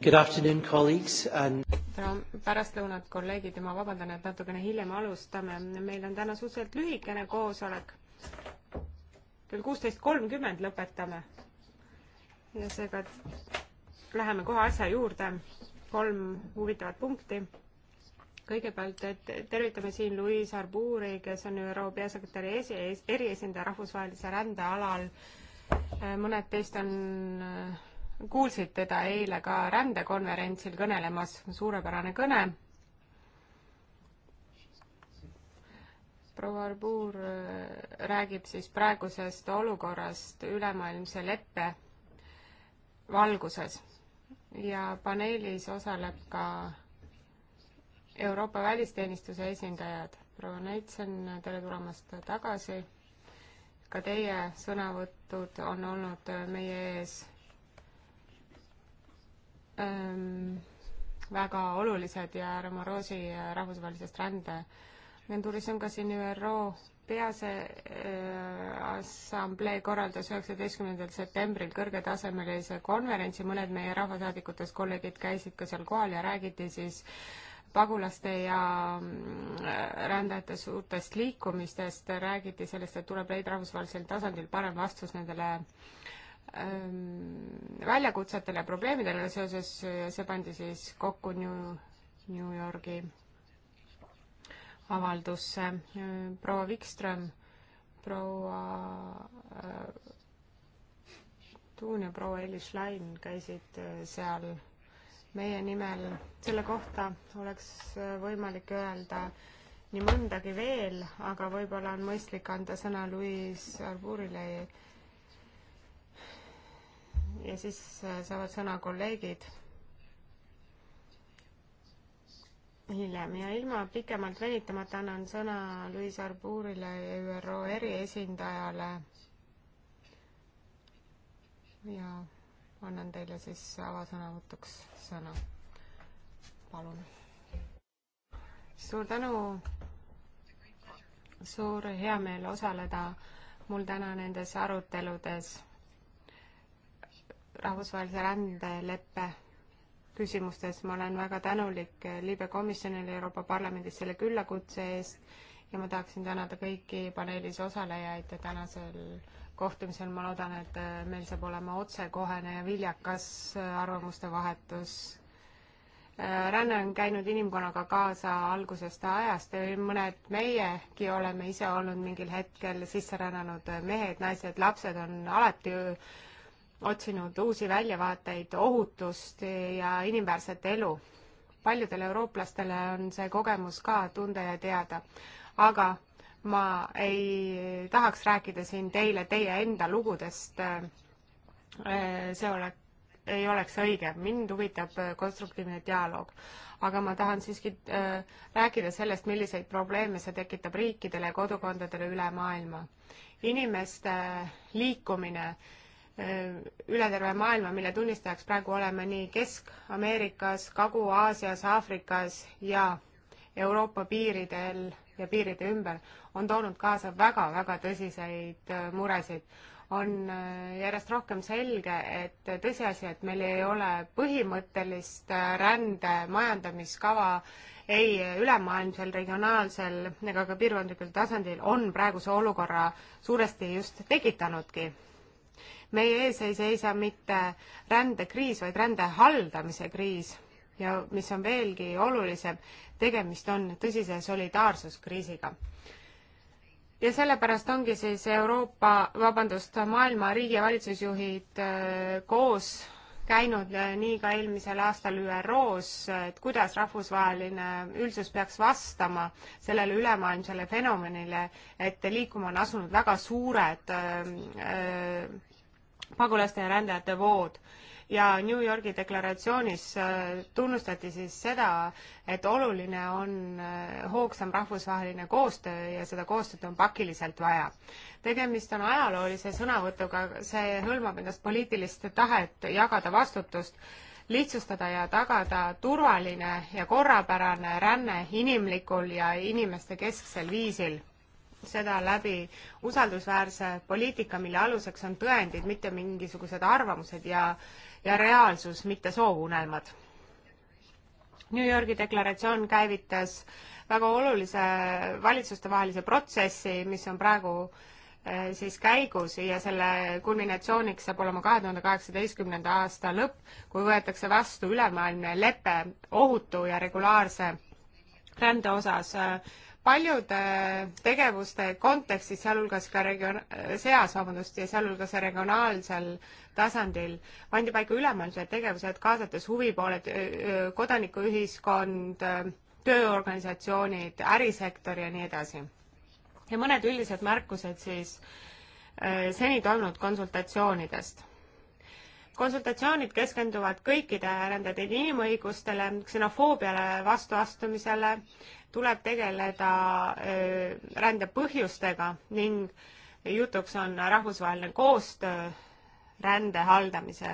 Good afternoon, colleagues and pärastlõunat, kolleegid, ja ma vabandan, et natukene hiljem alustame. meil on täna suhteliselt lühikene koosolek. kell kuusteist kolmkümmend lõpetame. ja seega läheme kohe asja juurde. kolm huvitavat punkti. kõigepealt tervitame siin Louise Arbuuri, kes on ÜRO peasekretäri esi-, eriesindaja rahvusvahelise rände alal. mõned teist on kuulsid teda eile ka rändekonverentsil kõnelemas, suurepärane kõne. proua Arbuur äh, räägib siis praegusest olukorrast ülemaailmse leppe valguses ja paneelis osaleb ka Euroopa välisteenistuse esindajad. proua Neitsen, tere tulemast tagasi. ka teie sõnavõtud on olnud meie ees ähm, väga olulised ja härra Morosi äh, rahvusvahelisest rändeagentuurist on ka siin ÜRO Peaassamblee äh, korraldas üheksateistkümnendal septembril kõrgetasemelise konverentsi, mõned meie rahvasaadikutest kolleegid käisid ka seal kohal ja räägiti siis pagulaste ja mm, äh, rändajate suurtest liikumistest, räägiti sellest, et tuleb leida rahvusvahelisel tasandil parem vastus nendele äh, Ähm, väljakutsetele ja probleemidele seoses, see pandi siis kokku New, New Yorgi avaldusse. proua Wikström, proua äh, Tuun ja proua Elis Lain käisid äh, seal meie nimel. selle kohta oleks äh, võimalik öelda nii mõndagi veel, aga võib-olla on mõistlik anda sõna Louis Arburile ja siis äh, saavad sõna kolleegid hiljem ja ilma pikemalt venitamata annan sõna Luis Arbuurile ja ÜRO eriesindajale. ja annan teile siis avasõnavõtuks sõna. palun. suur tänu. suur heameel osaleda mul täna nendes aruteludes rahvusvahelise rändeleppe küsimustes. ma olen väga tänulik Liibe komisjonile Euroopa Parlamendis selle küllakutse eest ja ma tahaksin tänada kõiki paneelis osalejaid tänasel kohtumisel. ma loodan, et meil saab olema otsekohene ja viljakas arvamuste vahetus. ränne on käinud inimkonnaga kaasa algusest ajast, mõned meiegi oleme ise olnud mingil hetkel sisserännanud mehed, naised, lapsed on alati otsinud uusi väljavaateid, ohutust ja inimväärset elu. paljudele eurooplastele on see kogemus ka tunda ja teada. aga ma ei tahaks rääkida siin teile teie enda lugudest, see ole, ei oleks õige, mind huvitab konstruktiivne dialoog. aga ma tahan siiski äh, rääkida sellest, milliseid probleeme see tekitab riikidele ja kodukondadele üle maailma. inimeste liikumine äh, Äh, üle terve maailma, mille tunnistajaks praegu oleme nii Kesk-Ameerikas, Kagu-Aasias, Aafrikas ja Euroopa piiridel ja piiride ümber, on toonud kaasa väga-väga tõsiseid äh, muresid. on äh, järjest rohkem selge, et tõsiasi, et meil ei ole põhimõttelist rände majandamiskava ei ülemaailmsel, regionaalsel ega ka piirkondlikul tasandil, on praeguse olukorra suuresti just tekitanudki meie ees ei seisa mitte rändekriis, vaid rände haldamise kriis ja mis on veelgi olulisem, tegemist on tõsise solidaarsuskriisiga. ja sellepärast ongi siis Euroopa, vabandust, maailma riigi- ja valitsusjuhid äh, koos käinud äh, nii ka eelmisel aastal ÜRO-s, äh, et kuidas rahvusvaheline üldsus peaks vastama sellele ülemaailmsele fenomenile, et liikuma on asunud väga suured öö, öö, pagulaste ja rändajate vood. ja New Yorgi deklaratsioonis äh, tunnustati siis seda, et oluline on äh, hoogsam rahvusvaheline koostöö ja seda koostööd on pakiliselt vaja. tegemist on ajaloolise sõnavõtuga, see hõlmab endast poliitilist tahet jagada vastutust lihtsustada ja tagada turvaline ja korrapärane ränne inimlikul ja inimeste kesksel viisil seda läbi usaldusväärse poliitika, mille aluseks on tõendid, mitte mingisugused arvamused ja, ja reaalsus, mitte soovunelmad. New Yorgi deklaratsioon käivitas väga olulise valitsustevahelise protsessi, mis on praegu eh, siis käigus ja selle kulminatsiooniks saab olema kahe tuhande kaheksateistkümnenda aasta lõpp, kui võetakse vastu ülemaailmne lepe ohutu ja regulaarse rände osas äh, paljude tegevuste kontekstis, sealhulgas ka region-, seas, vabandust, ja sealhulgas regionaalsel tasandil pandi paika ülemaailmsed tegevused, kaasates huvipooled, kodanikuühiskond, tööorganisatsioonid, ärisektor ja nii edasi. ja mõned üldised märkused siis seni toimunud konsultatsioonidest konsultatsioonid keskenduvad kõikide nende inimõigustele, ksenofoobiale vastuastumisele, tuleb tegeleda äh, rände põhjustega ning jutuks on rahvusvaheline koostöö rände haldamise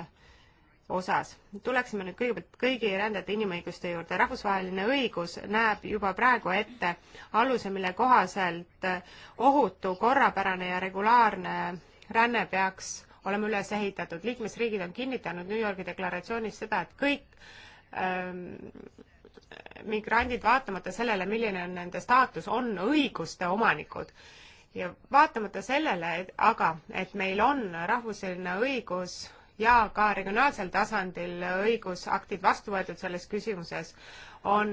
osas. tuleksime nüüd kõigepealt kõigi rändajate inimõiguste juurde. rahvusvaheline õigus näeb juba praegu ette aluse, mille kohaselt ohutu, korrapärane ja regulaarne ränne peaks olema üles ehitatud. liikmesriigid on kinnitanud New Yorgi deklaratsioonis seda, et kõik ähm, migrandid, vaatamata sellele, milline on nende staatus, on õiguste omanikud. ja vaatamata sellele, et aga, et meil on rahvusvaheline õigus ja ka regionaalsel tasandil õigusaktid vastu võetud selles küsimuses, on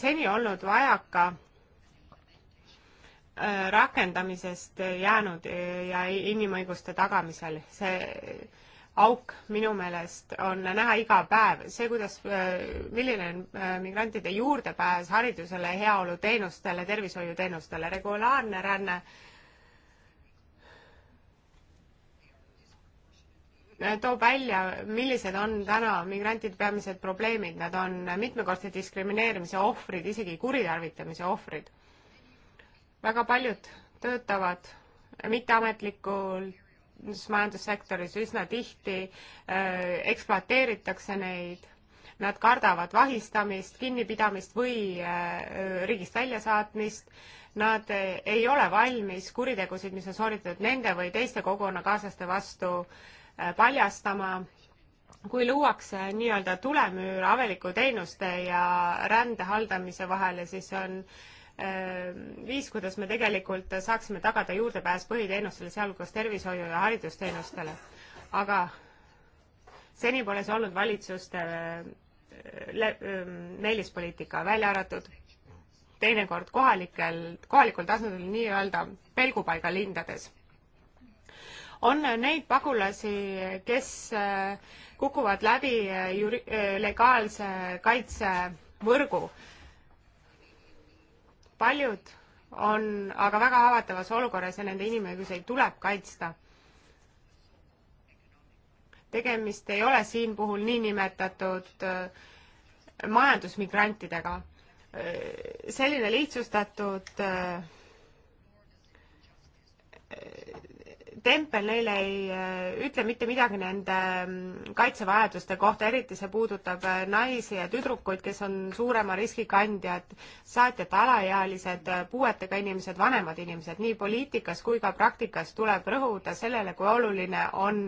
seni olnud vajaka äh, rakendamisest jäänud ja inimõiguste tagamisel. see auk minu meelest on näha iga päev, see, kuidas, äh, milline on äh, migrantide juurdepääs haridusele, heaoluteenustele, tervishoiuteenustele, regulaarne ränne äh, toob välja, millised on täna migrantide peamised probleemid, nad on mitmekordse diskrimineerimise ohvrid, isegi kuritarvitamise ohvrid. väga paljud töötavad mitteametlikult majandussektoris üsna tihti äh, ekspluateeritakse neid. Nad kardavad vahistamist, kinnipidamist või äh, riigist väljasaatmist. Nad äh, ei ole valmis kuritegusid, mis on sooritatud nende või teiste kogukonnakaaslaste vastu äh, paljastama. kui luuakse nii-öelda tulemüür avaliku teenuste ja rände haldamise vahele, siis on äh, Ähm, viis, kuidas me tegelikult saaksime tagada juurdepääs põhiteenustele, sealhulgas tervishoiu ja haridusteenustele. aga seni pole see olnud valitsuste äh, ähm, meelispoliitika, välja arvatud teinekord kohalikel, kohalikul tasandil nii-öelda pelgupaiga lindades. on neid pagulasi, kes äh, kukuvad läbi äh, juri-, legaalse kaitsevõrgu paljud on aga väga haavatavas olukorras ja nende inimõiguseid tuleb kaitsta. tegemist ei ole siin puhul niinimetatud äh, majandusmigrantidega. Äh, selline lihtsustatud äh, tempel neile ei äh, ütle mitte midagi nende mm, kaitsevajaduste kohta, eriti see puudutab äh, naisi ja tüdrukuid, kes on suurema riski kandjad, saatjad, alaealised, äh, puuetega inimesed, vanemad inimesed, nii poliitikas kui ka praktikas tuleb rõhuda sellele, kui oluline on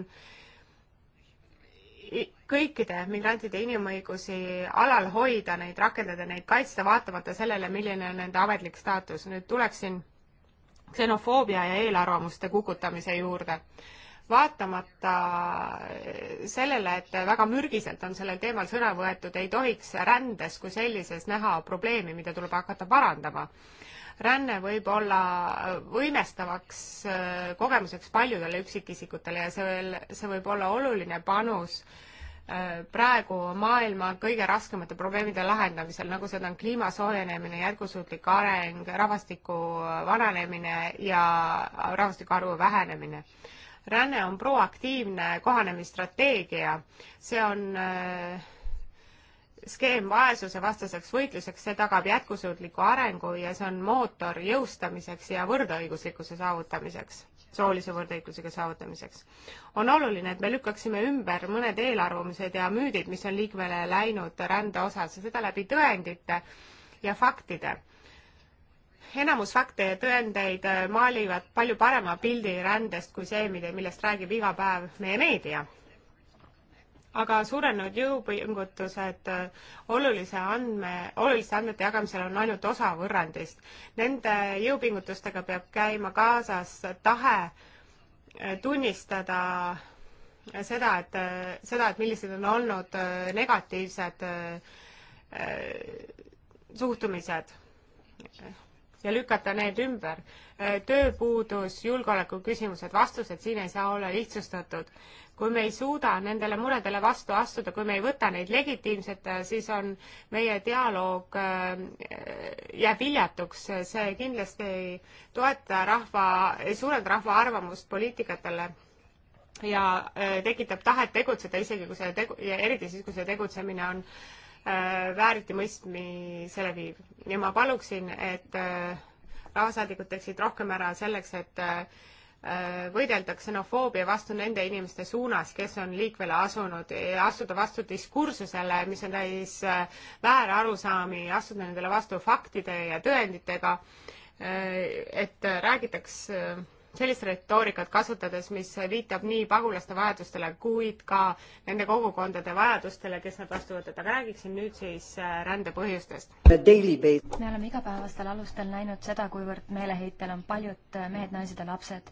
kõikide migrantide inimõigusi alal hoida, neid rakendada, neid kaitsta, vaatamata sellele, milline on nende ametlik staatus. nüüd tuleksin ksenofoobia ja eelarvamuste kukutamise juurde. vaatamata sellele, et väga mürgiselt on sellel teemal sõna võetud, ei tohiks rändes kui sellises näha probleemi, mida tuleb hakata parandama. ränne võib olla võimestavaks äh, kogemuseks paljudele üksikisikutele ja see, see võib olla oluline panus äh, praegu maailma kõige raskemate probleemide lahendamisel, nagu seda on kliima soojenemine, jätkusuutlik areng, rahvastiku vananemine ja rahvastiku arvu vähenemine. ränne on proaktiivne kohanemisstrateegia, see on äh, skeem vaesuse vastaseks võitluseks, see tagab jätkusuutliku arengu ja see on mootor jõustamiseks ja võrdõiguslikkuse saavutamiseks soolise võrdõigusega saavutamiseks. on oluline, et me lükkaksime ümber mõned eelarvamused ja müüdid, mis on liikmele läinud rände osas ja seda läbi tõendite ja faktide. enamus fakte ja tõendeid äh, maalivad palju parema pildi rändest kui see, millest räägib iga päev meie meedia aga suurenenud jõupingutused äh, olulise andme, oluliste andmete jagamisel on ainult osa võrrandist. Nende jõupingutustega peab käima kaasas tahe äh, tunnistada äh, seda, et seda, et millised on olnud negatiivsed suhtumised ja lükata need ümber. Äh, tööpuudus, julgeolekuküsimused, vastused siin ei saa olla lihtsustatud. kui me ei suuda nendele muredele vastu astuda, kui me ei võta neid legitiimselt, äh, siis on meie dialoog äh, jääb viljatuks, see kindlasti ei toeta rahva, ei suurenda rahva arvamust poliitikatele ja tekitab tahet tegutseda, isegi kui see tegu-, ja eriti siis, kui see tegutsemine on äh, Äh, vääritimõistmisele viib. ja ma paluksin, et äh, rahvasaadikud teeksid rohkem ära selleks, et äh, võidelda ksenofoobia vastu nende inimeste suunas, kes on liikvele asunud, astuda vastu diskursusele, mis on täis väärarusaami, astuda nendele vastu faktide ja tõenditega, et räägitaks sellist retoorikat kasutades, mis viitab nii pagulaste vajadustele, kuid ka nende kogukondade vajadustele, kes nad vastu võtavad, aga räägiksin nüüd siis äh, rände põhjustest. me oleme igapäevastel alustel näinud seda, kuivõrd meeleheitel on paljud äh, mehed, naised ja lapsed,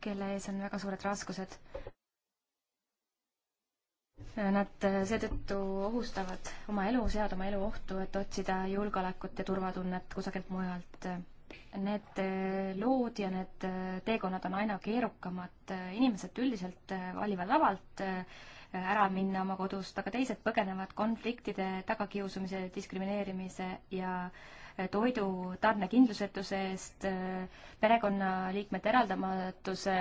kelle ees on väga suured raskused. Äh, nad seetõttu ohustavad oma elu, seavad oma elu ohtu, et otsida julgeolekut ja turvatunnet kusagilt mujalt need äh, lood ja need äh, teekonnad on aina keerukamad. inimesed üldiselt äh, valivad vabalt ära minna oma kodust, aga teised põgenevad konfliktide, tagakiusumise, diskrimineerimise ja toidu tarnekindlusetuse eest, perekonnaliikmete eraldamatuse,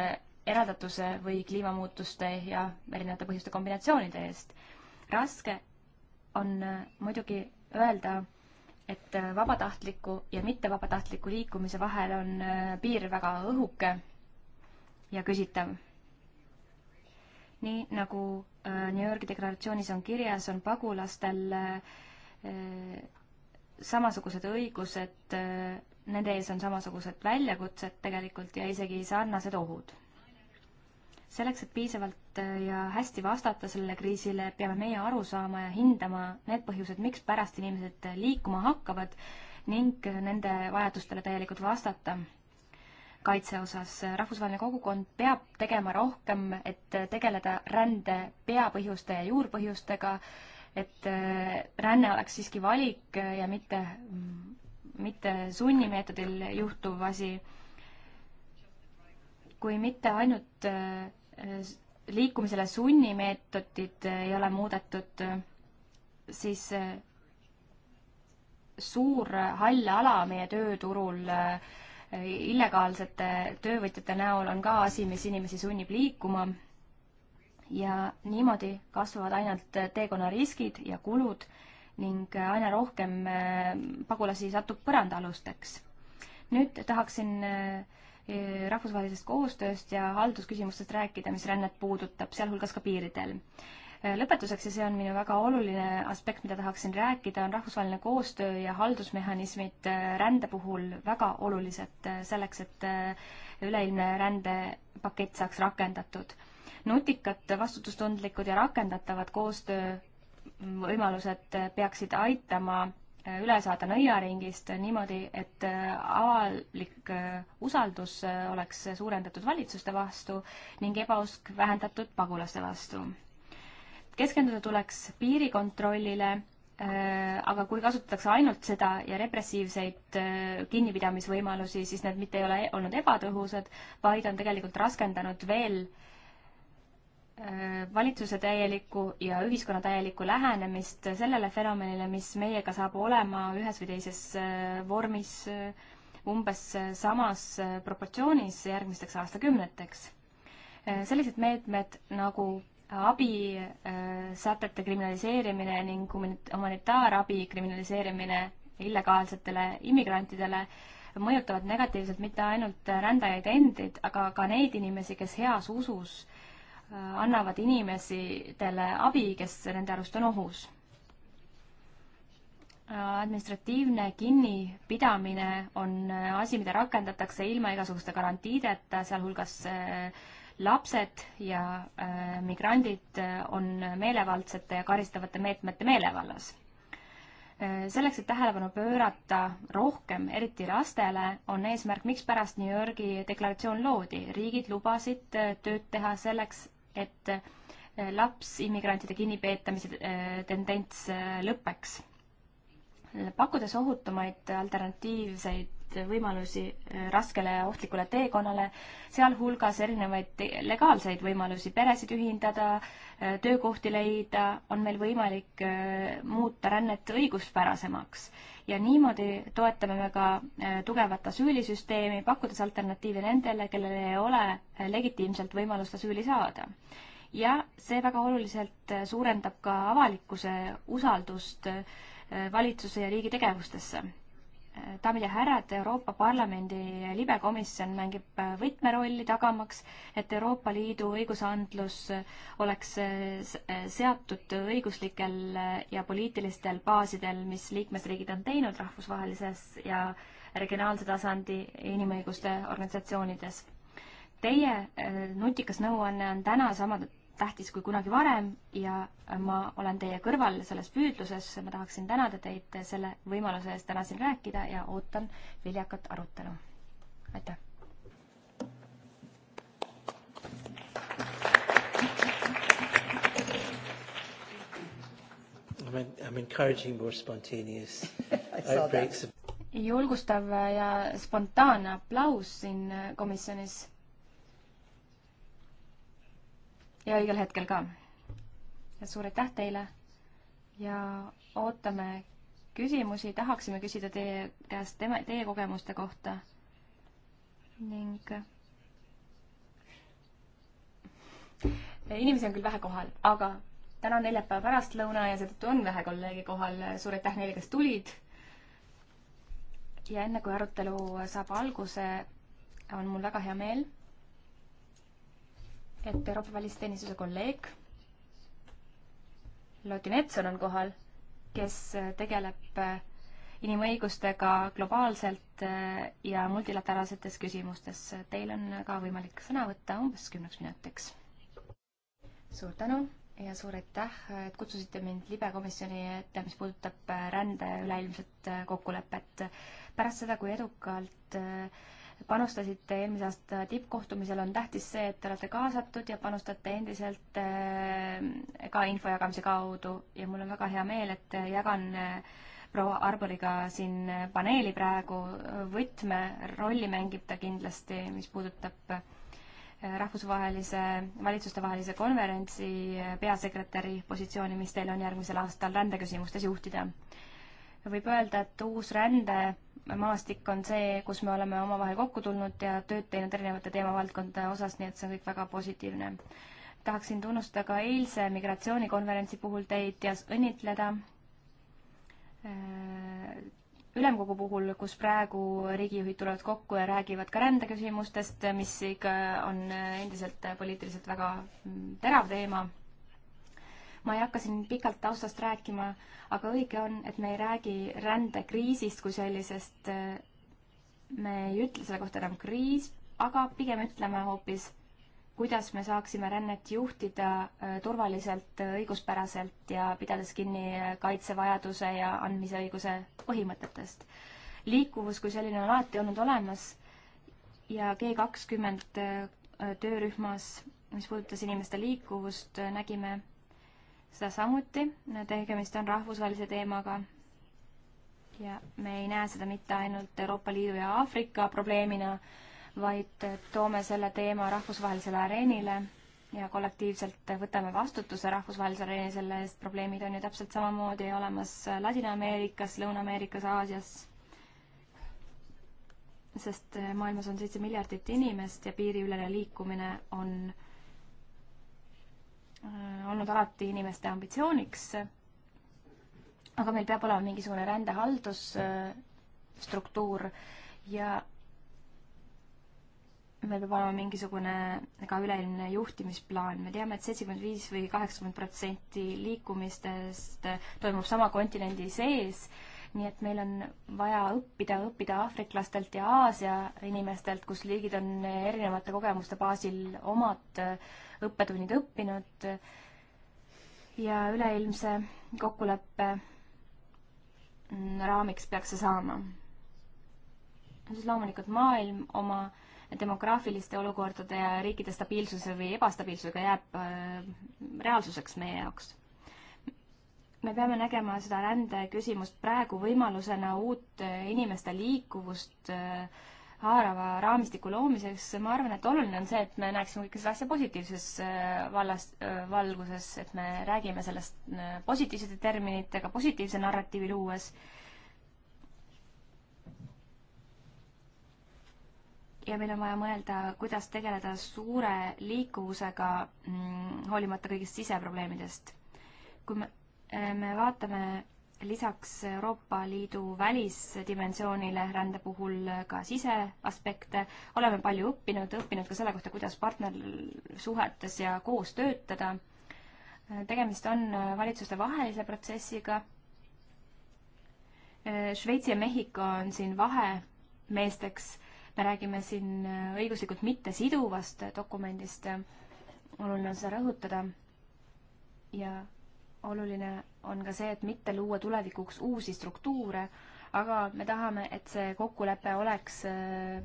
eraldatuse või kliimamuutuste ja erinevate põhjuste kombinatsioonide eest. raske on muidugi öelda et äh, vabatahtliku ja mittevabatahtliku liikumise vahel on äh, piir väga õhuke ja küsitav. nii nagu äh, New Yorgi deklaratsioonis on kirjas, on pagulastel samasugused õigused, nende ees on samasugused väljakutsed tegelikult ja isegi sarnased ohud selleks, et piisavalt äh, ja hästi vastata sellele kriisile, peame meie aru saama ja hindama need põhjused, mikspärast inimesed äh, liikuma hakkavad ning äh, nende vajadustele täielikult vastata kaitse osas. rahvusvaheline kogukond peab tegema rohkem, et tegeleda rände peapõhjuste ja juurpõhjustega, et ränne oleks siiski valik ja mitte, mitte sunnimeetodil juhtuv asi. kui mitte ainult liikumisele sunnimeetodid ei ole muudetud, siis eh, suur hall ala meie tööturul eh, illegaalsete töövõtjate näol on ka asi, mis inimesi sunnib liikuma. ja niimoodi kasvavad ainult teekonna riskid ja kulud ning aina rohkem eh, pagulasi satub põrandaalusteks. nüüd tahaksin äh, Eh, rahvusvahelisest koostööst ja haldusküsimustest rääkida, mis rännet puudutab, sealhulgas ka piiridel. Eh, lõpetuseks, ja see on minu väga oluline aspekt, mida tahaksin rääkida, on rahvusvaheline koostöö ja haldusmehhanismid eh, rände puhul väga olulised selleks, et üleilmne rändepakett saaks rakendatud. nutikad, vastutustundlikud ja rakendatavad koostöö võimalused peaksid aitama üle saada nõiaringist niimoodi, et äh, avalik äh, usaldus äh, oleks suurendatud valitsuste vastu ning ebausk vähendatud pagulaste vastu. keskenduda tuleks piirikontrollile, aga kui kasutatakse ainult seda ja repressiivseid kinnipidamisvõimalusi, siis need mitte ei ole olnud ebatõhusad, vaid on tegelikult raskendanud veel äh, Äh, valitsuse täielikku ja ühiskonna täielikku lähenemist sellele fenomenile, mis meiega saab olema ühes või teises äh, vormis äh, umbes samas proportsioonis järgmisteks aastakümneteks. sellised meetmed nagu abisätete kriminaliseerimine ning humanitaarabi kriminaliseerimine illegaalsetele immigrantidele mõjutavad negatiivselt mitte ainult rändajaid endid, aga ka neid inimesi, kes heas usus äh, Äh, annavad inimesidele abi, kes nende arust on ohus. Äh, administratiivne kinnipidamine on äh, asi, mida rakendatakse ilma igasuguste garantiideta, sealhulgas lapsed ja migrandid on meelevaldsete ja karistavate meetmete meelevallas selleks, et tähelepanu pöörata rohkem, eriti lastele, on eesmärk, mikspärast New Yorgi deklaratsioon loodi. riigid lubasid tööd teha selleks, et äh, laps immigrantide kinnipeetamise äh, tendents äh, lõpeks. pakkudes ohutumaid alternatiivseid erinevaid võimalusi äh, raskele ja ohtlikule teekonnale, sealhulgas erinevaid legaalseid võimalusi peresid ühindada, äh, töökohti leida, on meil võimalik äh, muuta rännet õiguspärasemaks. ja niimoodi toetame me ka tugevat asüülisüsteemi, pakkudes alternatiive nendele, kellel ei ole legitiimselt võimalust asüüli saada ja see väga oluliselt suurendab ka avalikkuse usaldust valitsuse ja riigi tegevustesse daamid ja härrad, Euroopa Parlamendi libekomisjon mängib äh, võtmerolli tagamaks, et Euroopa Liidu õigusandlus äh, oleks äh, seatud õiguslikel ja poliitilistel baasidel, mis liikmesriigid on teinud rahvusvahelises ja regionaalse tasandi inimõiguste organisatsioonides. Teie nutikas nõuanne on täna sama tähtis kui kunagi varem ja ma olen teie kõrval selles püüdluses. ma tahaksin tänada teid selle võimaluse eest täna siin rääkida ja ootan viljakat arutelu. aitäh! I'm encouraging more spontaneous outbreaks. julgustav ja spontaanne aplaus siin komisjonis ja õigel hetkel ka. suur aitäh teile ja ootame küsimusi, tahaksime küsida teie käest tema, teie kogemuste kohta ning eh, inimesi on küll vähe kohal, aga täna on neljapäeva pärastlõuna ja seetõttu on vähe kolleege kohal. suur aitäh neile, kes tulid. ja enne kui arutelu saab alguse, on mul väga hea meel et Euroopa Välisteenistuse kolleeg Lodi Metson on kohal, kes tegeleb inimõigustega globaalselt eh, ja multilateraalsetes küsimustes. Teil on ka võimalik sõna võtta umbes kümneks minutiks. suur tänu ja suur aitäh, et kutsusite mind libekomisjoni ette, mis puudutab eh, rände üleilmset eh, kokkulepet. pärast seda, kui edukalt äh, panustasite eelmise aasta tippkohtumisel, on tähtis see, et te olete kaasatud ja panustate endiselt äh, ka info jagamise kaudu ja mul on väga hea meel, et jagan äh, proua Arboriga siin äh, paneeli praegu, võtmerolli mängib ta kindlasti, mis puudutab rahvusvahelise, valitsustevahelise konverentsi peasekretäri positsiooni, mis teil on järgmisel aastal rändeküsimustes juhtida võib öelda, et uus rändemaastik on see, kus me oleme omavahel kokku tulnud ja tööd teinud erinevate teemavaldkondade osas, nii et see on kõik väga positiivne. tahaksin tunnustada ka eilse migratsioonikonverentsi puhul teid ja õnnitleda äh, ülemkogu puhul, kus praegu riigijuhid tulevad kokku ja räägivad ka rändeküsimustest, mis ikka on endiselt poliitiliselt väga mm, terav teema ma ei hakka siin pikalt taustast rääkima, aga õige on, et me ei räägi rändekriisist kui sellisest, me ei ütle selle kohta enam kriis, aga pigem ütleme hoopis, kuidas me saaksime rännet juhtida äh, turvaliselt, äh, õiguspäraselt ja pidades kinni äh, kaitsevajaduse ja andmise õiguse põhimõtetest. liikuvus kui selline on alati olnud olemas ja G kakskümmend töörühmas, mis puudutas inimeste liikuvust, nägime, seda samuti, tegemist on rahvusvahelise teemaga. ja me ei näe seda mitte ainult Euroopa Liidu ja Aafrika probleemina, vaid toome selle teema rahvusvahelisele areenile ja kollektiivselt võtame vastutuse rahvusvahelisel areenil selle eest, probleemid on ju täpselt samamoodi olemas Ladina-Ameerikas, Lõuna-Ameerikas, Aasias, sest maailmas on seitse miljardit inimest ja piiriülene liikumine on Äh, olnud alati inimeste ambitsiooniks. aga meil peab olema mingisugune rändehaldusstruktuur ja meil peab olema mingisugune ka üleilmne juhtimisplaan, me teame et, et seitsekümmend viis või kaheksakümmend protsenti liikumistest toimub sama kontinendi sees äh, nii et meil on vaja õppida, õppida aafriklastelt ja Aasia inimestelt, kus liigid on erinevate kogemuste baasil omad äh, õppetunnid õppinud ja üleilmse kokkuleppe mm, raamiks peaks see saama. siis loomulikult maailm oma demograafiliste olukordade ja riikide stabiilsuse või ebastabiilsusega jääb äh, reaalsuseks meie jaoks me peame nägema seda rändeküsimust praegu võimalusena uut äh, inimeste liikuvust äh, haarava raamistiku loomiseks. ma arvan, et oluline on see, et me näeksime kõike seda asja positiivses äh, vallas, valguses, et me räägime sellest positiivsete terminitega, positiivse narratiivi luues. ja meil on vaja mõelda, kuidas tegeleda suure liikuvusega, mm, hoolimata kõigist siseprobleemidest. kui me me vaatame lisaks Euroopa Liidu välisdimensioonile rände puhul ka siseaspekte, oleme palju õppinud, õppinud ka selle kohta, kuidas partnersuhetes ja koos töötada. tegemist on valitsuste vahelise protsessiga. Šveitsi ja Mehhiko on siin vahemeesteks, me räägime siin õiguslikult mittesiduvast dokumendist, oluline on seda rõhutada ja oluline on ka see, et mitte luua tulevikuks uusi struktuure, aga me tahame, et see kokkulepe oleks äh,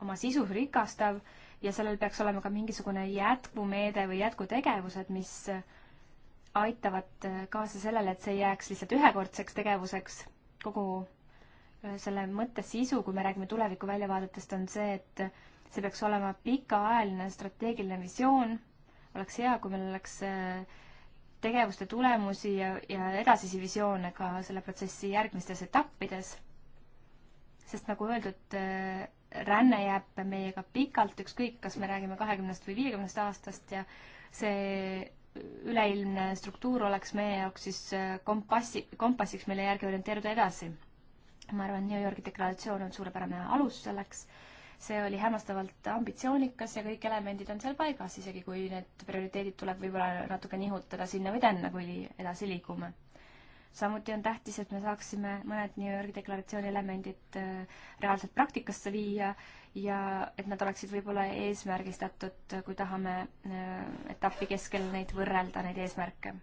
oma sisus rikastav ja sellel peaks olema ka mingisugune jätkumeede või jätkutegevused, mis äh, aitavad äh, kaasa sellele, et see ei jääks lihtsalt ühekordseks tegevuseks. kogu selle mõtte sisu, kui me räägime tuleviku väljavaadetest, on see, et see peaks olema pikaajaline strateegiline visioon. oleks hea, kui meil oleks äh, tegevuste tulemusi ja, ja edasisi visioone ka selle protsessi järgmistes etappides. sest nagu öeldud, äh, ränne jääb meiega pikalt, ükskõik, kas me räägime kahekümnest või viiekümnest aastast ja see üleilmne struktuur oleks meie jaoks siis äh, kompassi, kompassiks, mille järgi orienteeruda edasi. ma arvan, New Yorgi deklaratsioon on suurepärane alus selleks see oli hämmastavalt ambitsioonikas ja kõik elemendid on seal paigas, isegi kui need prioriteedid tuleb võib-olla natuke nihutada sinna või tänna, kui edasi liigume. samuti on tähtis, et me saaksime mõned New Yorgi deklaratsiooni elemendid äh, reaalselt praktikasse viia ja et nad oleksid võib-olla eesmärgistatud, kui tahame äh, etapi keskel neid võrrelda, neid eesmärke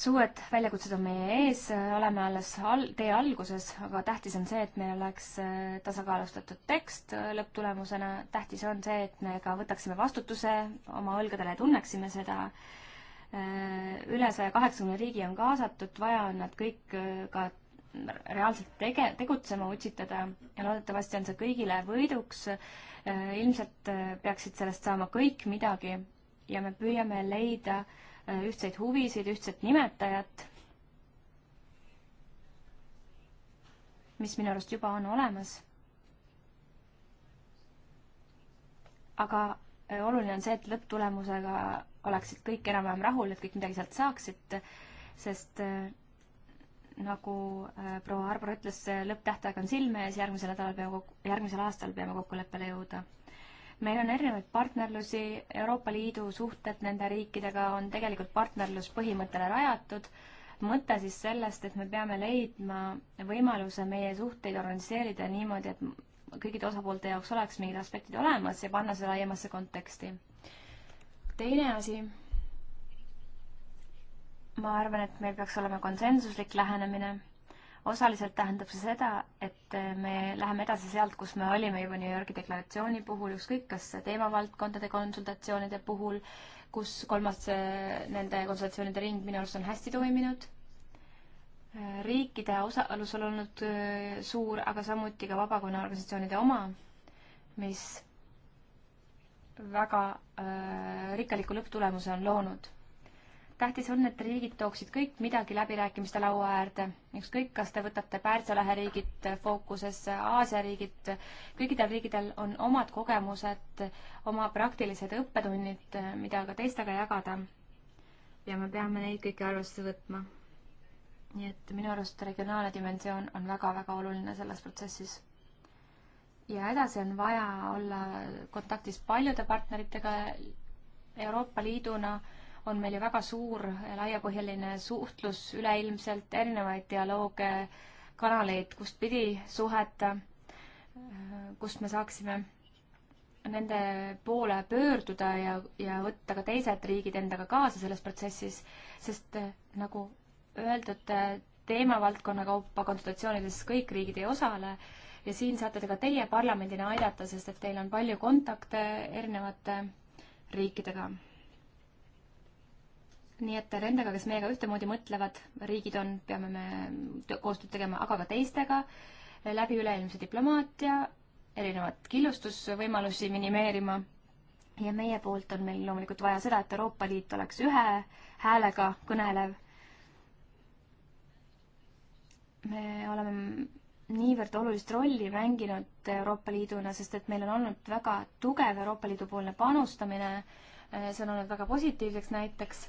suured väljakutsed on meie ees, oleme alles al-, tee alguses, aga tähtis on see, et meil oleks äh, tasakaalustatud tekst äh, lõpptulemusena, tähtis on see, et me ka võtaksime vastutuse oma õlgadele ja tunneksime seda, äh, üle saja kaheksakümne riigi on kaasatud, vaja on nad kõik ka reaalselt tege-, tegutsema, utsitada ja loodetavasti on see kõigile võiduks. ilmselt peaksid sellest saama kõik midagi ja me püüame leida äh, Äh, ühtseid huvisid, ühtset nimetajat, mis minu arust juba on olemas. aga äh, oluline on see, et lõpptulemusega oleksid kõik enam-vähem rahul, et kõik midagi sealt saaksid, sest äh, nagu proua Arbor ütles, lõpptähtaeg on silme ees, järgmisel nädalal peame, järgmisel aastal peame kokkuleppele jõuda meil on erinevaid partnerlusi, Euroopa Liidu suhted nende riikidega on tegelikult partnerluspõhimõttele rajatud, mõte siis sellest, et me peame leidma võimaluse meie suhteid organiseerida niimoodi, et kõikide osapoolte jaoks oleks mingid aspektid olemas ja panna see laiemasse konteksti. teine asi, ma arvan, et meil peaks olema konsensuslik lähenemine osaliselt tähendab see seda, et me läheme edasi sealt, kus me olime juba New Yorgi deklaratsiooni puhul, ükskõik kas teemavaldkondade konsultatsioonide puhul, kus kolmas eh, nende konsultatsioonide ring minu arust on hästi toiminud, riikide osalusel olnud eh, suur, aga samuti ka vabakonnaorganisatsioonide oma, mis väga äh, rikkaliku lõpptulemuse on loonud tähtis on, et riigid tooksid kõik midagi läbirääkimiste laua äärde, ükskõik, kas te võtate Pärsia lahe riigid fookusesse, Aasia riigid, kõikidel riikidel on omad kogemused, oma praktilised õppetunnid, mida ka teistega jagada. ja me peame neid kõiki arvesse võtma. nii et minu arust regionaalne dimensioon on väga-väga oluline selles protsessis ja edasi on vaja olla kontaktis paljude partneritega Euroopa Liiduna äh, on meil ju väga suur laiapõhjaline suhtlus üleilmselt, erinevaid dialoog, kanaleid, kust pidi suheta, kust me saaksime nende poole pöörduda ja, ja võtta ka teised riigid endaga kaasa selles protsessis, sest nagu öeldud, teemavaldkonna kaupa konsultatsioonides kõik riigid ei osale ja siin saate te ka teie parlamendina aidata, sest et teil on palju kontakte erinevate riikidega nii et nendega, kes meiega ühtemoodi mõtlevad, riigid on, peame me koostööd tegema, aga ka teistega, läbi üleilmse diplomaatia, erinevat killustusvõimalusi minimeerima ja meie poolt on meil loomulikult vaja seda, et Euroopa Liit oleks ühe häälega kõnelev. me oleme niivõrd olulist rolli mänginud Euroopa Liiduna, sest et meil on olnud väga tugev Euroopa Liidu poolne panustamine, see on olnud väga positiivseks näiteks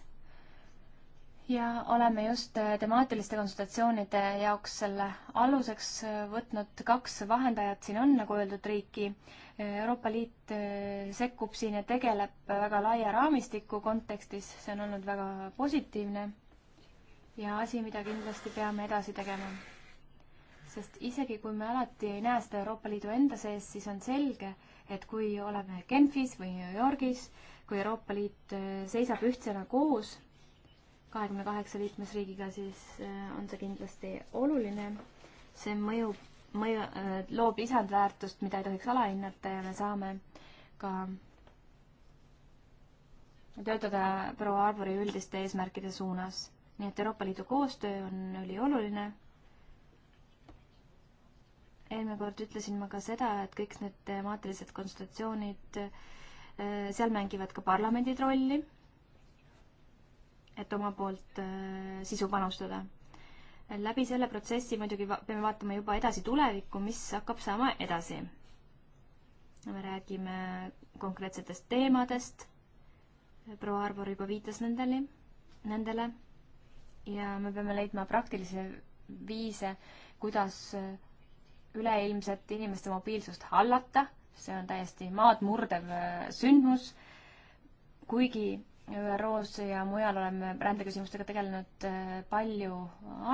ja oleme just äh, temaatiliste konsultatsioonide jaoks selle aluseks äh, võtnud kaks vahendajat siin on, nagu öeldud, riiki. Äh, Euroopa Liit sekkub siin ja tegeleb väga laia raamistiku kontekstis, see on olnud väga positiivne ja asi, mida kindlasti peame edasi tegema. sest isegi kui me alati ei näe seda Euroopa Liidu enda sees, siis on selge, et kui oleme Genfis või New Yorgis, kui Euroopa Liit seisab ühtsena koos kahekümne kaheksa liikmesriigiga, siis äh, on see kindlasti oluline. see mõjub, mõju, äh, loob lisandväärtust, mida ei tohiks alahinnata ja me saame ka töötada proua Arbori üldiste eesmärkide suunas. nii et Euroopa Liidu koostöö on ülioluline. eelmine kord ütlesin ma ka seda, et kõik need temaatilised konsultatsioonid, äh, seal mängivad ka parlamendid rolli et oma poolt äh, sisu panustada. läbi selle protsessi muidugi peame vaatama juba edasi tulevikku, mis hakkab saama edasi. me räägime konkreetsetest teemadest, proua Arbor juba viitas nendeni, nendele, ja me peame leidma praktilisi viise, kuidas üleilmset inimeste mobiilsust hallata, see on täiesti maadmurdev äh, sündmus, kuigi ÜRO-s ja mujal oleme rändeküsimustega tegelenud äh, palju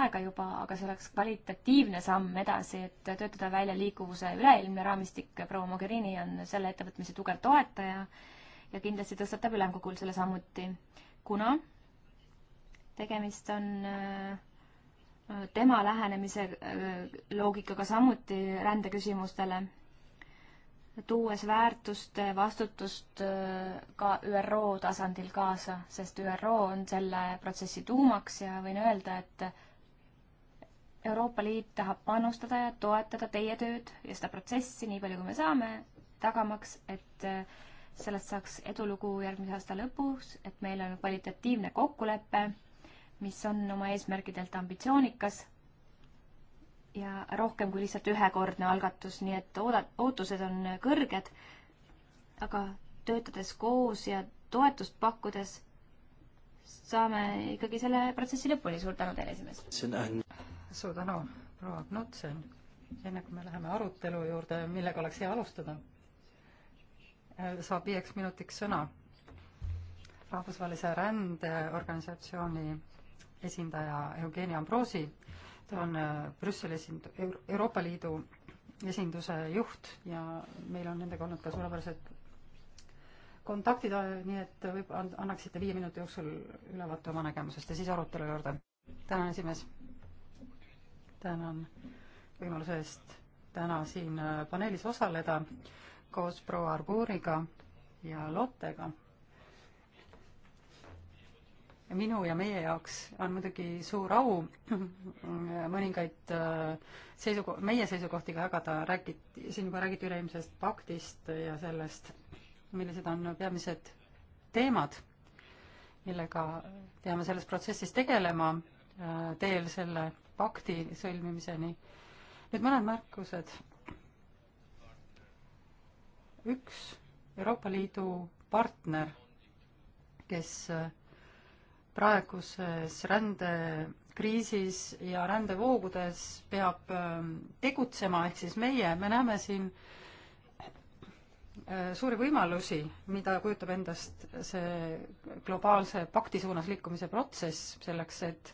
aega juba, aga see oleks kvalitatiivne samm edasi, et töötada välja liikuvuse üleilmne raamistik. proua Mogherini on selle ettevõtmise tugev toetaja ja kindlasti tõstatab ülemkogul selle samuti, kuna tegemist on äh, tema lähenemise äh, loogikaga samuti rändeküsimustele tuues väärtust, vastutust äh, ka ÜRO tasandil kaasa, sest ÜRO on selle protsessi tuumaks ja võin öelda, et Euroopa Liit tahab panustada ja toetada teie tööd ja seda protsessi nii palju, kui me saame, tagamaks, et äh, sellest saaks edulugu järgmise aasta lõpus, et meil on kvalitatiivne kokkulepe, mis on oma eesmärgidelt ambitsioonikas ja rohkem kui lihtsalt ühekordne algatus, nii et ooda-, ootused on kõrged, aga töötades koos ja toetust pakkudes saame ikkagi selle protsessi lõpuni. suur tänu teile, esimees! suur tänu, proua Knutsen! enne kui me läheme arutelu juurde, millega oleks hea alustada, eh, saab viieks minutiks sõna rahvusvahelise rändeorganisatsiooni esindaja Eugeni Ambrosi ta on äh, Brüsseli esind-, Euroopa Liidu esinduse juht ja meil on nendega olnud ka suurepärased kontaktid, äh, nii et võib, annaksite viie minuti jooksul ülevaate oma nägemusest ja siis arutelu juurde. tänan, esimees. tänan võimaluse eest täna siin äh, paneelis osaleda koos proua Arbuuriga ja Lottega minu ja meie jaoks on muidugi suur au mõningaid äh, seisuko-, meie seisukohti ka jagada, räägiti, siin juba räägiti üleilmsest paktist ja sellest, millised on peamised teemad, millega peame selles protsessis tegelema äh, teel selle pakti sõlmimiseni. nüüd mõned märkused. üks Euroopa Liidu partner, kes äh, praeguses rändekriisis ja rändevoogudes peab ähm, tegutsema, ehk siis meie, me näeme siin äh, suuri võimalusi, mida kujutab endast see globaalse pakti suunas liikumise protsess selleks, et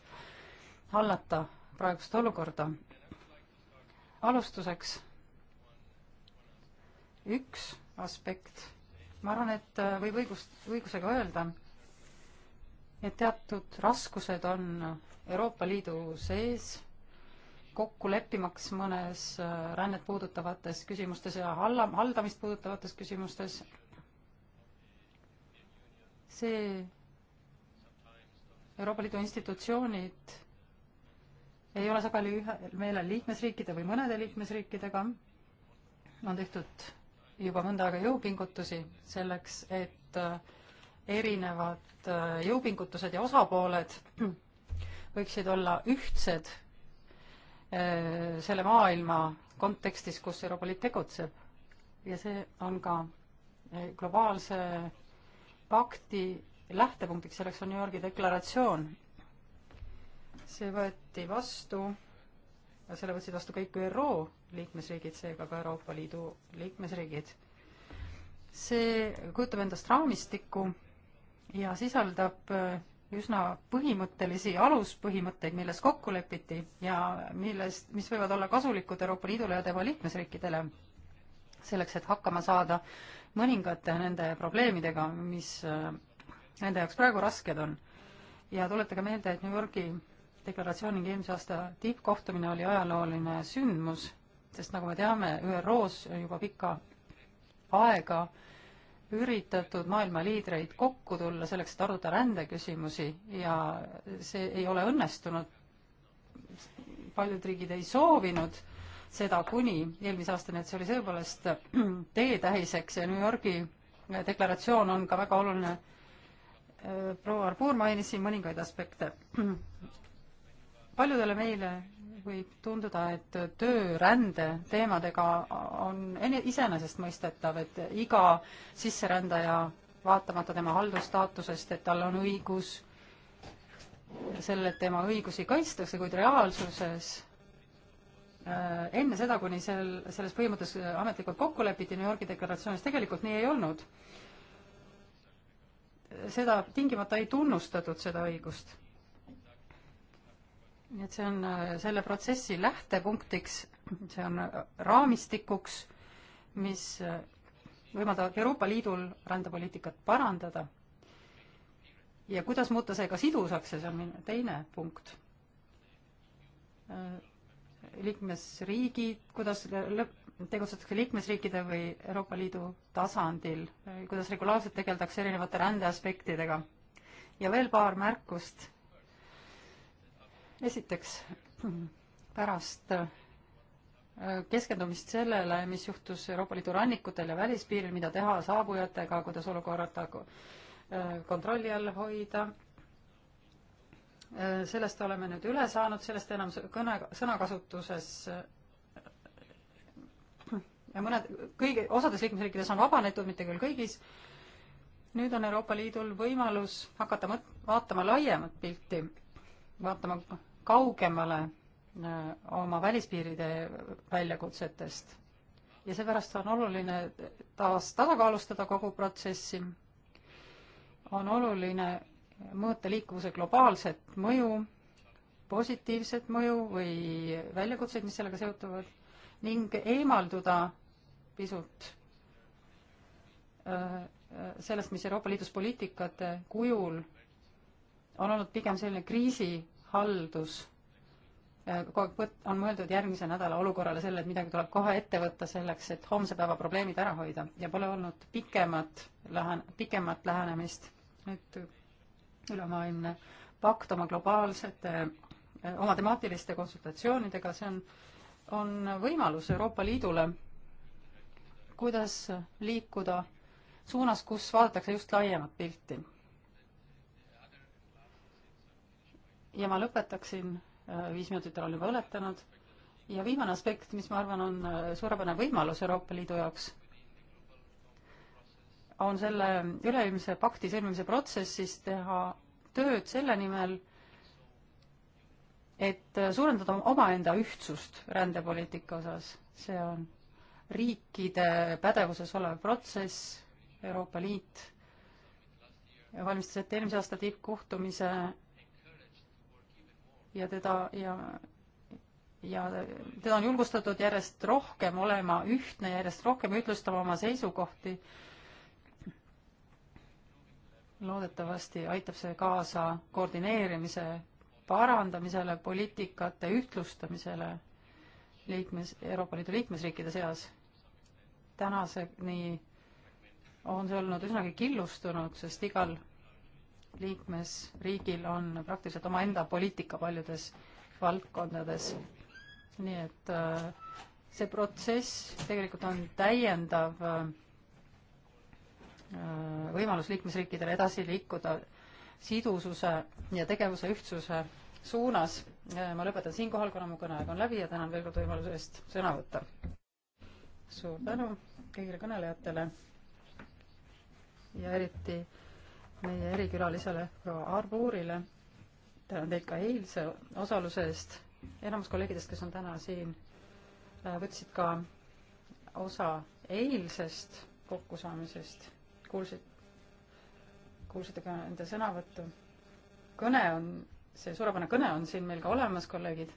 hallata praegust olukorda. alustuseks üks aspekt, ma arvan, et äh, võib õigust, õigusega öelda et teatud raskused on Euroopa Liidu sees kokku leppimaks mõnes äh, rännet puudutavates küsimustes ja halla, haldamist puudutavates küsimustes. see Euroopa Liidu institutsioonid ei ole sageli ühel meelel liikmesriikide või mõnede liikmesriikidega. on tehtud juba mõnda aega jõupingutusi selleks, et äh, erinevad äh, jõupingutused ja osapooled võiksid olla ühtsed äh, selle maailma kontekstis, kus Euroopa Liit tegutseb. ja see on ka äh, globaalse pakti lähtepunktiks, selleks on New Yorgi deklaratsioon. see võeti vastu, selle võtsid vastu kõik ÜRO liikmesriigid, seega ka Euroopa Liidu liikmesriigid. see kujutab endast raamistikku ja sisaldab äh, üsna põhimõttelisi aluspõhimõtteid, milles kokku lepiti ja millest, mis võivad olla kasulikud Euroopa Liidule ja tema liikmesriikidele, selleks et hakkama saada mõningate nende probleemidega, mis äh, nende jaoks praegu rasked on. ja tuletage meelde, et New Yorgi deklaratsiooni eelmise aasta tippkohtumine oli ajalooline sündmus, sest nagu me teame, ÜRO-s juba pikka aega äh, üritatud maailma liidreid kokku tulla selleks, et arutada rändeküsimusi ja see ei ole õnnestunud. paljud riigid ei soovinud seda kuni eelmise aastani, et see oli seepärast teetähiseks ja New Yorgi deklaratsioon on ka väga oluline. proua Arbuur mainis siin mõningaid aspekte. paljudele meile võib tunduda, et töörände teemadega on iseenesestmõistetav, et iga sisserändaja, vaatamata tema haldusstaatusest, et tal on õigus selle, et tema õigusi kaitstakse, kuid reaalsuses äh, enne seda, kuni sel, selles põhimõttes ametlikult kokku lepiti New Yorgi deklaratsioonis, tegelikult nii ei olnud. seda tingimata ei tunnustatud, seda õigust nii et see on äh, selle protsessi lähtepunktiks, see on äh, raamistikuks, mis äh, võimaldavad Euroopa Liidul rändepoliitikat parandada. ja kuidas muuta see ka sidusaks, see on minu teine punkt. liikmesriigid, kuidas lõpp, tegutsetakse liikmesriikide või Euroopa Liidu tasandil, kuidas regulaarselt tegeldakse erinevate rändeaspektidega. ja veel paar märkust esiteks, pärast äh, keskendumist sellele, mis juhtus Euroopa Liidu rannikutel ja välispiiril, mida teha saabujatega, kuidas olukorda äh, kontrolli all hoida. Äh, sellest oleme nüüd üle saanud, sellest enam kõne, sõnakasutuses ja mõned, kõigi, osades liikmesriikides on vabanetud, mitte küll kõigis. nüüd on Euroopa Liidul võimalus hakata mõt-, vaatama laiemat pilti, vaatama kaugemale äh, oma välispiiride väljakutsetest. ja seepärast on oluline taas tasakaalustada kogu protsessi, on oluline mõõta liikuvuse globaalset mõju, positiivset mõju või väljakutseid, mis sellega seotuvad, ning eemalduda pisut äh, äh, sellest, mis Euroopa Liidus poliitikate kujul on olnud pigem selline kriisi haldus äh, kogu aeg on mõeldud järgmise nädala olukorrale selle, et midagi tuleb kohe ette võtta selleks, et homse päeva probleemid ära hoida ja pole olnud pikemat lähen-, pikemat lähenemist, et ülemaailmne pakt oma globaalsete, äh, oma temaatiliste konsultatsioonidega, see on, on võimalus Euroopa Liidule, kuidas liikuda suunas, kus vaadatakse just laiemat pilti ja ma lõpetaksin, äh, viis minutit olen juba ületanud, ja viimane aspekt, mis ma arvan, on äh, suurepärane võimalus Euroopa Liidu jaoks, on selle üleilmse pakti sõlmimise protsessis teha tööd selle nimel, et äh, suurendada omaenda ühtsust rändepoliitika osas, see on riikide pädevuses olev protsess, Euroopa Liit valmistas ette eelmise aasta tippkohtumise ja teda ja ja teda on julgustatud järjest rohkem olema ühtne, järjest rohkem ütlustama oma seisukohti. loodetavasti aitab see kaasa koordineerimise parandamisele, poliitikate ühtlustamisele liikmes, Euroopa Liidu liikmesriikide seas. tänaseni on see olnud üsnagi killustunud, sest igal liikmesriigil on praktiliselt omaenda poliitika paljudes valdkondades. nii et äh, see protsess tegelikult on täiendav äh, võimalus liikmesriikidele edasi liikuda sidususe ja tegevuse ühtsuse suunas. Äh, ma lõpetan siinkohal, kuna mu kõneaeg on läbi ja tänan veel kord võimaluse eest sõna võtta. suur tänu kõigile kõnelejatele ja eriti meie erikülalisele proua Arbuurile. tänan teid ka eilse osaluse eest. enamus kolleegidest, kes on täna siin, äh, võtsid ka osa eilsest kokkusaamisest, kuulsid, kuulsite ka nende sõnavõttu. kõne on, see suurepärane kõne on siin meil ka olemas, kolleegid.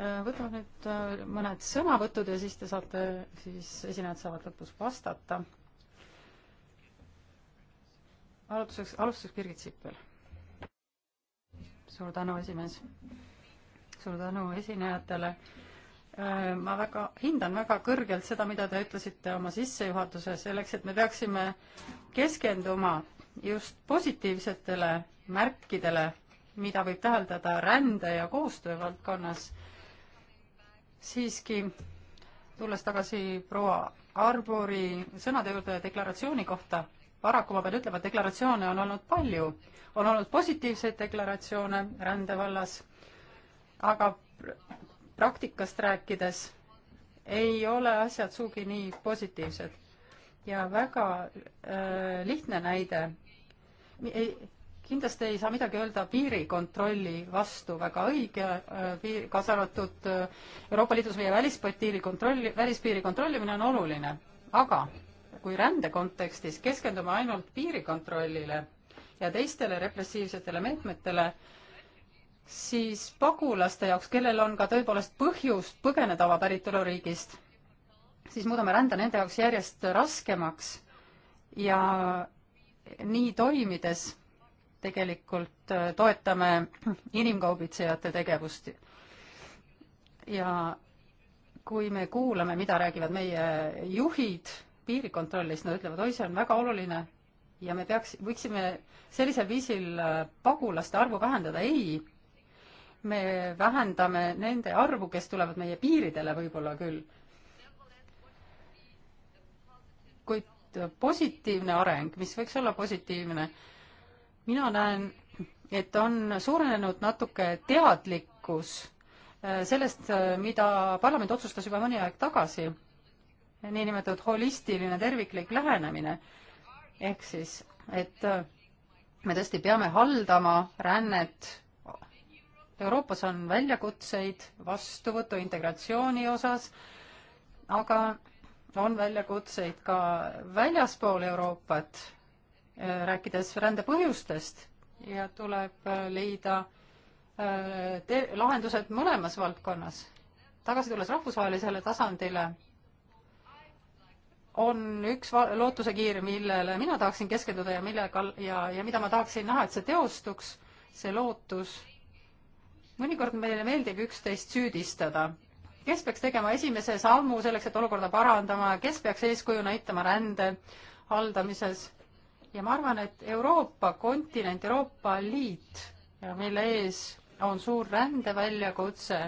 Äh, võtame nüüd äh, mõned sõnavõtud ja siis te saate, siis esinejad saavad lõpus vastata alustuseks, alustuseks Birgit Sippel. suur tänu, esimees. suur tänu esinejatele. Äh, ma väga, hindan väga kõrgelt seda, mida te ütlesite oma sissejuhatuses, selleks et me peaksime keskenduma just positiivsetele märkidele, mida võib täheldada rände ja koostöö valdkonnas. siiski, tulles tagasi proua Arbori sõnade juurde deklaratsiooni kohta paraku ma pean ütlema, et deklaratsioone on olnud palju, on olnud positiivseid deklaratsioone rände vallas, aga praktikast rääkides ei ole asjad sugugi nii positiivsed. ja väga äh, lihtne näide, kindlasti ei saa midagi öelda piirikontrolli vastu, väga õige äh, piir, kaasa arvatud äh, Euroopa Liidus meie välispiiri kontrolli, välispiiri kontrollimine on oluline, aga kui rände kontekstis keskendume ainult piirikontrollile ja teistele repressiivsetele meetmetele, siis pagulaste jaoks, kellel on ka tõepoolest põhjust põgeneda oma päritoluriigist, siis muudame rände nende jaoks järjest raskemaks ja nii toimides tegelikult äh, toetame inimkaubitsejate tegevust. ja kui me kuulame, mida räägivad meie juhid piirikontrollis, nad ütlevad, oi, see on väga oluline ja me peaks, võiksime sellisel viisil äh, pagulaste arvu vähendada. ei, me vähendame nende arvu, kes tulevad meie piiridele võib-olla küll. kuid positiivne areng, mis võiks olla positiivne, mina näen, et on suurenenud natuke teadlikkus äh, sellest, äh, mida parlament otsustas juba mõni aeg tagasi niinimetatud holistiline terviklik lähenemine. ehk siis, et äh, me tõesti peame haldama rännet. Euroopas on väljakutseid vastuvõtu integratsiooni osas, aga on väljakutseid ka väljaspool Euroopat, äh, rääkides rände põhjustest ja tuleb äh, leida lahendused mõlemas valdkonnas. tagasi tulles rahvusvahelisele tasandile on üks lootusekiir, millele mina tahaksin keskenduda ja millega ja, ja mida ma tahaksin näha, et see teostuks, see lootus. mõnikord meile meeldib üksteist süüdistada. kes peaks tegema esimese sammu selleks, et olukorda parandama, kes peaks eeskuju näitama rände haldamises? ja ma arvan, et Euroopa kontinent, Euroopa Liit, mille ees on suur rändeväljakutse,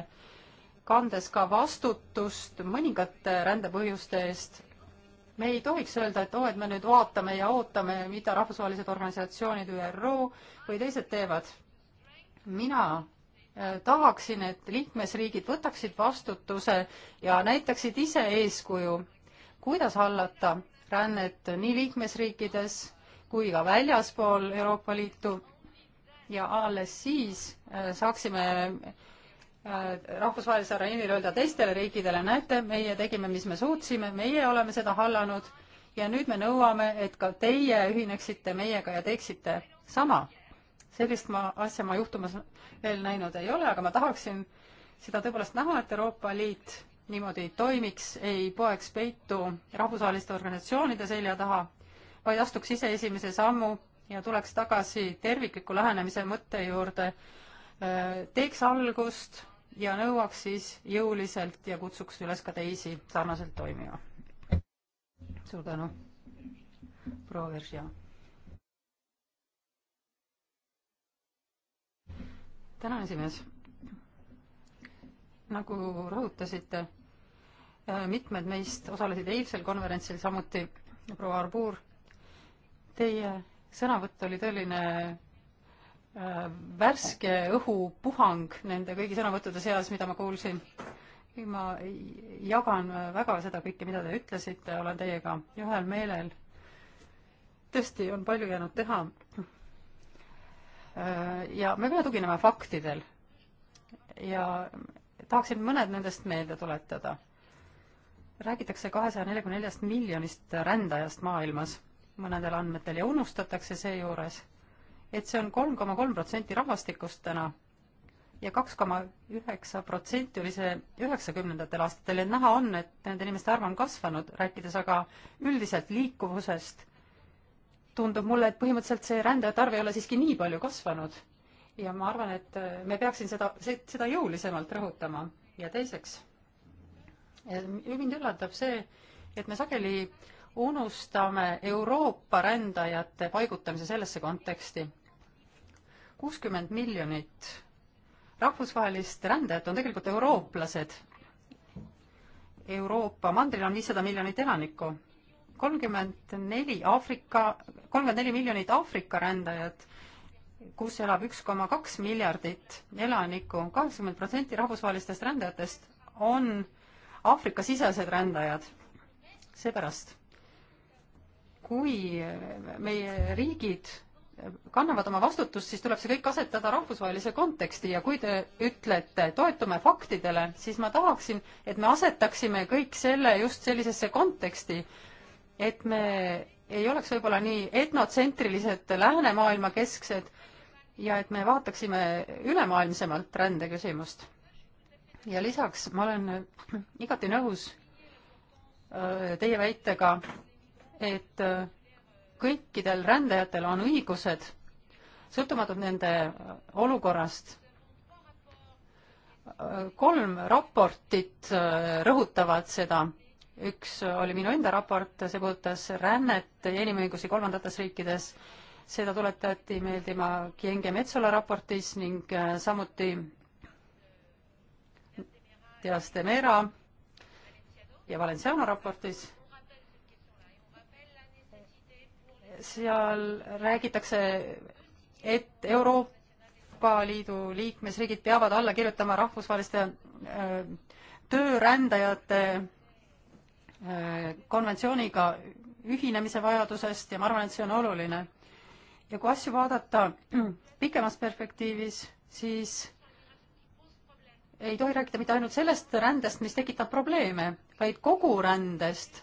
kandes ka vastutust mõningate rändepõhjuste eest me ei tohiks öelda, et oo oh,, et me nüüd vaatame ja ootame, mida rahvusvahelised organisatsioonid, ÜRO või teised teevad. mina äh, tahaksin, et liikmesriigid võtaksid vastutuse ja näitaksid ise eeskuju, kuidas hallata rännet nii liikmesriikides kui ka väljaspool Euroopa Liitu ja alles siis äh, saaksime Äh, rahvusvahelisel areenil öelda teistele riikidele, näete, meie tegime, mis me suutsime, meie oleme seda hallanud ja nüüd me nõuame, et ka teie ühineksite meiega ja teeksite sama. sellist ma, asja ma juhtumas veel näinud ei ole, aga ma tahaksin seda tõepoolest näha, et Euroopa Liit niimoodi toimiks, ei poeks peitu rahvusvaheliste organisatsioonide selja taha, vaid astuks ise esimese sammu ja tuleks tagasi tervikliku lähenemise mõtte juurde, äh, teeks algust ja nõuaks siis jõuliselt ja kutsuks üles ka teisi sarnaselt toimima. suur tänu, proua Veržia. tänan, esimees. nagu rõhutasite, äh, mitmed meist osalesid eilsel konverentsil, samuti proua Arbuur. Teie sõnavõtt oli tõeline värske õhupuhang nende kõigi sõnavõttude seas, mida ma kuulsin. ma jagan väga seda kõike, mida te ütlesite, olen teiega ühel meelel. tõesti on palju jäänud teha. Äh, ja me peame tuginema faktidel. ja tahaksin mõned nendest meelde tuletada. räägitakse kahesaja neljakümne neljast miljonist rändajast maailmas mõnedel andmetel ja unustatakse seejuures et see on kolm koma kolm protsenti rahvastikust täna ja kaks koma üheksa protsenti oli see üheksakümnendatel aastatel ja näha on, et nende inimeste arv on kasvanud, rääkides aga üldiselt liikuvusest, tundub mulle, et põhimõtteliselt see rändajate arv ei ole siiski nii palju kasvanud. ja ma arvan, et me peaksin seda, seda jõulisemalt rõhutama. ja teiseks, mind üllatab see, et me sageli unustame Euroopa rändajate paigutamise sellesse konteksti kuuskümmend miljonit rahvusvahelist rändajat on tegelikult eurooplased. Euroopa mandril on viissada miljonit elanikku, kolmkümmend neli Aafrika, kolmkümmend neli miljonit Aafrika rändajat, kus elab üks koma kaks miljardit elanikku, kaheksakümmend protsenti rahvusvahelistest rändajatest on Aafrika-sisesed rändajad. seepärast, kui meie riigid kannavad oma vastutust, siis tuleb see kõik asetada rahvusvahelise konteksti ja kui te ütlete, toetume faktidele, siis ma tahaksin, et me asetaksime kõik selle just sellisesse konteksti, et me ei oleks võib-olla nii etnotsentrilised, läänemaailma kesksed ja et me vaataksime ülemaailmsemalt rändeküsimust. ja lisaks ma olen igati nõus äh, teie väitega, et äh, kõikidel rändajatel on õigused, sõltumatud nende äh, olukorrast. kolm raportit äh, rõhutavad seda. üks oli minu enda raport, see puudutas rännet ja inimõigusi kolmandates riikides. seda tuletati meeldima Kienge Metsola raportis ning äh, samuti Dias de Mera ja Valenciano raportis seal räägitakse, et Euroopa Liidu liikmesriigid peavad alla kirjutama rahvusvaheliste äh, töörändajate äh, konventsiooniga ühinemise vajadusest ja ma arvan, et see on oluline. ja kui asju vaadata pikemas perspektiivis, siis ei tohi rääkida mitte ainult sellest rändest, mis tekitab probleeme, vaid kogu rändest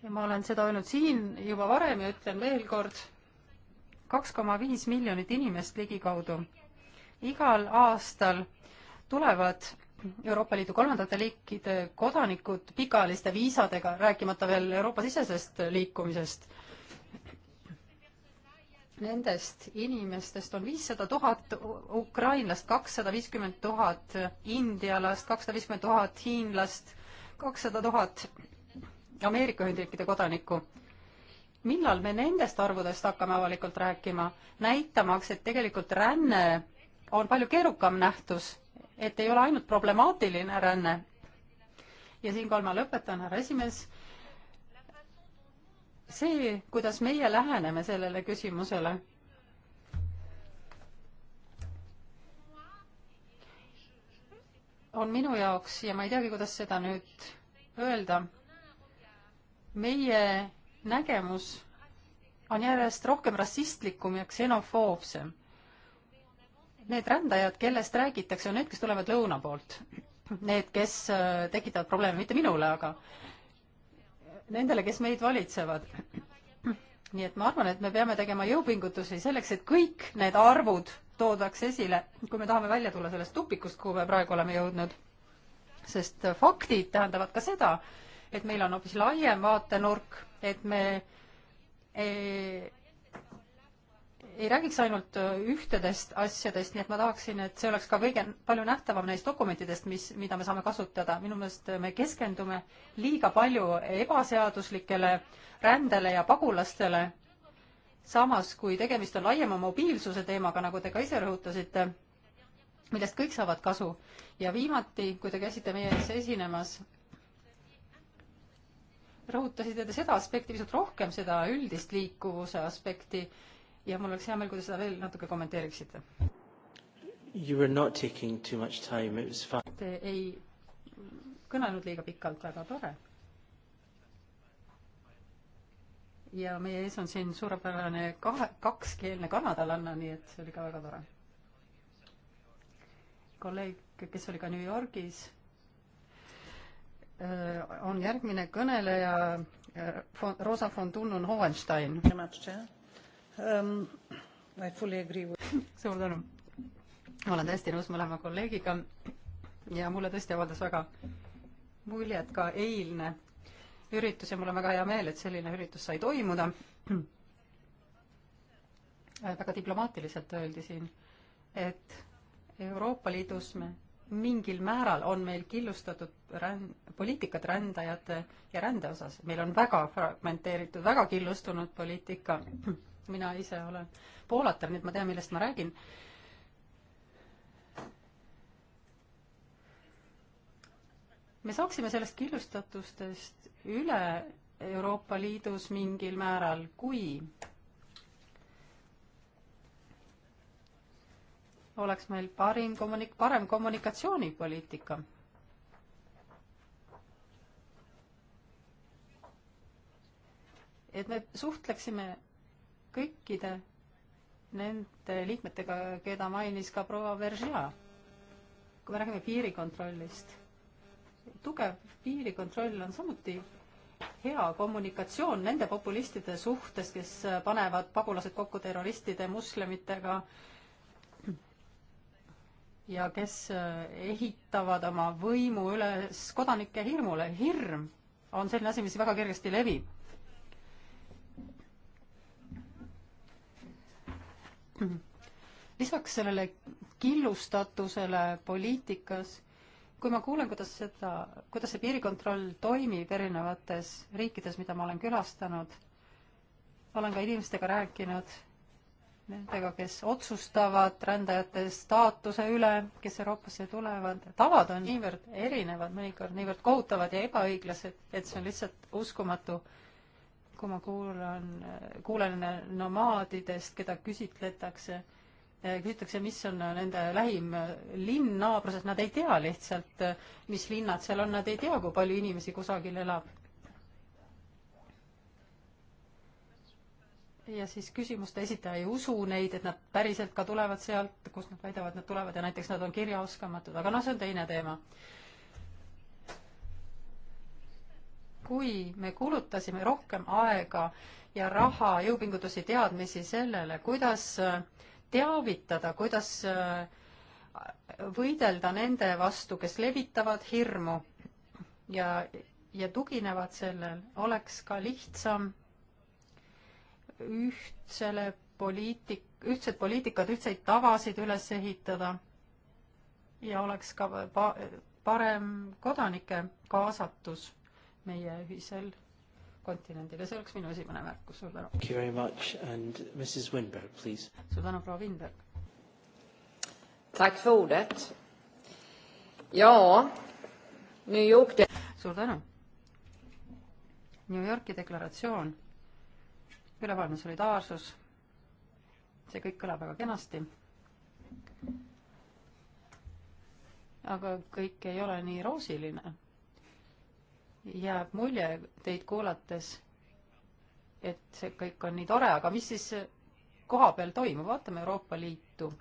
ja ma olen seda öelnud siin juba varem ja ütlen veel kord, kaks koma viis miljonit inimest ligikaudu igal aastal tulevad Euroopa Liidu kolmandate riikide kodanikud pikaajaliste viisadega, rääkimata veel Euroopa-sisesest liikumisest. Nendest inimestest on viissada tuhat ukrainlast, kakssada viiskümmend tuhat indialast, kakssada viiskümmend tuhat hiinlast, kakssada tuhat Ameerika Ühendriikide kodanikku. millal me nendest arvudest hakkame avalikult rääkima, näitamaks, et tegelikult ränne on palju keerukam nähtus, et ei ole ainult problemaatiline ränne. ja siinkohal ma lõpetan, härra esimees. see, kuidas meie läheneme sellele küsimusele on minu jaoks ja ma ei teagi, kuidas seda nüüd öelda, meie nägemus on järjest rohkem rassistlikum ja ksenofoobsem. Need rändajad, kellest räägitakse, on need, kes tulevad lõuna poolt. Need, kes äh, tekitavad probleeme mitte minule, aga nendele, kes meid valitsevad. nii et ma arvan, et me peame tegema jõupingutusi selleks, et kõik need arvud toodaks esile, kui me tahame välja tulla sellest tupikust, kuhu me praegu oleme jõudnud. sest faktid tähendavad ka seda, et meil on hoopis laiem vaatenurk, et me ei, ei räägiks ainult ühtedest asjadest, nii et ma tahaksin, et see oleks ka kõige palju nähtavam neist dokumentidest, mis, mida me saame kasutada. minu meelest me keskendume liiga palju ebaseaduslikele rändele ja pagulastele, samas kui tegemist on laiema mobiilsuse teemaga, nagu te ka ise rõhutasite, millest kõik saavad kasu. ja viimati, kui te käisite meie ees esinemas, rõhutasite te seda aspekti pisut rohkem, seda üldist liikuvuse aspekti ja mul oleks hea meel, kui te seda veel natuke kommenteeriksite. Te ei kõnelenud liiga pikalt, väga tore. ja meie ees on siin suurepärane kahe, kakskeelne kanadalanna, nii et see oli ka väga tore. kolleeg, kes oli ka New Yorgis Äh, on järgmine kõneleja äh, Rosa von Tunnun Hohenstein. Um, suur tänu. ma olen täiesti nõus mõlema kolleegiga ja mulle tõesti avaldas väga muljet ka eilne üritus ja mul on väga hea meel, et selline üritus sai toimuda. Äh, väga diplomaatiliselt öeldi siin, et Euroopa Liidus me mingil määral on meil killustatud ränd-, poliitikat rändajate ja rände osas. meil on väga fragmenteeritud, väga killustunud poliitika. mina ise olen poolatav, nii et ma tean, millest ma räägin. me saaksime sellest killustatustest üle Euroopa Liidus mingil määral, kui oleks meil parim kommunik-, parem kommunikatsioonipoliitika. et me suhtleksime kõikide nende liikmetega, keda mainis ka proua Veržia. kui me räägime piirikontrollist, tugev piirikontroll on samuti hea kommunikatsioon nende populistide suhtes, kes panevad pagulased kokku terroristide, moslemitega äh,, ja kes äh, ehitavad oma võimu üles kodanike hirmule. hirm on selline asi, mis väga kergesti levib. lisaks sellele killustatusele poliitikas, kui ma kuulen, kuidas seda, kuidas see piirikontroll toimib erinevates riikides, mida ma olen külastanud, olen ka inimestega rääkinud nendega, kes otsustavad rändajate staatuse üle, kes Euroopasse tulevad. tavad on niivõrd erinevad, mõnikord niivõrd kohutavad ja ebaõiglased, et see on lihtsalt uskumatu. kui ma kuulan, kuulen nomaadidest, keda küsitletakse, küsitakse, mis on nende lähim linn naabruses, nad ei tea lihtsalt, mis linnad seal on, nad ei tea, kui palju inimesi kusagil elab ja siis küsimuste esitaja ei usu neid, et nad päriselt ka tulevad sealt, kust nad väidavad, nad tulevad ja näiteks nad on kirjaoskamatud, aga noh, see on teine teema. kui me kulutasime rohkem aega ja raha, jõupingutusi, teadmisi sellele, kuidas äh, teavitada, kuidas äh, võidelda nende vastu, kes levitavad hirmu ja, ja tuginevad sellel, oleks ka lihtsam ühtsele poliitik-, ühtsed poliitikad, ühtseid tavasid üles ehitada ja oleks ka pa-, parem kodanike kaasatus meie ühisel kontinendil ja see oleks minu esimene märkus, suur tänu. suur tänu, proua Winberg. suur tänu. New Yorki deklaratsioon ülemaailmne solidaarsus, see kõik kõlab väga kenasti. aga kõik ei ole nii roosiline. jääb mulje teid kuulates, et see kõik on nii tore, aga mis siis koha peal toimub, vaatame Euroopa Liitu.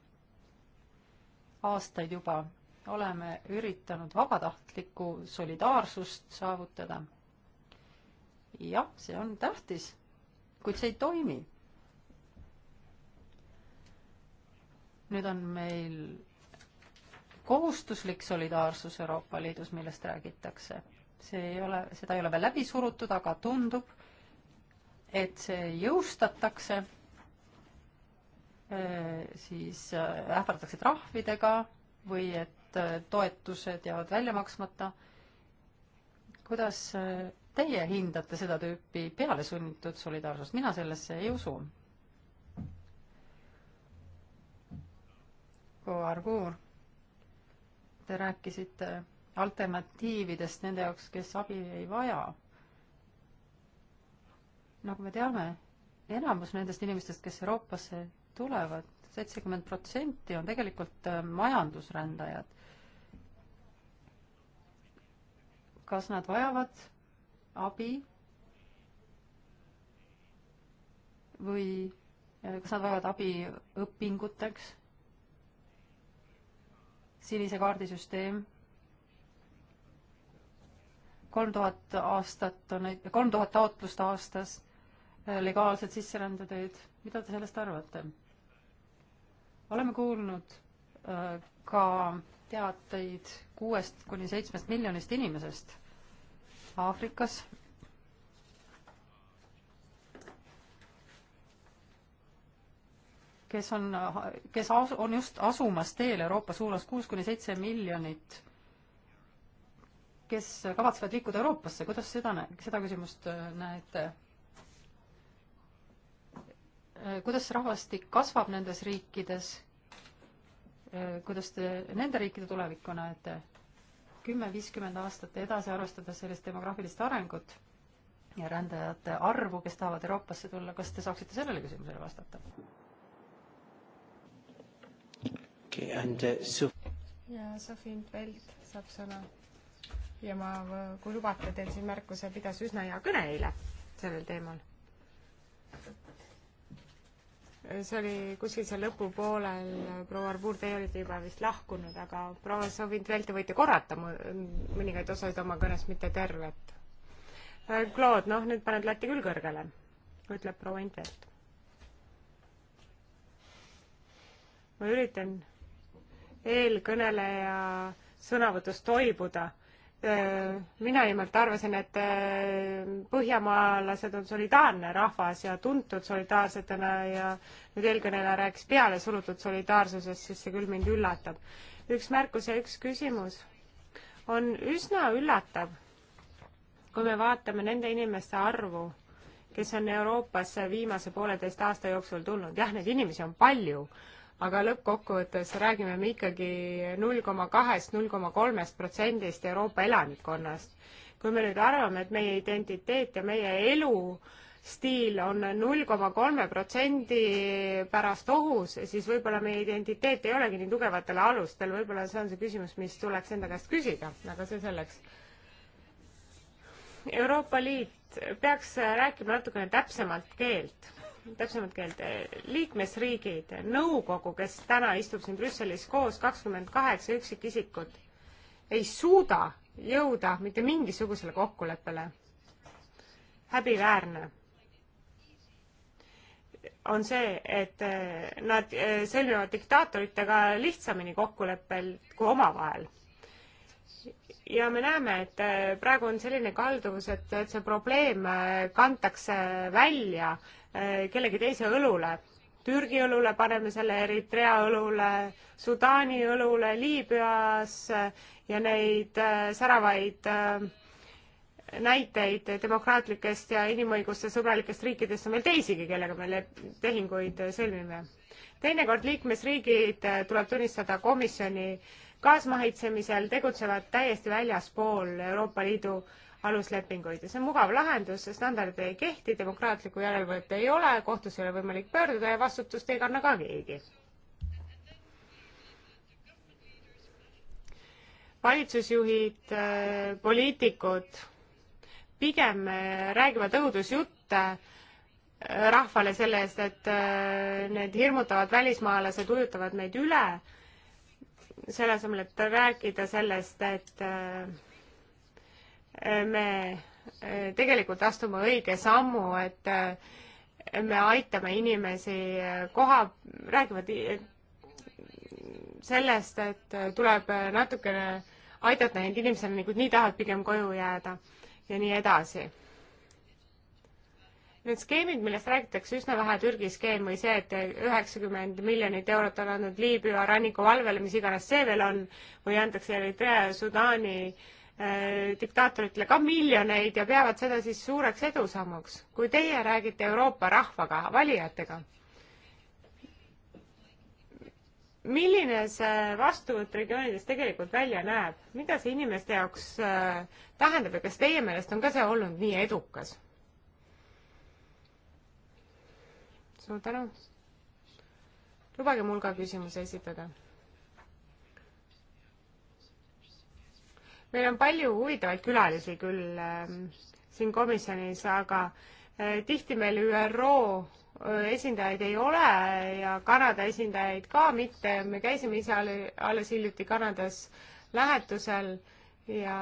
aastaid juba oleme üritanud vabatahtlikku solidaarsust saavutada. jah, see on tähtis kuid see ei toimi. nüüd on meil kohustuslik solidaarsus Euroopa Liidus, millest räägitakse. see ei ole, seda ei ole veel läbi surutud, aga tundub, et see jõustatakse, äh, siis äh, ähvardatakse trahvidega või et äh, toetused jäävad välja maksmata. kuidas teie hindate seda tüüpi pealesunnitud solidaarsust, mina sellesse ei usu. Argur, te rääkisite alternatiividest nende jaoks, kes abi ei vaja. nagu me teame, enamus nendest inimestest, kes Euroopasse tulevad, seitsekümmend protsenti on tegelikult äh, majandusrändajad. kas nad vajavad abi või eh, kas nad vajavad abi õpinguteks, sinise kaardi süsteem, kolm tuhat aastat on, kolm tuhat taotlust aastas, eh, legaalsed sisserändeteed, mida te sellest arvate? oleme kuulnud eh, ka teateid kuuest kuni seitsmest miljonist inimesest Aafrikas. kes on, kes asu, on just asumas teel Euroopa suunas kuus kuni seitse miljonit, kes kavatsevad liikuda Euroopasse, kuidas seda, seda küsimust äh, näete? Äh, kuidas rahvastik kasvab nendes riikides? Äh, kuidas te nende riikide tulevikku näete? kümme, viiskümmend aastat edasi, arvestades sellist demograafilist arengut ja rändajate arvu, kes tahavad Euroopasse tulla, kas te saaksite sellele küsimusele vastata? Uh, ja Sofi Intveld saab sõna. ja ma, kui lubate, teen siin märkuse, pidas üsna hea kõne eile sellel teemal see oli kuskil seal lõpupoolel, proua Arbuur, teie olite juba vist lahkunud, aga proua Sovintvelt, te võite korrata mõningaid osasid oma kõnes, mitte tervet. Claude, noh, nüüd paned lati küll kõrgele, ütleb proua Intvelt. ma üritan eelkõneleja sõnavõtust toibuda Äh, mina nimelt arvasin, et äh, põhjamaalased on solidaarne rahvas ja tuntud solidaarsetena ja nüüd eelkõneleja rääkis pealesurutud solidaarsusest, siis see küll mind üllatab. üks märkus ja üks küsimus. on üsna üllatav, kui me vaatame nende inimeste arvu, kes on Euroopasse viimase pooleteist aasta jooksul tulnud, jah, neid inimesi on palju aga lõppkokkuvõttes räägime me ikkagi null koma kahest, null koma kolmest protsendist Euroopa elanikkonnast. kui me nüüd arvame, et meie identiteet ja meie elustiil on null koma kolme protsendi pärast ohus, siis võib-olla meie identiteet ei olegi nii tugevatel alustel, võib-olla see on see küsimus, mis tuleks enda käest küsida, aga see selleks. Euroopa Liit peaks rääkima natukene täpsemalt keelt täpsemalt keelde, liikmesriigid, nõukogu, kes täna istub siin Brüsselis koos, kakskümmend kaheksa üksikisikut, ei suuda jõuda mitte mingisugusele kokkuleppele. häbiväärne on see, et eh, nad eh, sõlmivad diktaatoritega lihtsamini kokkuleppel kui omavahel. ja me näeme, et eh, praegu on selline kalduvus, et, et see probleem kantakse välja Äh, kellegi teise õlule. Türgi õlule paneme selle, Eritrea õlule, Sudaani õlule, Liibüas ja neid äh, säravaid äh, näiteid demokraatlikest ja inimõiguste sõbralikest riikidest on veel teisigi, kellega me tehinguid sõlmime. teinekord liikmesriigid, tuleb tunnistada, komisjoni kaasmahitsemisel tegutsevad täiesti väljaspool Euroopa Liidu äh, aluslepinguid ja see on mugav lahendus, standardid ei kehti, demokraatlikku järelevalvet ei ole, kohtus ei ole võimalik pöörduda ja vastutust ei kanna ka keegi. valitsusjuhid, äh, poliitikud pigem äh, räägivad õudusjutte äh, rahvale selle eest, et need hirmutavad välismaalased ujutavad meid üle, selle asemel, et rääkida sellest, et me eh, tegelikult astume õige sammu, et eh, me aitame inimesi eh, koha, räägivad sellest, et tuleb natukene aidata neid inimesi, niikuinii tahavad pigem koju jääda ja nii edasi. Need skeemid, millest räägitakse üsna vähe, Türgi skeem või see, et üheksakümmend miljonit eurot on andnud Liibüa rannikuvalvele, mis iganes see veel on, või antakse Eritrea ja Sudaani äh, Äh, diktaatoritele ka miljoneid ja peavad seda siis suureks edusammuks. kui teie räägite Euroopa rahvaga, valijatega, milline see vastuvõtt regioonides tegelikult välja näeb, mida see inimeste jaoks äh, tähendab ja kas teie meelest on ka see olnud nii edukas? suur tänu. lubage mul ka küsimuse esitada meil on palju huvitavaid külalisi küll äh, siin komisjonis, aga äh, tihti meil ÜRO äh, esindajaid ei ole ja Kanada esindajaid ka mitte, me käisime ise alles hiljuti Kanadas lähetusel ja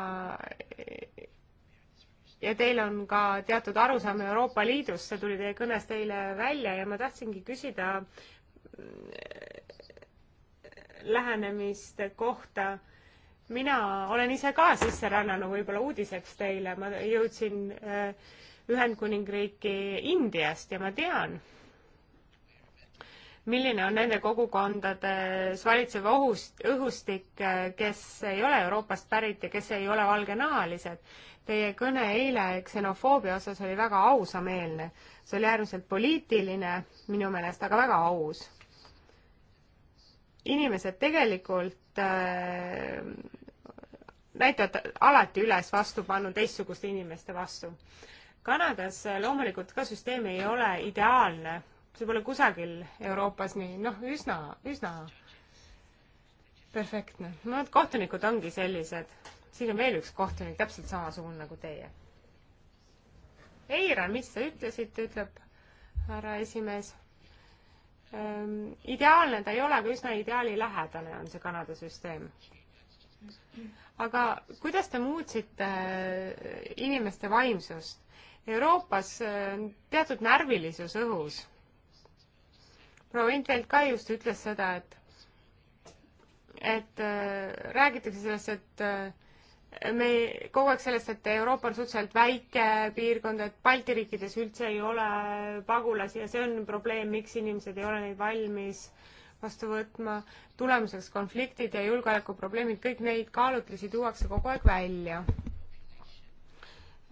ja teil on ka teatud arusaam Euroopa Liidust, see tuli teie kõnest eile välja ja ma tahtsingi küsida äh, lähenemiste kohta äh, mina olen ise ka sisserännanu võib-olla uudiseks teile, ma jõudsin äh, Ühendkuningriiki Indiast ja ma tean, milline on nende kogukondades valitsev ohust, õhustik, äh, kes ei ole Euroopast pärit ja kes ei ole valgenahalised. Teie kõne eile ksenofoobia osas oli väga ausameelne. see oli äärmiselt poliitiline minu meelest, aga väga aus. inimesed tegelikult äh, näitavad alati üles vastupanu teistsuguste inimeste vastu. Kanadas loomulikult ka süsteem ei ole ideaalne, see pole kusagil Euroopas nii, noh, üsna, üsna perfektne. no vot, kohtunikud ongi sellised. siin on veel üks kohtunik, täpselt samasugune nagu teie. eiran, mis te ütlesite, ütleb härra esimees ähm,. ideaalne ta ei ole, aga üsna ideaalilähedane on see Kanada süsteem aga kuidas te muutsite äh, inimeste vaimsust? Euroopas äh, on teatud närvilisus õhus. proua Intvelt ka just ütles seda, et et äh, räägitakse sellest, et äh, me kogu aeg sellest, et Euroopa on suhteliselt väike piirkond, et Balti riikides üldse ei ole pagulasi ja see on probleem, miks inimesed ei ole neid valmis äh, vastu võtma, tulemuseks konfliktid ja julgeolekuprobleemid, kõik neid kaalutlusi tuuakse kogu aeg välja.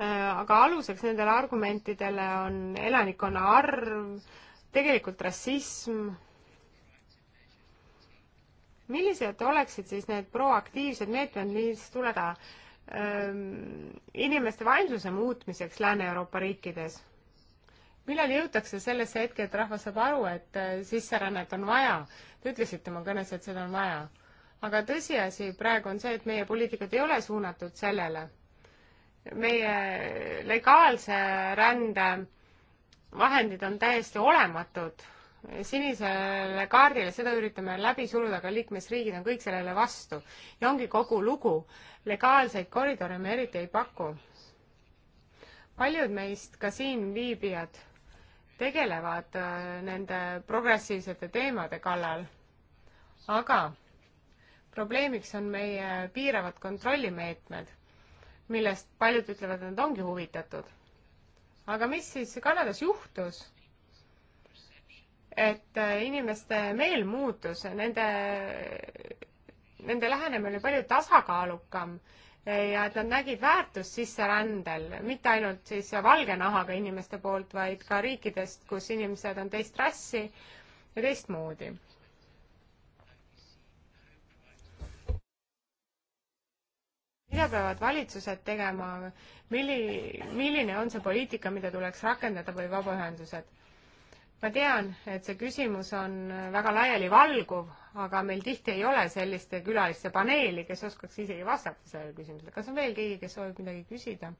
Äh, aga aluseks nendele argumentidele on elanikkonna arv, tegelikult rassism, millised oleksid siis need proaktiivsed meetmed, mis tuleb ähm, inimeste vaimsuse muutmiseks Lääne-Euroopa riikides? millal jõutakse sellesse hetke, et rahvas saab aru, et äh, sisserännet on vaja? Te ütlesite oma kõnes, et seda on vaja. aga tõsiasi praegu on see, et meie poliitikad ei ole suunatud sellele. meie legaalse rände vahendid on täiesti olematud. sinisele kaardile, seda üritame läbi suruda, aga liikmesriigid on kõik sellele vastu. ja ongi kogu lugu. legaalseid koridore me eriti ei paku paljud meist, ka siin viibijad, tegelevad äh, nende progressiivsete teemade kallal, aga probleemiks on meie piiravad kontrollimeetmed, millest paljud ütlevad, et nad ongi huvitatud. aga mis siis Kanadas juhtus? et äh, inimeste meel muutus, nende, nende lähenemine oli palju tasakaalukam ja et nad nägid väärtust sisserändel, mitte ainult siis valge nahaga inimeste poolt, vaid ka riikidest, kus inimesed on teist rassi ja teistmoodi mida peavad valitsused tegema, milli-, milline on see poliitika, mida tuleks rakendada või vabaühendused? ma tean, et see küsimus on väga laialivalguv, aga meil tihti ei ole selliste külaliste paneeli, kes oskaks isegi vastata sellele küsimusele. kas on veel keegi, kes soovib midagi küsida?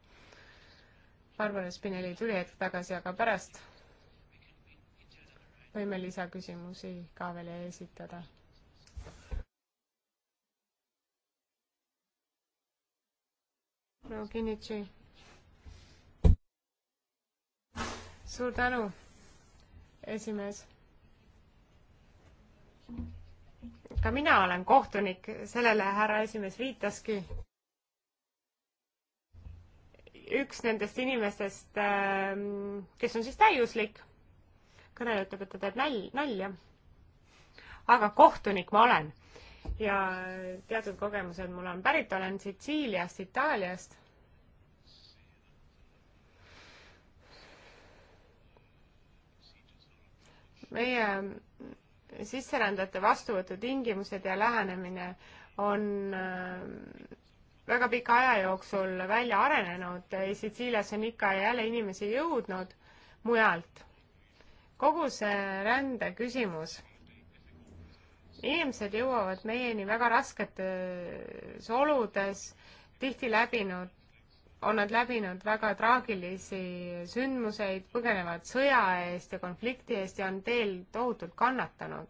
Barbara Spinelli tuli hetk tagasi, aga pärast võime lisaküsimusi ka veel esitada. proua Kinnitši. suur tänu, esimees ka mina olen kohtunik, sellele härra esimees viitaski. üks nendest inimestest, ähm, kes on siis täiuslik, kõneleja ütleb, et ta teeb nal-, nalja. aga kohtunik ma olen ja teatud kogemused mul on, pärit olen Sitsiiliast, Itaaliast meie sisserändajate vastuvõtu tingimused ja lähenemine on äh, väga pika aja jooksul välja arenenud, Sitsiilias on ikka ja jälle inimesi jõudnud mujalt. kogu see rände küsimus, inimesed jõuavad meieni väga rasketes oludes, tihti läbinud on nad läbinud väga traagilisi sündmuseid, põgenevad sõja eest ja konflikti eest ja on teel tohutult kannatanud.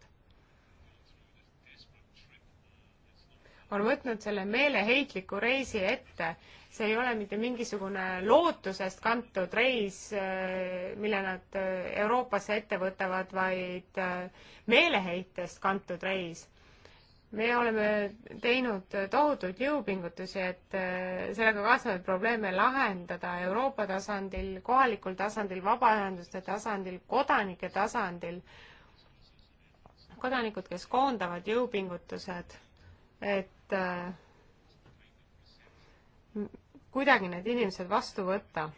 on võtnud selle meeleheitliku reisi ette, see ei ole mitte mingisugune lootusest kantud reis, eh, mille nad eh, Euroopasse ette võtavad, vaid eh, meeleheitest kantud reis me oleme teinud tohutuid jõupingutusi, et äh, sellega kaasnevaid probleeme lahendada Euroopa tasandil, kohalikul tasandil, vabaühenduste tasandil, kodanike tasandil. kodanikud, kes koondavad jõupingutused, et äh, kuidagi need inimesed vastu võtta.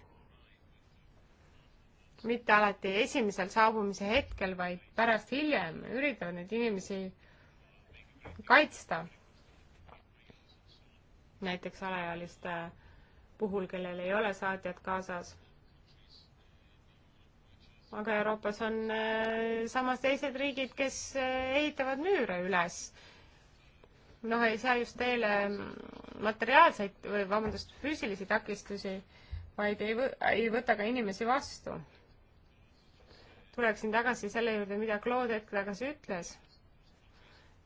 mitte alati esimesel saabumise hetkel, vaid pärast hiljem üritavad neid inimesi kaitsta. näiteks alaealiste puhul, kellel ei ole saatjat kaasas. aga Euroopas on äh, samas teised riigid, kes äh, ehitavad müüre üles. noh, ei saa just teile materiaalseid või vabandust, füüsilisi takistusi, vaid ei võ-, ei võta ka inimesi vastu. tuleksin tagasi selle juurde, mida Claude hetk tagasi ütles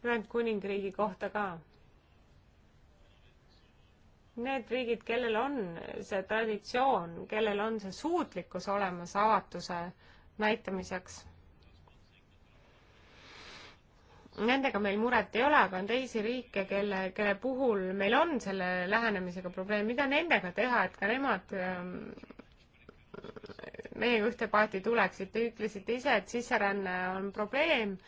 Ühendkuningriigi kohta ka. Need riigid, kellel on see traditsioon, kellel on see suutlikkus olemas avatuse näitamiseks, nendega meil muret ei ole, aga on teisi riike, kelle, kelle puhul meil on selle lähenemisega probleem, mida nendega teha, et ka nemad ähm, meiega ühte paati tuleksid, te ütlesite ise, et sisseränne on probleem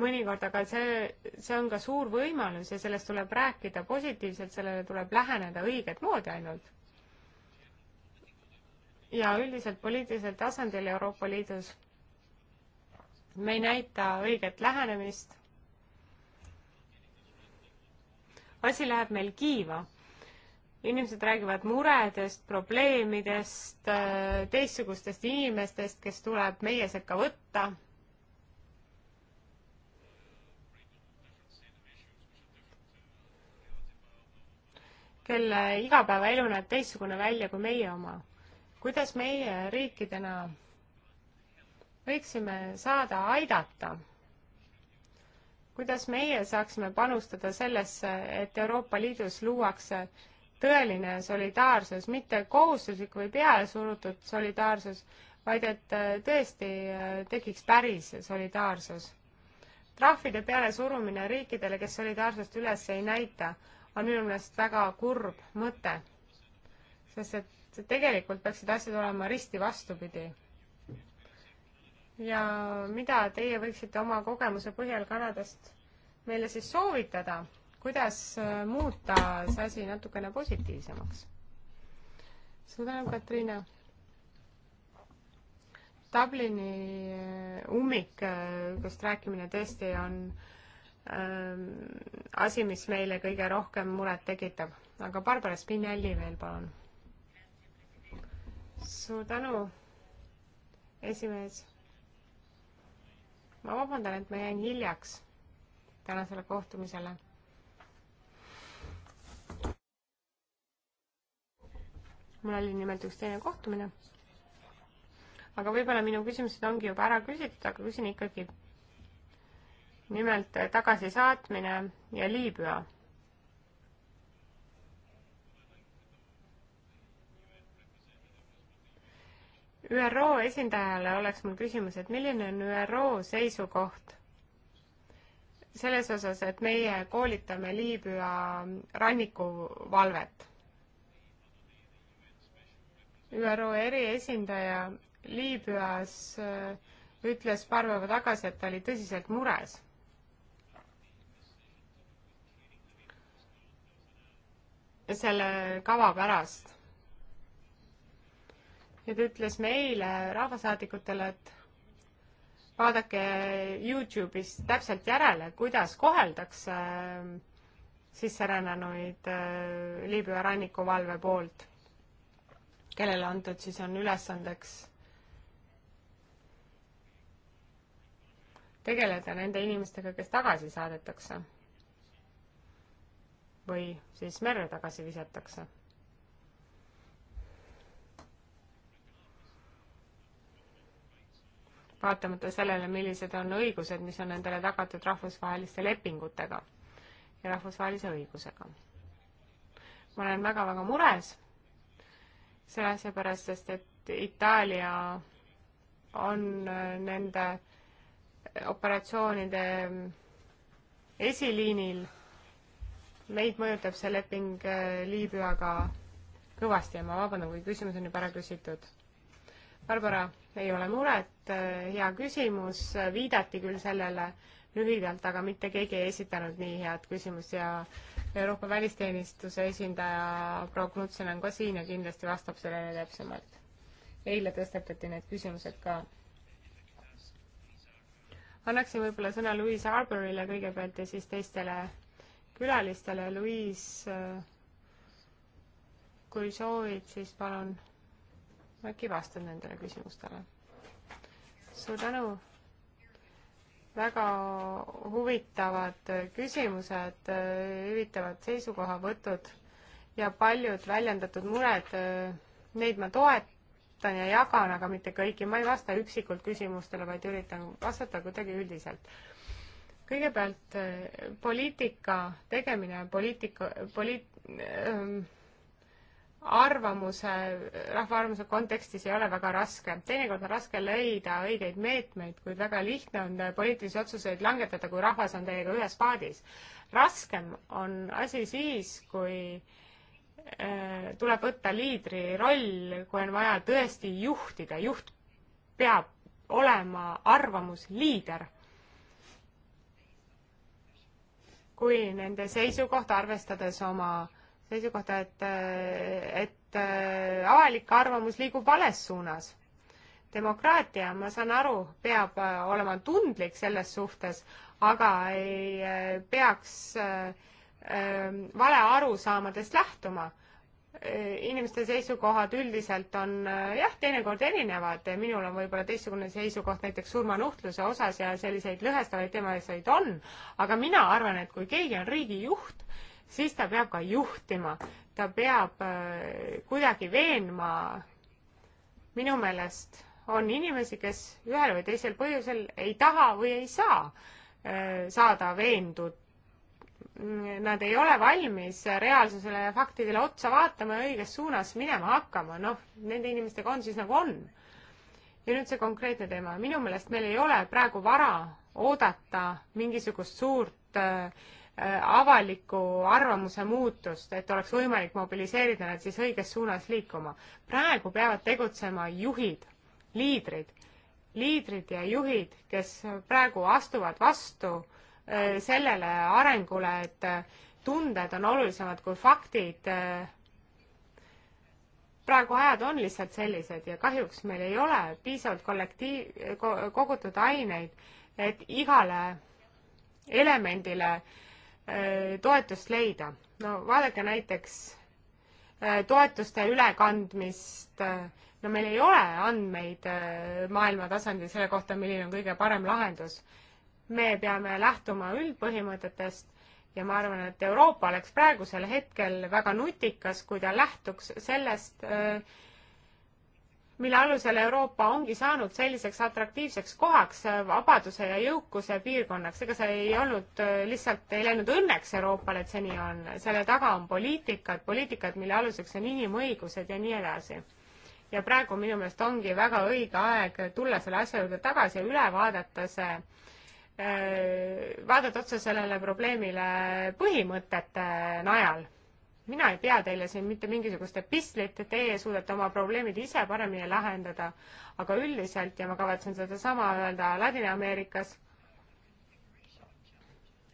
mõnikord, aga see, see on ka suur võimalus ja sellest tuleb rääkida positiivselt, sellele tuleb läheneda õiget moodi ainult. ja üldiselt poliitilisel tasandil Euroopa Liidus me ei näita õiget lähenemist. asi läheb meil kiiva. inimesed räägivad muredest, probleemidest, teistsugustest inimestest, kes tuleb meie sekka võtta kelle igapäevaelu näeb teistsugune välja kui meie oma. kuidas meie riikidena võiksime saada aidata? kuidas meie saaksime panustada sellesse, et Euroopa Liidus luuakse tõeline solidaarsus, mitte kohustuslik või pealesurutud solidaarsus, vaid et äh, tõesti äh, tekiks päris solidaarsus. trahvide pealesurumine riikidele, kes solidaarsust üles ei näita, on minu meelest väga kurb mõte, sest et tegelikult peaksid asjad olema risti vastupidi. ja mida teie võiksite oma kogemuse põhjal Kanadast meile siis soovitada, kuidas äh, muuta see asi natukene positiivsemaks? suur tänu, Katriina. Dublini äh, ummikust äh, rääkimine tõesti on äh, asi, mis meile kõige rohkem muret tekitab. aga Barbara Spinelli veel, palun. suur tänu, esimees. ma vabandan, et ma jäin hiljaks tänasele kohtumisele. mul oli nimelt üks teine kohtumine. aga võib-olla minu küsimused ongi juba ära küsitud, aga küsin ikkagi nimelt äh, tagasisaatmine ja Liibüa. ÜRO esindajale oleks mul küsimus, et milline on ÜRO seisukoht selles osas, et meie koolitame Liibüa rannikuvalvet? ÜRO eriesindaja Liibüas äh, ütles paar päeva tagasi, et ta oli tõsiselt mures muretsete selle kava pärast? ja ta ütles meile, rahvasaadikutele, et vaadake Youtube'is täpselt järele, kuidas koheldakse ähm, sisserännanuid äh, Liibüa rannikuvalve poolt, kellele antud siis on ülesandeks tegeleda nende inimestega, kes tagasi saadetakse või siis merre tagasi visatakse. vaatamata sellele, millised on õigused, mis on endale tagatud rahvusvaheliste lepingutega ja rahvusvahelise õigusega. ma olen väga-väga mures selle asja pärast, sest et Itaalia on nende operatsioonide esiliinil meid mõjutab see leping äh, Liibüaga kõvasti ja ma vabandan, kui küsimus on juba ära küsitud. Barbara, ei ole muret, äh, hea küsimus, äh, viidati küll sellele lühidalt, aga mitte keegi ei esitanud nii head küsimust ja Euroopa välisteenistuse esindaja proua Knutsen on ka siin ja kindlasti vastab sellele täpsemalt. eile tõstatati need küsimused ka. annaksin võib-olla sõna Louise Arborile kõigepealt ja siis teistele külalistele, Luis, kui soovid, siis palun äkki vastad nendele küsimustele. suur tänu, väga huvitavad küsimused, huvitavad seisukohavõtud ja paljud väljendatud mured, neid ma toetan ja jagan, aga mitte kõiki, ma ei vasta üksikult küsimustele, vaid üritan vastata kuidagi üldiselt kõigepealt eh, poliitika tegemine, poliitika, poliit- ähm,, arvamuse, rahva arvamuse kontekstis ei ole väga raske. teinekord on raske leida õigeid meetmeid, kuid väga lihtne on eh, poliitilisi otsuseid langetada, kui rahvas on teiega ühes paadis. raskem on asi siis, kui äh, tuleb võtta liidri roll, kui on vaja tõesti juhtida, juht peab olema arvamusliider kui nende seisukohta, arvestades oma seisukohta, et, et avalik arvamus liigub vales suunas. demokraatia, ma saan aru, peab äh, olema tundlik selles suhtes, aga ei äh, peaks äh, valearusaamadest lähtuma Äh, inimeste seisukohad üldiselt on äh, jah, teinekord erinevad, minul on võib-olla teistsugune seisukoht näiteks surmanuhtluse osas ja selliseid lõhestavaid teemasid on, aga mina arvan, et kui keegi on riigijuht, siis ta peab ka juhtima, ta peab äh, kuidagi veenma, minu meelest on inimesi, kes ühel või teisel põhjusel ei taha või ei saa saada veendud nad ei ole valmis reaalsusele ja faktidele otsa vaatama ja õiges suunas minema hakkama, noh, nende inimestega on siis nagu on. ja nüüd see konkreetne teema, minu meelest meil ei ole praegu vara oodata mingisugust suurt äh, äh avaliku arvamuse muutust, et oleks võimalik mobiliseerida nad siis õiges suunas liikuma. praegu peavad tegutsema juhid, liidrid, liidrid ja juhid, kes praegu astuvad vastu Äh, sellele arengule, et äh, tunded on olulisemad kui faktid. Äh, praegu ajad on lihtsalt sellised ja kahjuks meil ei ole piisavalt kollektiiv, kogutud aineid, et igale elemendile toetust leida. no vaadake näiteks toetuste ülekandmist, no meil ei ole andmeid maailma tasandil selle kohta, milline on kõige parem lahendus me peame lähtuma üldpõhimõtetest ja ma arvan, et Euroopa oleks praegusel hetkel väga nutikas, kui ta lähtuks sellest, äh, mille alusel Euroopa ongi saanud selliseks atraktiivseks kohaks, äh, vabaduse ja jõukuse piirkonnaks. ega see ei olnud äh, lihtsalt, ei läinud õnneks Euroopale, et see nii on. selle taga on poliitikad, poliitikad, mille aluseks on inimõigused ja nii edasi. ja praegu minu meelest ongi väga õige aeg tulla selle asja juurde tagasi ja üle vaadata see äh, Äh, vaadata otsa sellele probleemile põhimõtete najal. mina ei pea teile siin mitte mingisugust epistlit, teie suudate oma probleemid ise paremini lahendada, aga üldiselt ja ma kavatsen sedasama öelda Ladina-Ameerikas,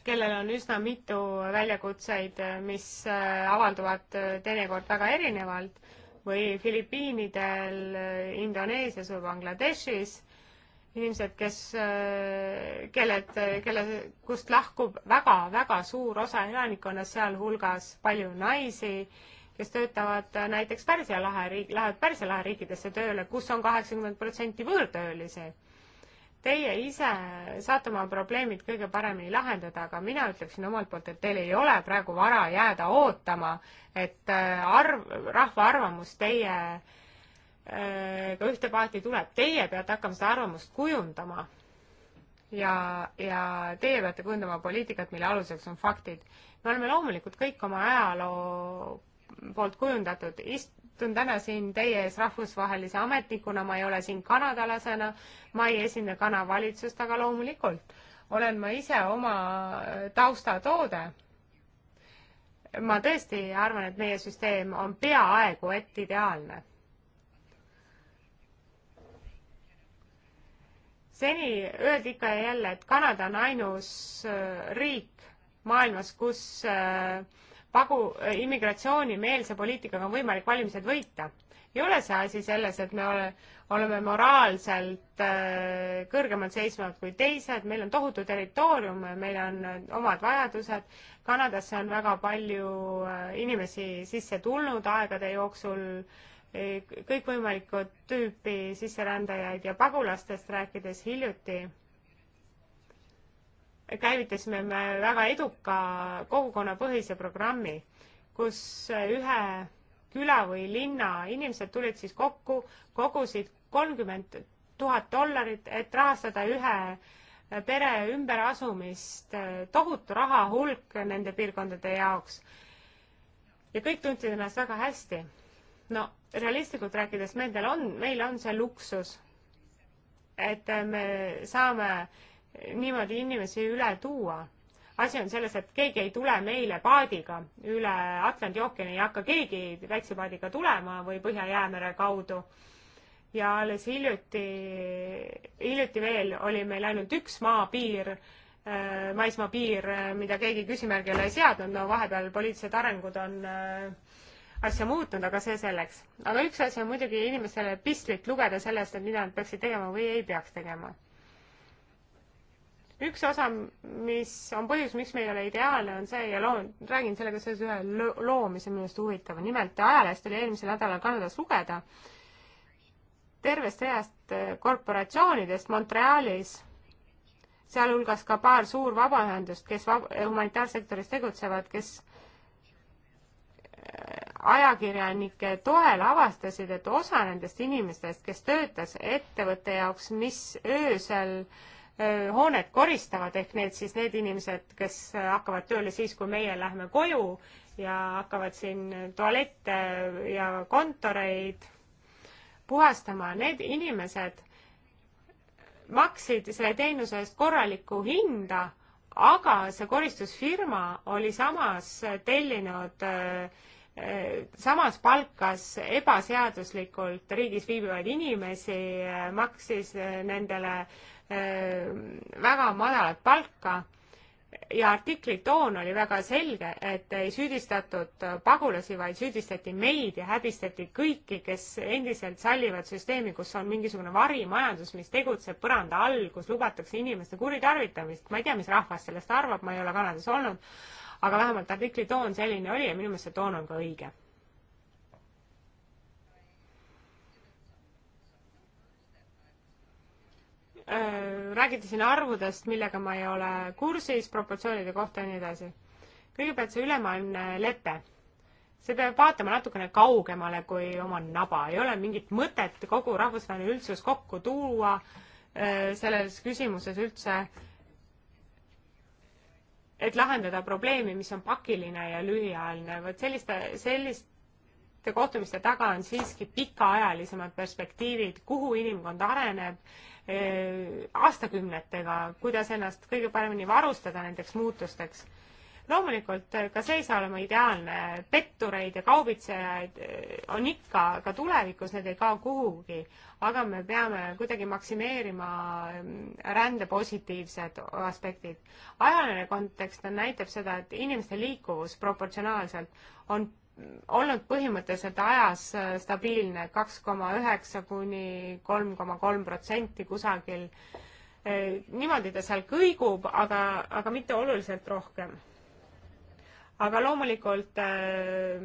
kellel on üsna mitu väljakutseid, mis äh, avalduvad äh, teinekord väga erinevalt või Filipiinidel, Indoneesias või Bangladeshis inimesed, kes, äh, kellelt, kelle, kust lahkub väga-väga suur osa elanikkonnast, sealhulgas palju naisi, kes töötavad näiteks Pärsia lahe riik, lähevad Pärsia lahe riikidesse tööle, kus on kaheksakümmend protsenti võõrtöölisi. Teie ise saate oma probleemid kõige paremini lahendada, aga mina ütleksin omalt poolt, et teil ei ole praegu vara jääda ootama, et äh, arv, rahva arvamus teie äh, Äh, ka ühte paati tuleb, teie peate hakkama seda arvamust kujundama. ja, ja teie peate kujundama poliitikat, mille aluseks on faktid. me oleme loomulikult kõik oma ajaloo poolt kujundatud, istun täna siin teie ees rahvusvahelise ametnikuna, ma ei ole siin kanadalasena, ma ei esinda Kana valitsust, aga loomulikult olen ma ise oma äh, taustatoode ma tõesti arvan, et meie süsteem on peaaegu et ideaalne seni öeldi ikka ja jälle, et Kanada on ainus äh, riik maailmas, kus äh, pagu-, äh, immigratsioonimeelse poliitikaga on võimalik valimised võita. ei ole see asi selles, et me ole, oleme moraalselt kõrgemalt seisvad kui teised, meil on tohutu territoorium, meil on omad vajadused, Kanadasse on väga palju inimesi sisse tulnud aegade jooksul, Eh, kõikvõimalikud tüüpi sisserändajaid ja pagulastest rääkides hiljuti käivitasime me väga eduka kogukonnapõhise programmi, kus ühe küla või linna inimesed tulid siis kokku, kogusid kolmkümmend tuhat dollarit, et rahastada ühe pere ümberasumist, eh, tohutu rahahulk nende piirkondade jaoks. ja kõik tundsid ennast väga hästi no realistlikult rääkides, nendel on, meil on see luksus, et me saame niimoodi inimesi üle tuua. asi on selles, et keegi ei tule meile paadiga üle Atlandi ookeani, ei hakka keegi väiksepaadiga tulema või Põhja-Jäämere kaudu. ja alles hiljuti, hiljuti veel oli meil ainult üks maapiir äh, maismaapiir, äh, mida keegi küsimärgi ei ole seadnud, no vahepeal poliitilised arengud on äh, asja muutnud, aga see selleks. aga üks asi on muidugi inimestele pistlik lugeda sellest, et mida nad peaksid tegema või ei peaks tegema. üks osa, mis on põhjus, miks me ei ole ideaalne, on see ja loon, räägin sellega seoses ühe loo, loo, mis on minu arust huvitav. nimelt ajalehest oli eelmisel nädalal Kanadas lugeda tervest reast eh, korporatsioonidest Montrealis sealhulgas ka paar suur vabaühendust, kes vab-, humanitaarsektoris tegutsevad, kes ajakirjanike toel avastasid, et osa nendest inimestest, kes töötas ettevõtte jaoks, mis öösel öö, hoonet koristavad, ehk need siis need inimesed, kes hakkavad tööle siis, kui meie lähme koju ja hakkavad siin tualette ja kontoreid puhastama, need inimesed maksid selle teenuse eest korralikku hinda aga see koristusfirma oli samas tellinud samas palkas ebaseaduslikult riigis viibivaid inimesi, eh, maksis eh, nendele eh, väga madalat palka ja artikli toon oli väga selge, et ei süüdistatud pagulasi, vaid süüdistati meid ja häbistati kõiki, kes endiselt sallivad süsteemi, kus on mingisugune varimajandus, mis tegutseb põranda all, kus lubatakse inimeste kuritarvitamist. ma ei tea, mis rahvas sellest arvab, ma ei ole Kanadas olnud, aga vähemalt artikli toon selline oli ja minu meelest see toon on ka õige. Äh, räägiti siin arvudest, millega ma ei ole kursis, proportsioonide kohta ja nii edasi. kõigepealt see ülemaailmne lepe see peab vaatama natukene kaugemale kui oma naba, ei ole mingit mõtet kogu rahvusvaheline üldsus kokku tuua äh, selles küsimuses üldse et lahendada probleemi, mis on pakiline ja lühiajaline, vot selliste, selliste kohtumiste taga on siiski pikaajalisemad perspektiivid, kuhu inimkond areneb eh, aastakümnetega, kuidas ennast kõige paremini varustada nendeks muutusteks loomulikult äh, ka see ei saa olema ideaalne, pettureid ja kaubitsejaid äh, on ikka ka tulevikus, need ei kao kuhugi, aga me peame kuidagi maksimeerima ähm, rände positiivsed aspektid. ajaline kontekst on, näitab seda, et inimeste liikuvus proportsionaalselt on olnud põhimõtteliselt ajas äh, stabiilne kaks koma üheksa kuni kolm koma kolm protsenti kusagil. niimoodi ta seal kõigub, aga, aga mitte oluliselt rohkem aga loomulikult äh,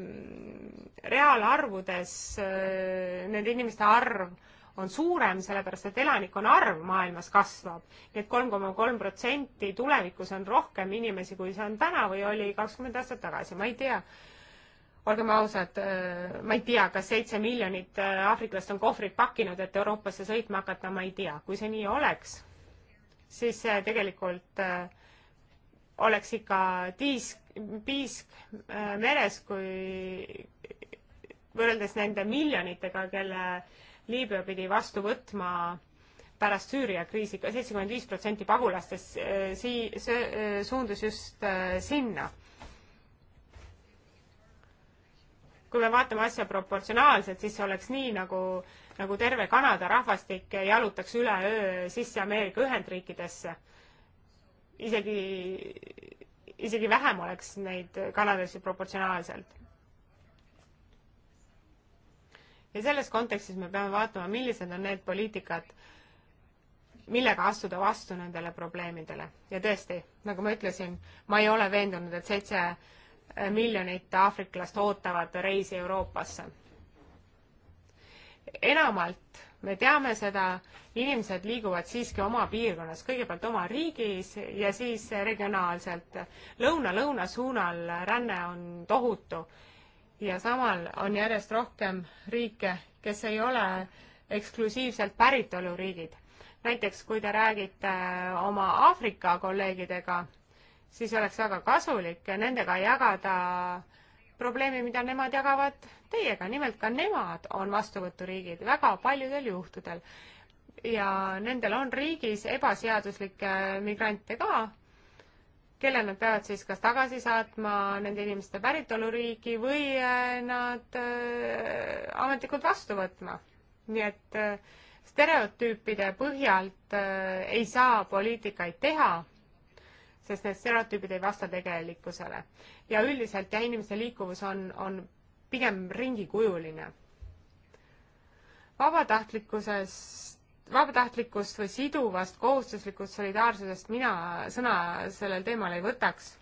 reaalarvudes äh, nende inimeste arv on suurem, sellepärast et elanikkonna arv maailmas kasvab. nii et kolm koma kolm protsenti tulevikus on rohkem inimesi, kui see on täna või oli kakskümmend aastat tagasi, ma ei tea. olgem ausad äh,, ma ei tea, kas seitse miljonit äh, aafriklast on kohvrid pakkinud, et Euroopasse sõitma hakata, ma ei tea. kui see nii oleks, siis äh, tegelikult äh, oleks ikka tiisk, piisk äh, meres, kui võrreldes nende miljonitega, kelle Liibüa pidi vastu võtma pärast Süüria kriisi, seitsekümmend viis protsenti pagulastest äh, sii-, äh, suundus just äh, sinna. kui me vaatame asja proportsionaalselt, siis see oleks nii, nagu, nagu terve Kanada rahvastik jalutaks üleöö sisse Ameerika Ühendriikidesse isegi, isegi vähem oleks neid kanadasid proportsionaalselt. ja selles kontekstis me peame vaatama, millised on need poliitikad, millega astuda vastu nendele probleemidele. ja tõesti, nagu ma ütlesin, ma ei ole veendunud, et seitse miljonit aafriklast ootavad reisi Euroopasse. enamalt me teame seda, inimesed liiguvad siiski oma piirkonnas, kõigepealt oma riigis ja siis regionaalselt lõuna,. lõuna-lõuna suunal ränne on tohutu ja samal on järjest rohkem riike, kes ei ole eksklusiivselt päritoluriigid. näiteks kui te räägite äh, oma Aafrika kolleegidega, siis oleks väga kasulik nendega jagada äh, probleemi, mida nemad jagavad teiega, nimelt ka nemad on vastuvõturiigid väga paljudel juhtudel. ja nendel on riigis ebaseaduslikke migrante ka, kelle nad peavad siis kas tagasi saatma nende inimeste päritoluriiki või äh, nad äh, ametlikult vastu võtma. nii et äh, stereotüüpide põhjalt äh, ei saa poliitikaid teha sest need stereotüübid ei vasta tegelikkusele. ja üldiselt ja inimeste liikuvus on, on pigem ringikujuline. vabatahtlikkusest, vabatahtlikust või siduvast kohustuslikust solidaarsusest mina sõna sellel teemal ei võtaks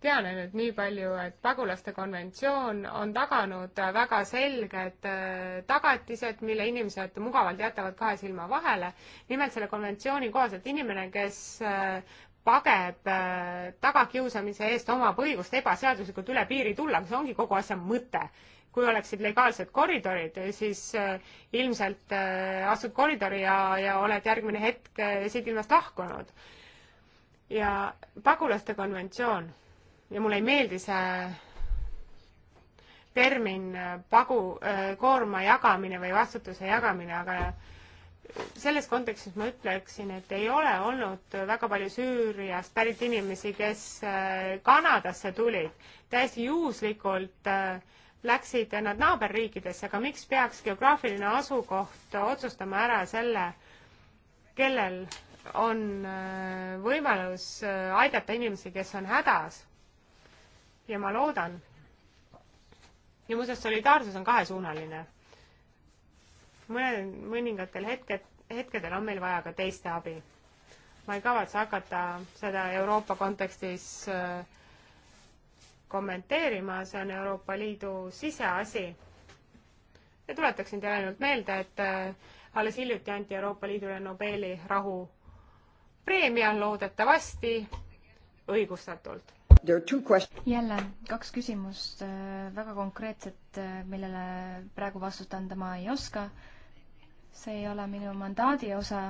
tean ainult nii palju, et pagulaste konventsioon on taganud väga selged äh, tagatised, mille inimesed mugavalt jätavad kahe silma vahele. nimelt selle konventsiooni kohaselt inimene, kes äh, pageb äh, tagakiusamise eest, omab õigust ebaseaduslikult üle piiri tulla, see ongi kogu asja mõte. kui oleksid legaalsed koridorid, siis äh, ilmselt äh, astud koridori ja, ja oled järgmine hetk siit ilmast lahkunud. ja pagulaste konventsioon ja mulle ei meeldi see termin pagu, koorma jagamine või vastutuse jagamine, aga selles kontekstis ma ütleksin, et ei ole olnud väga palju Süüriast pärit inimesi, kes äh, Kanadasse tulid. täiesti juhuslikult äh, läksid nad naaberriikidesse, aga miks peaks geograafiline asukoht otsustama ära selle, kellel on äh, võimalus aidata inimesi, kes on hädas. ja ma loodan. ja muuseas, solidaarsus on kahesuunaline mõnel, mõningatel hetked, hetkedel on meil vaja ka teiste abi. ma ei kavatse hakata seda Euroopa kontekstis äh, kommenteerima, see on Euroopa Liidu siseasi. ja tuletaksin teile ainult meelde, et äh, alles hiljuti anti Euroopa Liidule Nobeli rahupreemia, loodetavasti õigustatult jälle kaks küsimust, äh, väga konkreetset, millele praegu vastust anda ma ei oska see ei ole minu mandaadi osa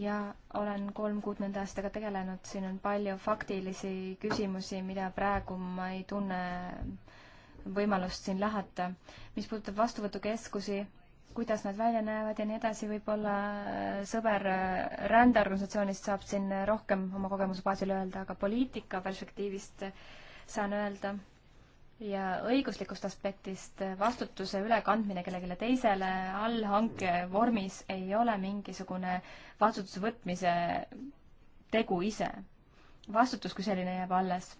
ja olen kolm kuud nende asjadega tegelenud, siin on palju faktilisi küsimusi, mida praegu ma ei tunne võimalust siin lahata. mis puudutab vastuvõtukeskusi, kuidas nad välja näevad ja nii edasi, võib-olla äh, sõber äh, rändeorganisatsioonist saab siin rohkem oma kogemuse baasil öelda, aga poliitika perspektiivist saan öelda ja õiguslikust aspektist vastutuse ülekandmine kellelegi teisele allhanke vormis ei ole mingisugune vastutuse võtmise tegu ise. vastutus kui selline jääb alles.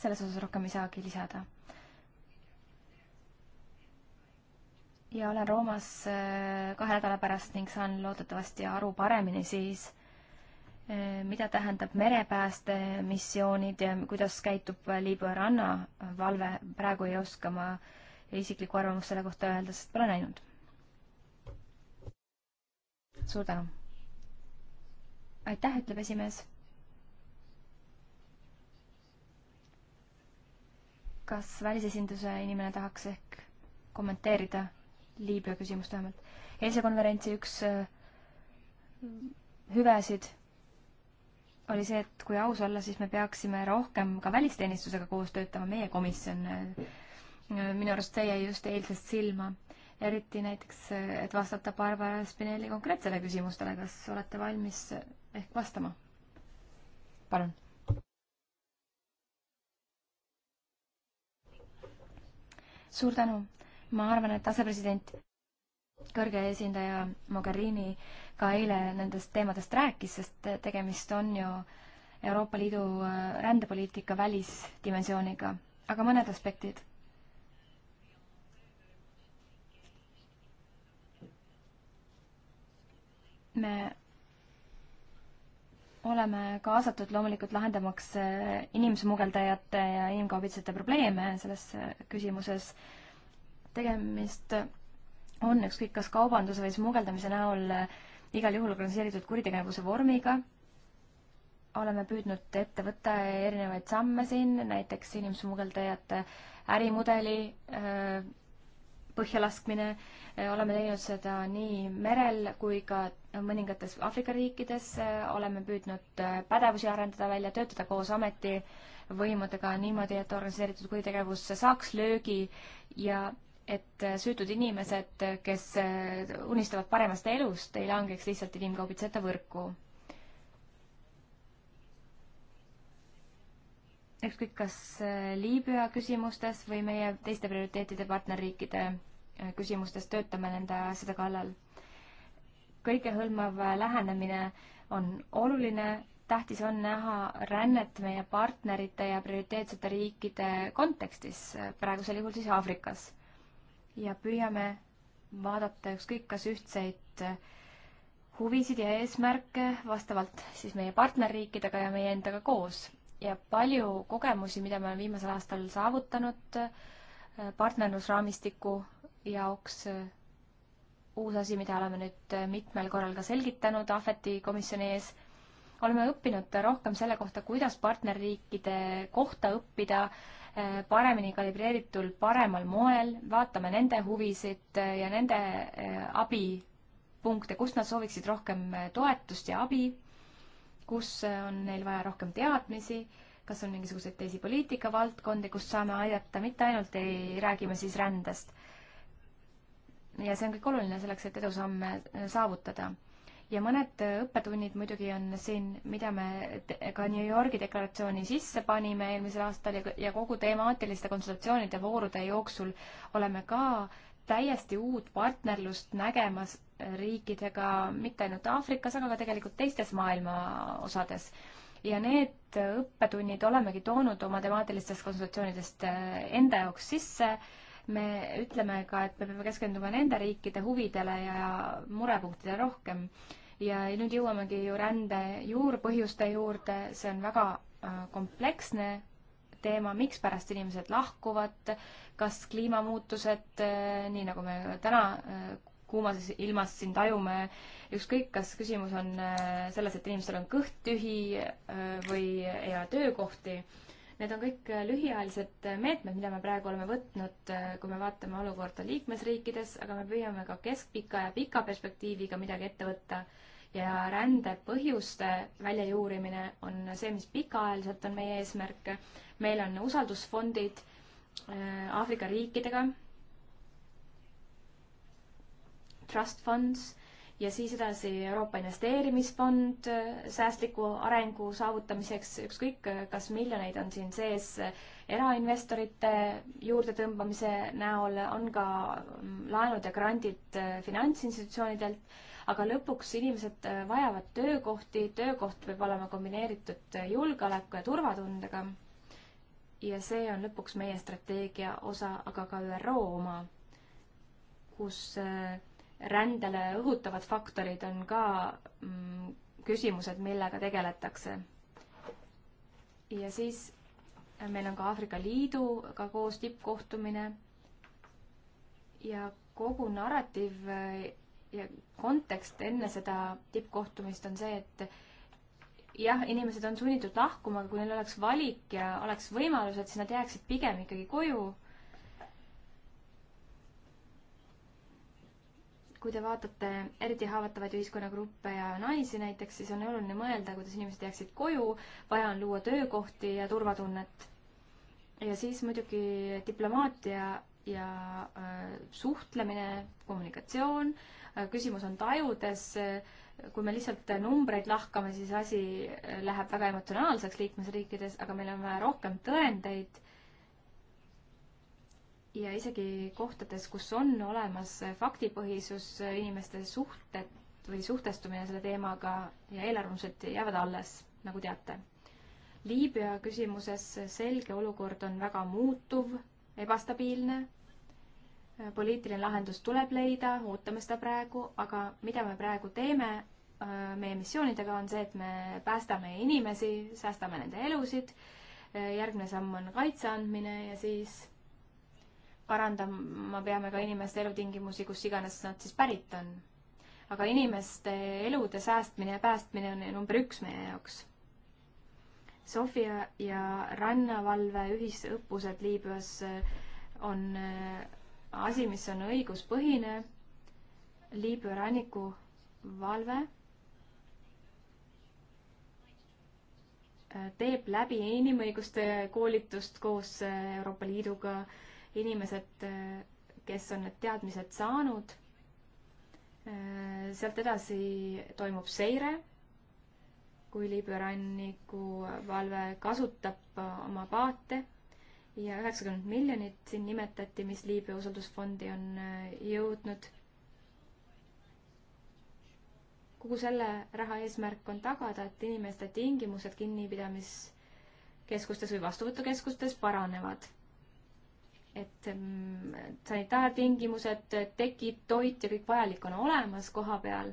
selles osas rohkem ei saagi lisada. ja olen Roomas äh, kahe nädala pärast ning saan loodetavasti aru paremini siis Äh, mida tähendab merepäästemissioonid ja kuidas käitub Liibüa rannavalve, praegu ei oska ma isiklikku arvamust selle kohta öelda, sest pole näinud. suur tänu. aitäh, ütleb esimees. kas välisesinduse inimene tahaks ehk kommenteerida Liibüa küsimust vähemalt? eilse konverentsi üks äh, hüvesid oli see, et kui aus olla, siis me peaksime rohkem ka välisteenistusega koos töötama, meie komisjon. Äh, minu arust see jäi just eilsest silma. eriti näiteks, äh, et vastata Barbara Spinelli konkreetsele küsimustele, kas olete valmis äh, ehk vastama? palun. suur tänu. ma arvan, et asepresident kõrge esindaja Mogherini ka eile nendest teemadest rääkis, sest tegemist on ju Euroopa Liidu äh, rändepoliitika välisdimensiooniga, aga mõned aspektid. me oleme kaasatud loomulikult lahendamaks äh, inimsmugeldajate ja inimkaubitsejate probleeme selles äh, küsimuses. tegemist on ükskõik kas kaubanduse või smugeldamise näol äh, igal juhul organiseeritud kuritegevuse vormiga. oleme püüdnud ette võtta erinevaid samme siin, näiteks inimsmugeldajate ärimudeli äh, põhja laskmine. Äh, oleme teinud seda nii merel kui ka mõningates Aafrika riikides. oleme püüdnud pädevusi arendada välja, töötada koos ametivõimudega niimoodi, et organiseeritud kuritegevus saaks löögi ja et süütud inimesed, kes eh, unistavad paremast elust, ei langeks lihtsalt inimkaubitsejate võrku. ükskõik, kas eh, Liibüa küsimustes või meie teiste prioriteetide partnerriikide eh, küsimustes töötame nende asjade kallal. kõikehõlmav lähenemine on oluline, tähtis on näha rännet meie partnerite ja prioriteetsete riikide kontekstis, praegusel juhul siis Aafrikas ja püüame vaadata ükskõik kas ühtseid äh, huvisid ja eesmärke vastavalt siis meie partnerriikidega ja meie endaga koos. ja palju kogemusi, mida me oleme viimasel aastal saavutanud äh, partnerlusraamistiku jaoks, äh, uus asi, mida oleme nüüd mitmel korral ka selgitanud Ahveti komisjoni ees, oleme õppinud rohkem selle kohta, kuidas partnerriikide kohta õppida äh, Äh, paremini kalibreeritul paremal moel, vaatame nende huvisid äh, ja nende äh, abipunkte, kust nad sooviksid rohkem toetust ja abi, kus on neil vaja rohkem teadmisi kas on mingisuguseid teisi poliitikavaldkondi, kust saame aidata, mitte ainult ei räägi me siis rändest. ja see on kõik oluline selleks, et edusamme saavutada ja mõned õppetunnid muidugi on siin, mida me ka New Yorgi deklaratsiooni sisse panime eelmisel aastal ja, ja kogu temaatiliste konsultatsioonide voorude jooksul oleme ka täiesti uut partnerlust nägemas riikidega, mitte ainult Aafrikas, aga ka tegelikult teistes maailma osades. ja need õppetunnid olemegi toonud oma temaatilistest konsultatsioonidest äh, enda jaoks sisse äh, me ütleme ka, et me peame keskenduma nende riikide huvidele ja murepunktidele rohkem. ja nüüd jõuamegi ju rände juurpõhjuste juurde, see on väga äh, kompleksne teema, mikspärast inimesed lahkuvad, kas kliimamuutused, äh, nii nagu me täna äh, kuumases ilmas siin tajume, ükskõik, kas küsimus on selles, et inimestel on kõht tühi või ei ole töökohti Need on kõik äh, lühiajalised äh, meetmed, mida me praegu oleme võtnud, äh, kui me vaatame olukorda liikmesriikides, aga me püüame ka keskpika ja pika perspektiiviga midagi ette võtta. ja rände põhjuste väljajuurimine on see, mis pikaajaliselt on meie eesmärk. meil on usaldusfondid Aafrika riikidega, trust funds ja siis edasi Euroopa Investeerimisfond äh, säästliku arengu saavutamiseks, ükskõik, äh, kas miljoneid on siin sees äh, erainvestorite juurdetõmbamise näol, on ka mm, laenud ja grandid finantsinstitutsioonidelt, aga lõpuks inimesed vajavad töökohti, töökoht peab olema kombineeritud julgeoleku ja turvatundega. ja see on lõpuks meie strateegia osa, aga ka ÜRO oma, kus äh, rändele õhutavad faktorid on ka mm, küsimused, millega tegeletakse. ja siis äh, meil on ka Aafrika Liiduga koos tippkohtumine ja kogu narratiiv äh, ja kontekst enne seda tippkohtumist on see, et jah, inimesed on sunnitud lahkuma, aga kui neil oleks valik ja oleks võimalused, siis nad jääksid pigem ikkagi koju kui te vaatate eriti haavatavaid ühiskonnagruppe ja naisi näiteks, siis on oluline mõelda, kuidas inimesed jääksid koju, vaja on luua töökohti ja turvatunnet. ja siis muidugi diplomaatia ja äh, suhtlemine, kommunikatsioon äh,, küsimus on tajudes äh,, kui me lihtsalt numbreid lahkame, siis asi äh, läheb väga emotsionaalseks liikmesriikides, aga meil on vaja rohkem tõendeid äh, ja isegi kohtades, kus on olemas faktipõhisus, inimeste suhted või suhtestumine selle teemaga ja eelarvamused jäävad alles, nagu teate. Liibüa küsimuses selge olukord on väga muutuv, ebastabiilne, poliitiline lahendus tuleb leida, ootame seda praegu, aga mida me praegu teeme äh, meie missioonidega, on see, et me päästame inimesi, säästame nende elusid, äh, järgmine samm on kaitse andmine ja siis parandama peame ka inimeste elutingimusi, kus iganes nad siis pärit on. aga inimeste elude säästmine ja päästmine on number üks meie jaoks. Sofia ja rannavalve ühisõppused Liibüas eh, on eh, asi, mis on õiguspõhine. Liibüa rannikuvalve eh, teeb läbi inimõiguste koolitust koos Euroopa Liiduga äh, inimesed, kes on need teadmised saanud. sealt edasi toimub seire. kui Liibüa rannikuvalve kasutab oma paate ja üheksakümmend miljonit siin nimetati, mis Liibüa usaldusfondi on äh, jõudnud kogu selle raha eesmärk on tagada, et inimeste tingimused kinnipidamiskeskustes või vastuvõtukeskustes paranevad et mm, sanitaartingimused, tekid, toit ja kõik vajalik on olemas koha peal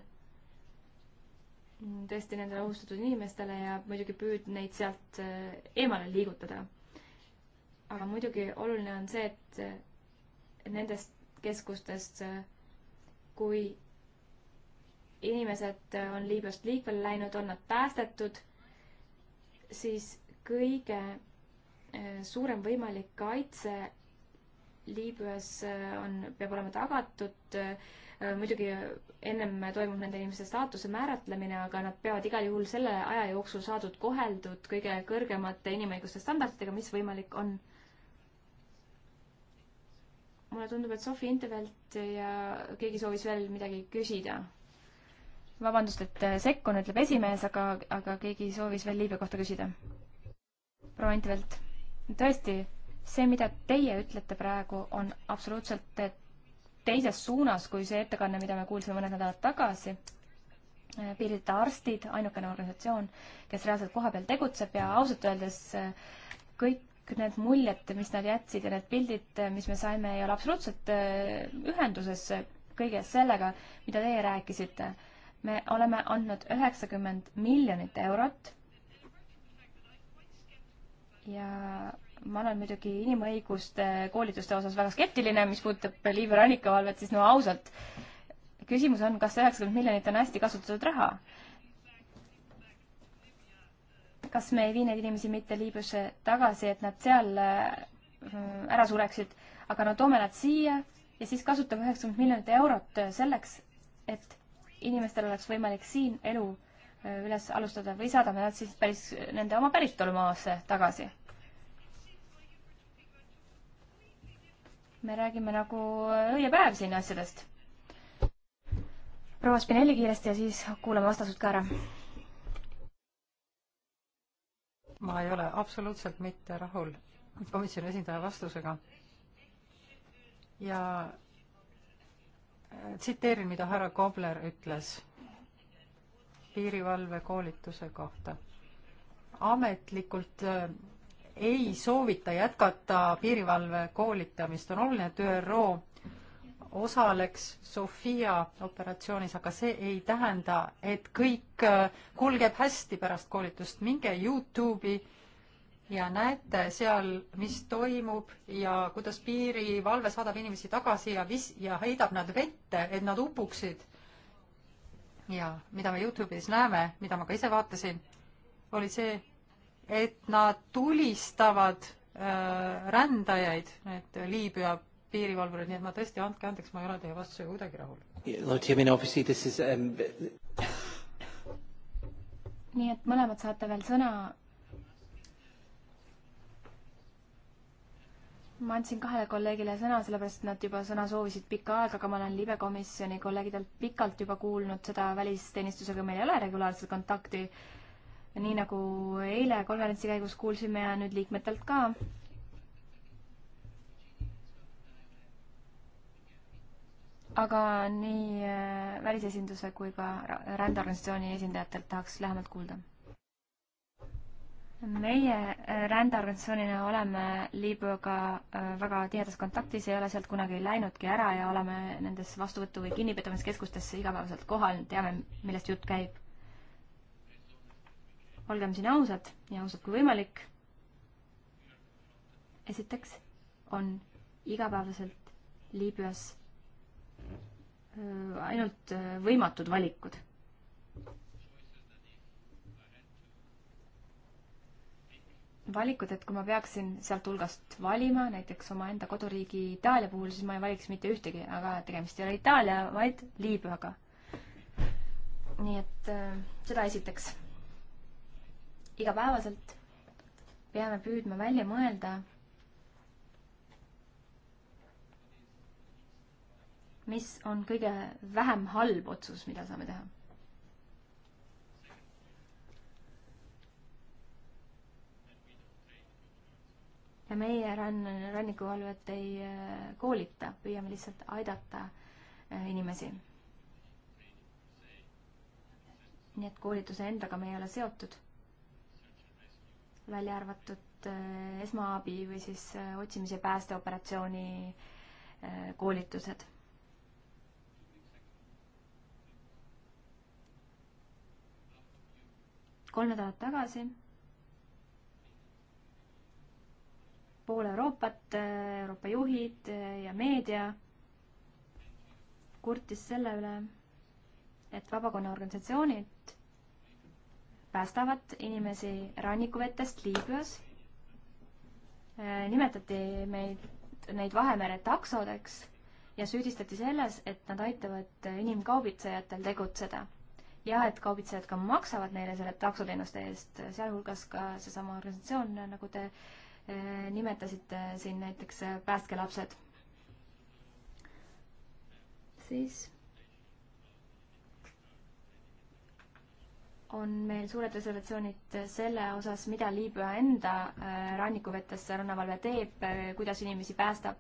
mm, tõesti nendele ohustatud inimestele ja muidugi püüd neid sealt äh, eemale liigutada. aga muidugi oluline on see, et äh, nendest keskustest, äh, kui inimesed on Liibüast liikvele läinud, on nad päästetud, siis kõige suurem võimalik kaitse Liibüas äh, on, peab olema tagatud äh, muidugi ennem toimub nende inimeste staatuse määratlemine, aga nad peavad igal juhul selle aja jooksul saadud koheldud kõige kõrgemate inimõiguste standarditega, mis võimalik on. mulle tundub, et Sofi Intervelt ja keegi soovis veel midagi küsida. vabandust, et äh, sekkun, ütleb esimees, aga, aga keegi soovis veel Liibüa kohta küsida. proua Intervelt, tõesti see, mida teie ütlete praegu, on absoluutselt teises suunas kui see ettekanne, mida me kuulsime mõned nädalad tagasi. piirideta arstid, ainukene organisatsioon, kes reaalselt kohapeal tegutseb ja ausalt öeldes kõik need muljed, mis nad jätsid ja need pildid, mis me saime, ei ole absoluutselt äh, ühenduses kõige sellega, mida teie rääkisite. me oleme andnud üheksakümmend miljonit eurot ja ma olen muidugi inimõiguste koolituste osas väga skeptiline, mis puudutab Liivi rannikuvalvet, siis no ausalt, küsimus on, kas üheksakümmend miljonit on hästi kasutatud raha? kas me ei vii neid inimesi mitte Liibüsse tagasi, et nad seal äh, ära sureksid, aga no toome nad siia ja siis kasutame üheksakümmend miljonit eurot selleks, et inimestel oleks võimalik siin elu äh, üles alustada või saadame nad siis päris nende oma päritolumaasse tagasi me räägime nagu ööpäev siin asjadest. proua Spinelli kiiresti ja siis kuulame vastased ka ära. ma ei ole absoluutselt mitte rahul komisjoni esindaja vastusega. ja äh, tsiteerin, mida härra Kobler ütles piirivalvekoolituse kohta. ametlikult äh, ei soovita jätkata piirivalve koolitamist, on oluline, et ÜRO osaleks Sofia operatsioonis, aga see ei tähenda, et kõik äh, kulgeb hästi pärast koolitust. minge Youtube'i ja näete seal, mis toimub ja kuidas piirivalve saadab inimesi tagasi ja vis-, ja heidab nad vette, et nad upuksid. ja mida me Youtube'is näeme, mida ma ka ise vaatasin, oli see, et nad tulistavad äh, rändajaid, need Liibüa piirivalvurid, nii et ma tõesti, andke andeks, ma ei ole teie vastusega kuidagi rahul. Um, nii et mõlemad saate veel sõna. ma andsin kahele kolleegile sõna, sellepärast et nad juba sõna soovisid pikka aega, aga ma olen libekomisjoni kolleegidelt pikalt juba kuulnud seda, välisteenistusega meil ei ole regulaarset kontakti nii nagu eile konverentsi käigus kuulsime ja nüüd liikmetelt ka. aga nii äh, välisesinduse kui ka rändeorganisatsiooni esindajatelt tahaks lähemalt kuulda. meie äh, rändeorganisatsioonina oleme Liibüaga äh, väga tihedas kontaktis, ei ole sealt kunagi läinudki ära ja oleme nendes vastuvõtu- või kinnipidamiskeskustes igapäevaselt kohal, teame, millest jutt käib olgem siin ausad, nii ausad kui võimalik. esiteks on igapäevaselt Liibüas äh, ainult äh, võimatud valikud valikud, et kui ma peaksin sealt hulgast valima näiteks omaenda koduriigi Itaalia puhul, siis ma ei valiks mitte ühtegi, aga tegemist ei ole Itaalia, vaid Liibüaga. nii et äh, seda esiteks igapäevaselt peame püüdma välja mõelda, mis on kõige vähem halb otsus, mida saame teha. ja meie rann, rannikuvalvet ei äh, koolita, püüame lihtsalt aidata äh, inimesi. nii et koolituse endaga me ei ole seotud välja arvatud äh, esmaabi või siis äh, otsimise päästeoperatsiooni äh, koolitused. kolm nädalat tagasi pool Euroopat, Euroopa juhid ja meedia kurtis selle üle, et vabakonnaorganisatsioonid päästavad inimesi rannikuvetest Liibüas. Äh, nimetati meid, neid Vahemere taksodeks ja süüdistati selles, et nad aitavad inimkaubitsejatel tegutseda. ja et kaubitsejad ka maksavad neile selle taksoteenuste eest, sealhulgas ka seesama organisatsioon, nagu te äh, nimetasite siin näiteks äh, Päästke lapsed. siis on meil suured reservatsioonid selle osas, mida Liibüa enda äh, rannikuvetesse rannavalve teeb, äh, kuidas inimesi päästab.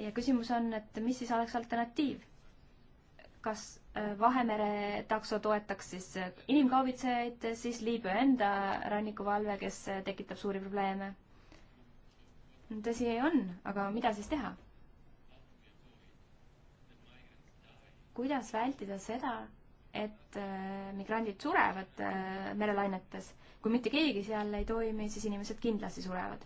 ja küsimus on, et mis siis oleks alternatiiv? kas äh, Vahemere takso toetaks siis inimkaubitsejaid, siis Liibüa enda rannikuvalve, kes tekitab suuri probleeme? tõsi on, aga mida siis teha? kuidas vältida seda, et äh, migrandid surevad äh, merelainetes. kui mitte keegi seal ei toimi, siis inimesed kindlasti surevad.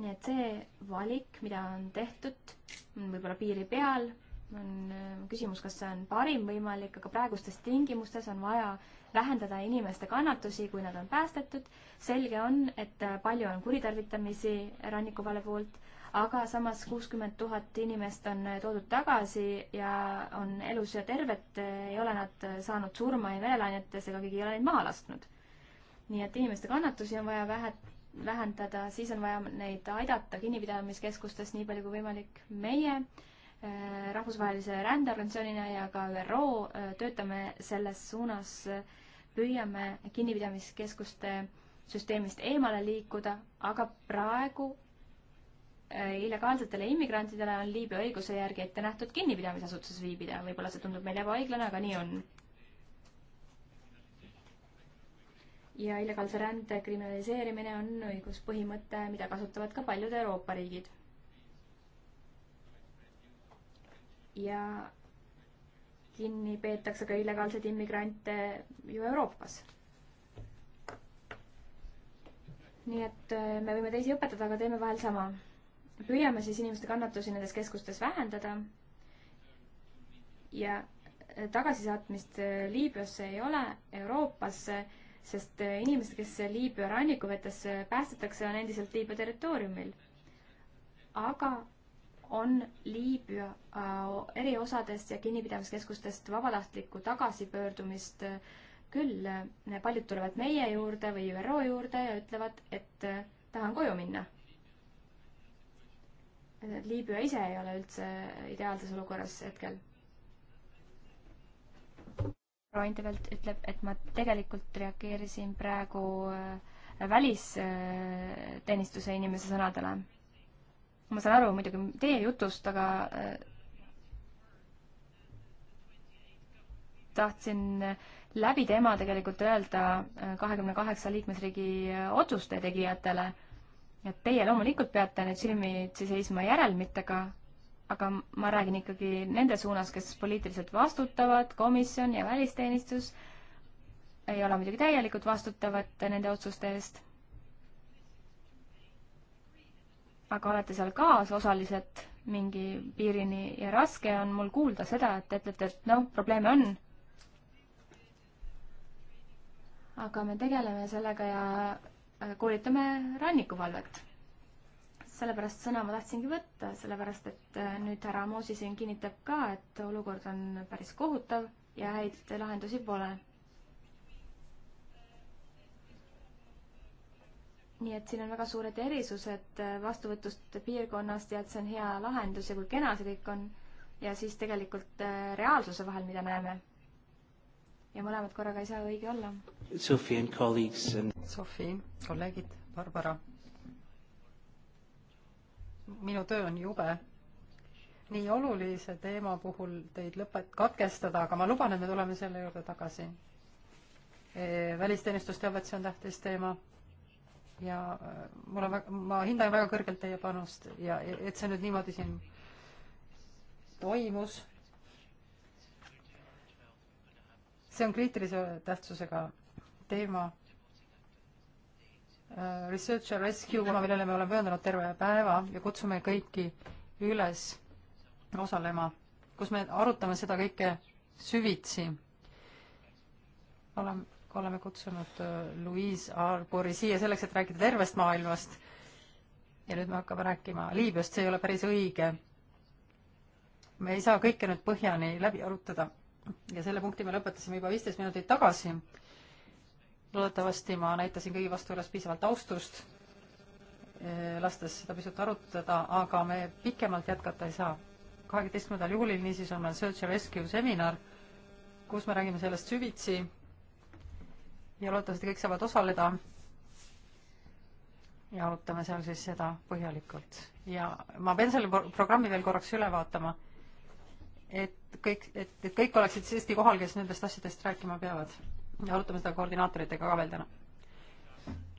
nii et see valik, mida on tehtud, võib-olla piiri peal, on äh, küsimus, kas see on parim võimalik, aga praegustes tingimustes on vaja vähendada inimeste kannatusi, kui nad on päästetud. selge on, et palju on kuritarvitamisi rannikuvalve poolt aga samas kuuskümmend tuhat inimest on toodud tagasi ja on elus ja terved, ei ole nad saanud surma ei veelainetes ega keegi ei ole neid maha lasknud. nii et inimeste kannatusi on vaja vähe, vähendada, siis on vaja neid aidata kinnipidamiskeskustes nii palju kui võimalik. meie eh, rahvusvahelise rändeorganisatsioonina ja ka ÜRO eh, töötame selles suunas, püüame kinnipidamiskeskuste süsteemist eemale liikuda, aga praegu Äh, illegaalsetele immigrantidele on Liibüa õiguse järgi ette nähtud kinnipidamisasutuses viibida. võib-olla see tundub meile ebaõiglane, aga nii on. ja illegaalse rände kriminaliseerimine on õiguspõhimõte, mida kasutavad ka paljud Euroopa riigid. ja kinni peetakse ka illegaalseid immigrante ju Euroopas nii et äh, me võime teisi õpetada, aga teeme vahel sama püüame siis inimeste kannatusi nendes keskustes vähendada ja äh, tagasisaatmist äh, Liibüasse ei ole, Euroopasse, sest äh, inimesed, kes Liibüa rannikuvetes päästetakse, on endiselt Liibüa territooriumil. aga on Liibüa eriosadest ja kinnipidamiskeskustest vabatahtlikku tagasipöördumist küll. paljud tulevad meie juurde või ÜRO juurde ja ütlevad, et tahan koju minna Liibüa ise ei ole üldse ideaalses olukorras hetkel. proua Intervelt ütleb, et ma tegelikult reageerisin praegu äh, välisteenistuse inimese sõnadele. ma saan aru muidugi teie jutust, aga äh, tahtsin läbi tema tegelikult öelda äh, kahekümne kaheksa liikmesriigi otsuste tegijatele et teie loomulikult peate nüüd silmitsi seisma järelmitega, aga ma räägin ikkagi nende suunas, kes poliitiliselt vastutavad, komisjon ja välisteenistus ei ole muidugi täielikult vastutavad nende otsuste eest. aga olete seal kaasosalised mingi piirini ja raske on mul kuulda seda, et te ütlete, et noh, probleeme on. aga me tegeleme sellega ja koolitame rannikuvalvet. sellepärast sõna ma tahtsingi võtta, sellepärast et äh, nüüd härra Moosi siin kinnitab ka, et olukord on päris kohutav ja häid lahendusi pole. nii et siin on väga suured erisused äh, vastuvõtust piirkonnast ja et see on hea lahendus ja kui kena see kõik on ja siis tegelikult äh, reaalsuse vahel, mida näeme ja mõlemad korraga ei saa õige olla. Sophie and colleagues and Sophie, kolleegid, Barbara. minu töö on jube. nii olulise teema puhul teid lõpet-, katkestada, aga ma luban, et me tuleme selle juurde tagasi. E, välisteenistus teab, et see on tähtis teema ja e, mul on väga, ma hindan väga kõrgelt teie panust ja e, et see nüüd niimoodi siin toimus see on kriitilise tähtsusega teema. Äh, Research and Rescue, millele me oleme pühendanud terve päeva ja kutsume kõiki üles osalema, kus me arutame seda kõike süvitsi. oleme, oleme kutsunud äh, Louise Arbori siia selleks, et rääkida tervest maailmast. ja nüüd me hakkame rääkima Liibüast, see ei ole päris õige. me ei saa kõike nüüd põhjani läbi arutada ja selle punkti me lõpetasime juba viisteist minutit tagasi. loodetavasti ma näitasin kõigi vastu üles piisavalt austust, eh, lastes seda pisut arutada, aga me pikemalt jätkata ei saa. kaheksateistkümnendal juulil niisiis on meil Search and Rescue seminar, kus me räägime sellest süvitsi ja loodetavasti kõik saavad osaleda. ja arutame seal siis seda põhjalikult ja ma pean selle programmi veel korraks üle vaatama et kõik, et, et kõik oleksid siiski kohal, kes nendest asjadest rääkima peavad. ja arutame seda koordinaatoritega ka veel täna.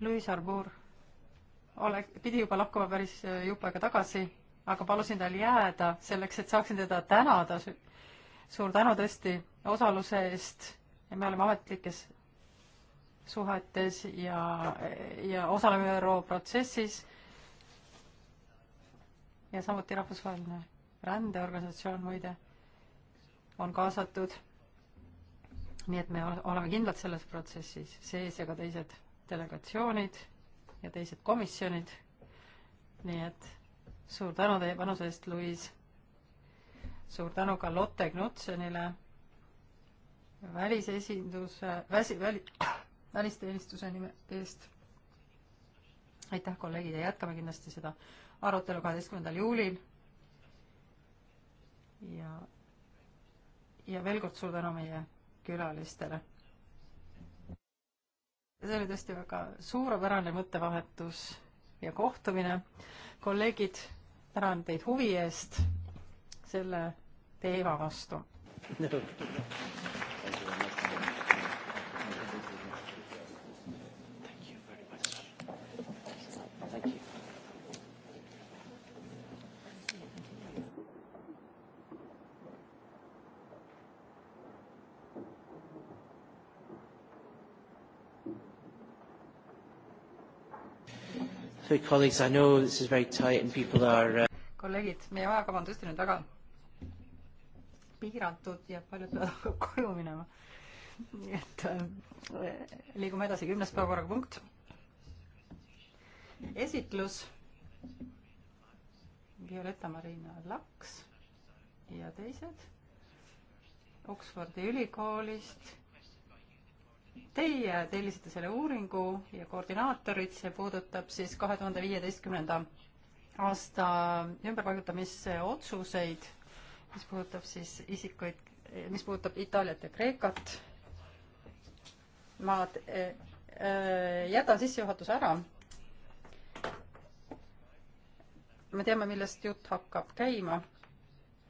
Luis Arbuur oleks, pidi juba lahkuma päris äh, jupp aega tagasi, aga palusin tal jääda selleks, et saaksin teda tänada. suur tänu tõesti osaluse eest ja me oleme ametlikes suhetes ja, ja osaleme ÜRO protsessis. ja samuti rahvusvaheline rändeorganisatsioon muide on kaasatud. nii et me oleme kindlad selles protsessis, sees ja ka teised delegatsioonid ja teised komisjonid. nii et suur tänu teie panuse eest, Luis. suur tänu ka Lotte Knutsenile, välisesinduse, väsi, väli, välisteenistuse nime eest. aitäh, kolleegid, ja jätkame kindlasti seda arutelu kaheteistkümnendal juulil. ja ja veel kord suur tänu meie külalistele. see oli tõesti väga suurepärane mõttevahetus ja kohtumine. kolleegid, tänan teid huvi eest selle teema vastu no.. quickly, colleagues. I know this is very tight and people are uh... kolleegid, meie ajaga on tõesti nüüd väga piiratud ja paljud peavad koju minema. nii et äh, liigume edasi, kümnes päevakorrapunkt. esitlus Violetta-Marina Laks ja teised Oxfordi ülikoolist teie tellisite selle uuringu ja koordinaatorid, see puudutab siis kahe tuhande viieteistkümnenda aasta ümberpaigutamise otsuseid, mis puudutab siis isikuid, mis puudutab Itaaliat ja Kreekat. ma eh, eh, jätan sissejuhatuse ära. me teame, millest jutt hakkab käima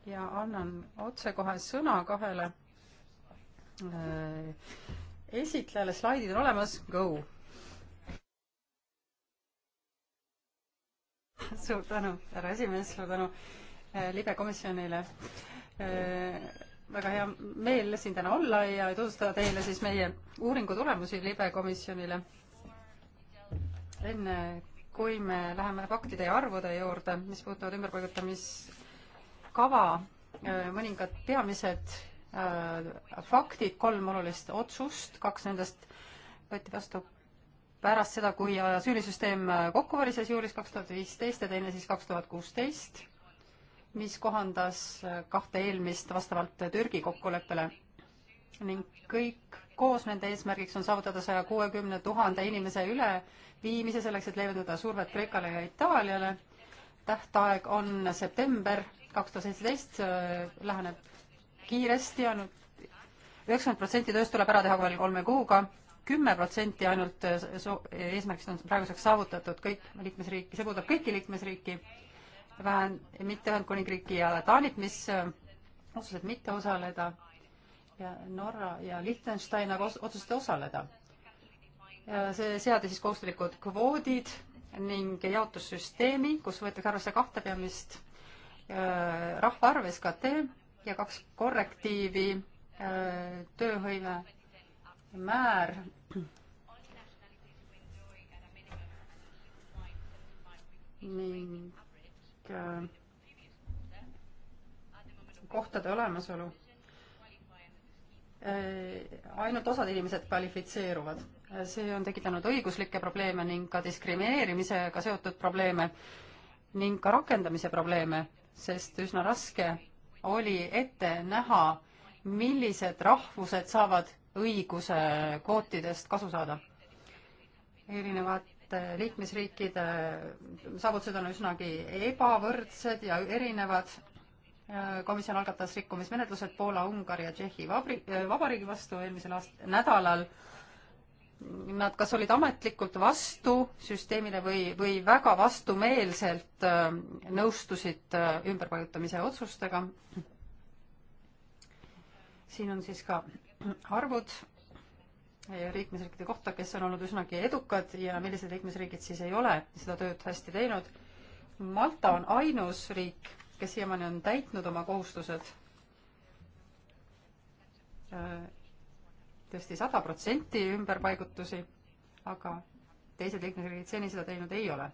ja annan otsekohe sõna kahele öö, eh, esitlejale, slaidid on olemas, go! suur tänu, härra esimees, suur tänu eh, libekomisjonile. Eh, väga hea meel siin täna olla ja tutvustada teile siis meie uuringu tulemusi libekomisjonile. enne kui me läheme faktide ja arvude juurde, mis puudutavad ümberpaigutamiskava, eh, mõningad peamised Äh, faktid, kolm olulist otsust, kaks nendest võeti vastu pärast seda, kui asüülisüsteem äh, kokku varises juulis kaks tuhat viisteist ja teine siis kaks tuhat kuusteist, mis kohandas äh, kahte eelmist vastavalt Türgi kokkuleppele ning kõik koos nende eesmärgiks on saavutada saja kuuekümne tuhande inimese üleviimise selleks, et leevendada survet Kreekale ja Itaaliale. tähtaeg on september kaks tuhat seitseteist, läheneb kiiresti ainult, üheksakümmend protsenti tööst tuleb ära teha veel kolme kuuga, kümme protsenti ainult äh, eesmärgist on praeguseks saavutatud kõik liikmesriiki, see puudutab kõiki liikmesriiki, vähen, mitte Ühendkuningriiki ja Taanit, mis äh, otsustasid mitte osaleda ja Norra ja Liechtenstein aga otsustasid osaleda. see seadi siis kohustuslikud kvoodid ning jaotussüsteemi, kus võetakse arvesse kahte peamist äh, rahvaarv, SKT ja kaks korrektiivi äh, tööhõive määr ning äh, kohtade olemasolu. Äh, ainult osad inimesed kvalifitseeruvad. see on tekitanud õiguslikke probleeme ning ka diskrimineerimisega seotud probleeme ning ka rakendamise probleeme, sest üsna raske oli ette näha, millised rahvused saavad õiguse kvootidest kasu saada. erinevate liikmesriikide saavutused on üsnagi ebavõrdsed ja erinevad. komisjon algatas rikkumismenetlused Poola, Ungari ja Tšehhi vabri-, vabariigi vastu eelmisel aast-, nädalal nad kas olid ametlikult vastu süsteemile või, või väga vastumeelselt äh, nõustusid äh, ümberpaigutamise otsustega. siin on siis ka arvud liikmesriikide kohta, kes on olnud üsnagi edukad ja millised liikmesriigid siis ei ole seda tööd hästi teinud. Malta on ainus riik, kes siiamaani on täitnud oma kohustused äh, tõesti sada protsenti ümberpaigutusi, aga teised liikmesriigid seni seda teinud ei ole.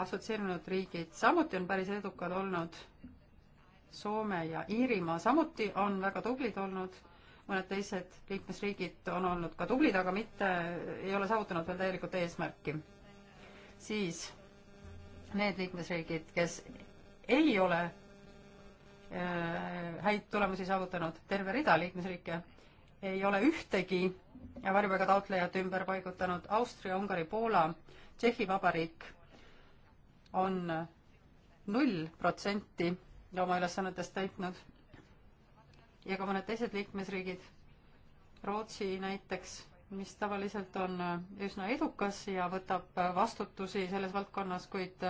assotsieerunud riigid samuti on päris edukad olnud, Soome ja Iirimaa samuti on väga tublid olnud, mõned teised liikmesriigid on olnud ka tublid, aga mitte, ei ole saavutanud veel täielikult eesmärki. siis need liikmesriigid, kes ei ole Äh, häid tulemusi saavutanud. terve rida liikmesriike ei ole ühtegi varjupaiga taotlejat ümber paigutanud. Austria, Ungari, Poola, Tšehhi Vabariik on null protsenti oma ülesannetest täitnud ja ka mõned teised liikmesriigid, Rootsi näiteks, mis tavaliselt on üsna edukas ja võtab vastutusi selles valdkonnas, kuid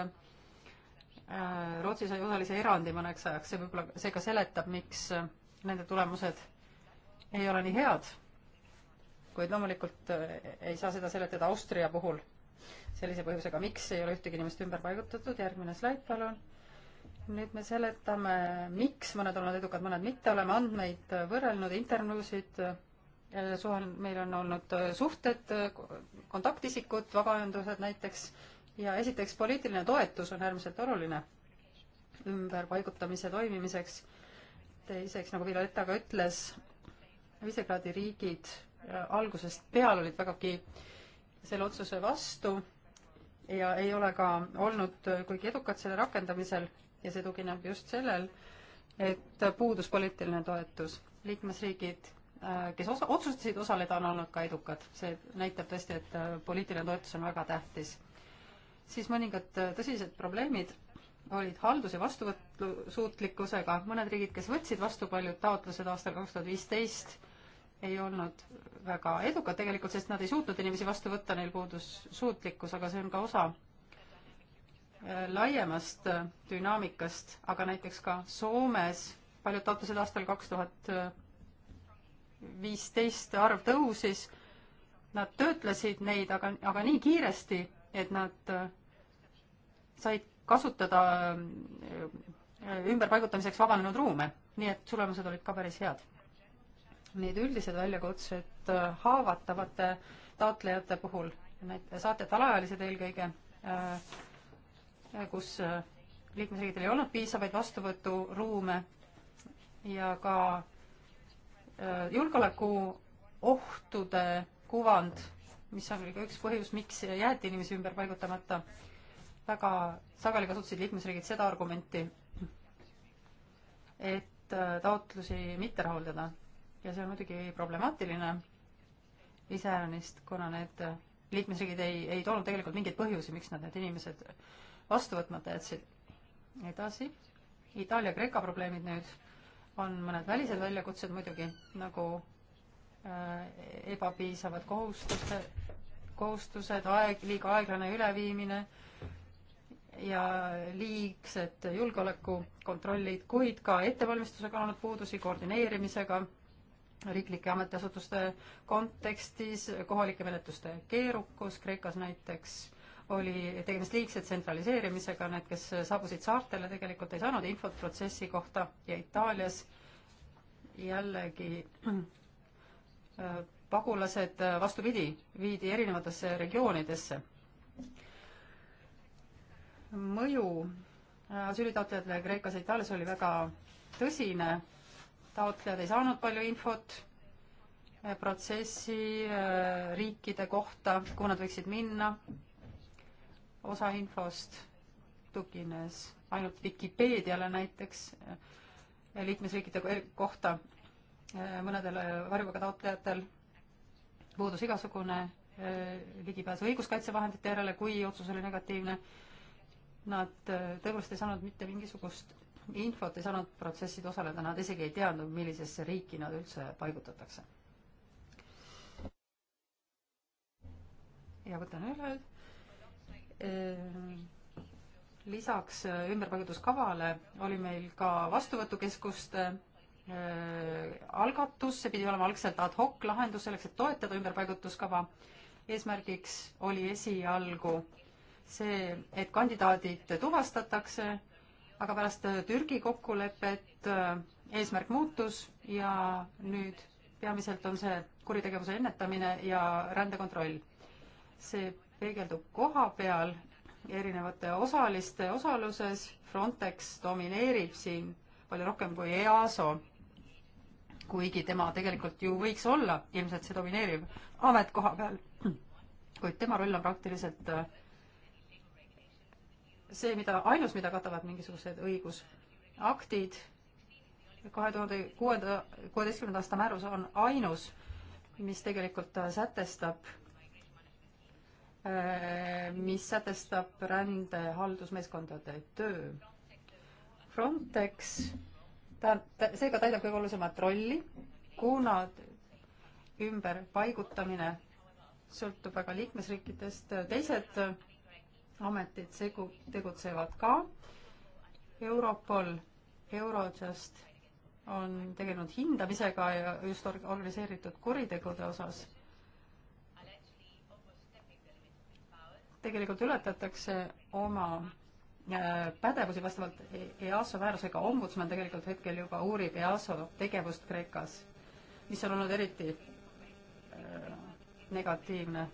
Äh, Rootsi sai osalise erandi mõneks ajaks, see võib-olla, see ka seletab, miks äh, nende tulemused ei ole nii head. kuid loomulikult äh, ei saa seda seletada Austria puhul sellise põhjusega, miks ei ole ühtegi inimest ümber paigutatud, järgmine slaid palun. nüüd me seletame, miks mõned on olnud edukad, mõned mitte, oleme andmeid võrrelnud, intervjuusid, suhel-, meil on olnud suhted, kontaktisikud, vabaühendused näiteks ja esiteks, poliitiline toetus on äärmiselt oluline ümberpaigutamise toimimiseks. teiseks, nagu Violetta ka ütles, Visegradi riigid äh, algusest peale olid vägagi selle otsuse vastu ja ei ole ka olnud kuigi edukad selle rakendamisel ja see tugineb just sellel, et puudus poliitiline toetus. liikmesriigid, äh, kes osa, otsustasid osaleda, on olnud ka edukad. see näitab tõesti, et äh, poliitiline toetus on väga tähtis siis mõningad äh, tõsised probleemid olid haldus- ja vastuvõtlusuutlikkusega, mõned riigid, kes võtsid vastu paljud taotlused aastal kaks tuhat viisteist, ei olnud väga edukad tegelikult, sest nad ei suutnud inimesi vastu võtta, neil puudus suutlikkus, aga see on ka osa äh, laiemast äh, dünaamikast, aga näiteks ka Soomes paljud taotlused aastal kaks tuhat viisteist arv tõusis, nad töötlesid neid aga, aga nii kiiresti, et nad said kasutada äh, ümberpaigutamiseks vabanenud ruume, nii et tulemused olid ka päris head. Need üldised väljakutsed äh, haavatavate taotlejate puhul, need saatjate alaealised eelkõige, äh, kus liikmesriigidel ei olnud piisavaid vastuvõturuume ja ka julgeolekuohtude kuvand, mis on ka üks põhjus, miks jäeti inimesi ümber paigutamata väga sageli kasutasid liikmesriigid seda argumenti, et äh, taotlusi mitte rahuldada ja see on muidugi problemaatiline iseäranist, kuna need liikmesriigid ei, ei toonud tegelikult mingeid põhjusi, miks nad need inimesed vastu võtmata jätsid. edasi, Itaalia-Kreeka probleemid nüüd on mõned välised väljakutsed muidugi, nagu äh, ebapiisavad kohustuste, kohustused, aeg, liiga aeglane üleviimine äh,, ja liigsed julgeolekukontrollid, kuid ka ettevalmistusega on olnud puudusi, koordineerimisega, riiklike ametiasutuste kontekstis, kohalike menetluste keerukus, Kreekas näiteks oli tegemist liigse tsentraliseerimisega, need, kes saabusid saartele, tegelikult ei saanud infot protsessi kohta ja Itaalias jällegi pagulased vastupidi, viidi erinevatesse regioonidesse mõju äh, asüülitaotlejatele Kreekas ja Itaalias oli väga tõsine, taotlejad ei saanud palju infot äh, protsessi äh, riikide kohta, kuhu nad võiksid minna, osa infost tugines ainult Vikipeediale näiteks liikmesriikide kohta, mõnedel varjupaiga taotlejatel puudus igasugune ligipääs õiguskaitsevahendite järele, kui otsus oli negatiivne Nad äh, tõepoolest ei saanud mitte mingisugust infot, ei saanud protsessid osaleda, nad isegi ei teadnud, millisesse riiki nad üldse paigutatakse. ja võtan üle. Äh, lisaks äh, ümberpaigutuskavale oli meil ka vastuvõtukeskuste algatus, see pidi olema algselt ad hoc lahendus selleks, et toetada ümberpaigutuskava. eesmärgiks oli esialgu äh, see, et kandidaadid tuvastatakse, aga pärast äh, Türgi kokkulepet äh, eesmärk muutus ja nüüd peamiselt on see kuritegevuse ennetamine ja rändekontroll. see peegeldub koha peal erinevate osaliste osaluses, Frontex domineerib siin palju rohkem kui EASO, kuigi tema tegelikult ju võiks olla ilmselt see domineeriv amet koha peal, kuid tema roll on praktiliselt äh, see, mida, ainus, mida katavad mingisugused õigusaktid, kahe tuhande kuuenda, kuueteistkümnenda aasta määrus on ainus, mis tegelikult äh, sätestab, äh, mis sätestab rände haldusmeeskondade töö. Frontex, ta, ta seega täidab kõige olulisemat rolli, kuna ümberpaigutamine sõltub väga liikmesriikidest, teised ametid segu-, tegutsevad ka. Europol, Eurojust on tegelenud hindamisega ja just organiseeritud kuritegude osas. tegelikult ületatakse oma äh, pädevusi vastavalt e-, EASO määrusega, ombudsman tegelikult hetkel juba uurib EASO tegevust Kreekas, mis on olnud eriti äh, negatiivne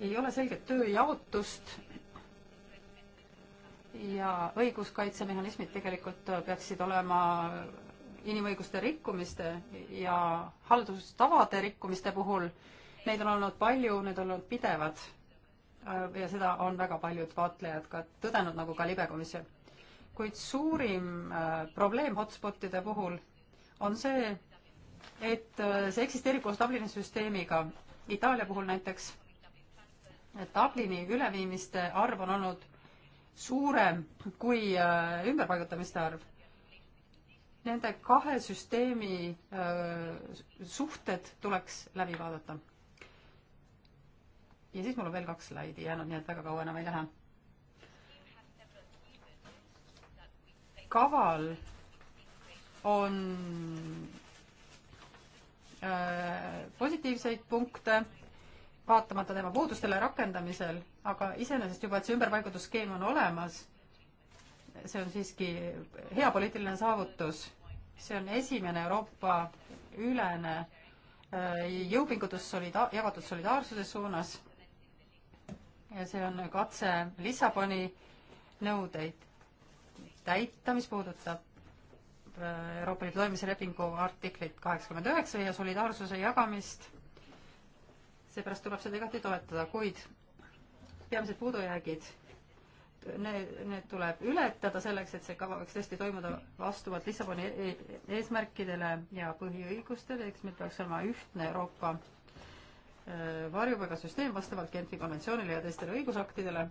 ei ole selget tööjaotust ja õiguskaitsemehhanismid tegelikult peaksid olema inimõiguste rikkumiste ja haldustavade rikkumiste puhul, neid on olnud palju, need on olnud pidevad ja seda on väga paljud vaatlejad ka tõdenud, nagu ka libekomisjon. kuid suurim äh, probleem hotspotide puhul on see, et äh, see eksisteerib koos Dublini süsteemiga. Itaalia puhul näiteks Dublini üleviimiste arv on olnud suurem kui äh, ümberpaigutamiste arv. Nende kahe süsteemi äh, suhted tuleks läbi vaadata. ja siis mul on veel kaks slaidi jäänud, nii et väga kaua enam ei lähe. kaval on äh, positiivseid punkte vaatamata tema puudustele rakendamisel, aga iseenesest juba, et see ümberpaigutusskeem on olemas, see on siiski hea poliitiline saavutus. see on esimene Euroopa ülene äh, jõupingutus solida-, jagatud solidaarsuse suunas ja see on katse Lissaboni nõudeid täita, mis puudutab äh, Euroopa Liidu toimimise lepingu artiklit kaheksakümmend üheksa ja solidaarsuse jagamist seepärast tuleb seda igati toetada, kuid peamised puudujäägid, need, need tuleb ületada selleks, et see kava võiks tõesti toimuda vastavalt Lissaboni e-, e-, eesmärkidele ja põhiõigustele, eks meil peaks olema ühtne Euroopa äh, varjupaigasüsteem vastavalt Genfi konventsioonile ja teistele õigusaktidele.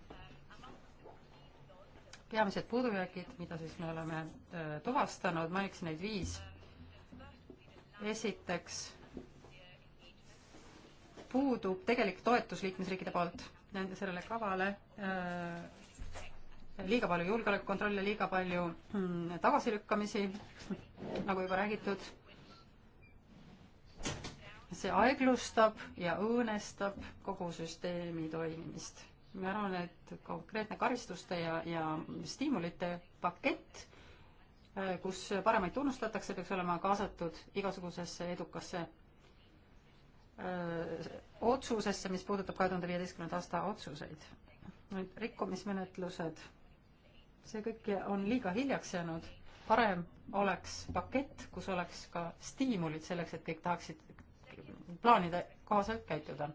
peamised puudujäägid, mida siis me oleme äh, tuvastanud, mainiks neid viis. esiteks puudub tegelik toetus liikmesriikide poolt nende sellele kavale äh, liiga palju julgeolekukontrolle, liiga palju mm, tagasilükkamisi, nagu juba räägitud. see aeglustab ja õõnestab kogu süsteemi toimimist. ma arvan, et konkreetne karistuste ja, ja stiimulite pakett, äh, kus paremaid tunnustatakse, peaks olema kaasatud igasugusesse edukasse Äh, otsusesse, mis puudutab kahe tuhande viieteistkümnenda aasta otsuseid. nüüd rikkumismenetlused, see kõik on liiga hiljaks jäänud, parem oleks pakett, kus oleks ka stiimulid selleks, et kõik tahaksid plaanide kohaselt käituda.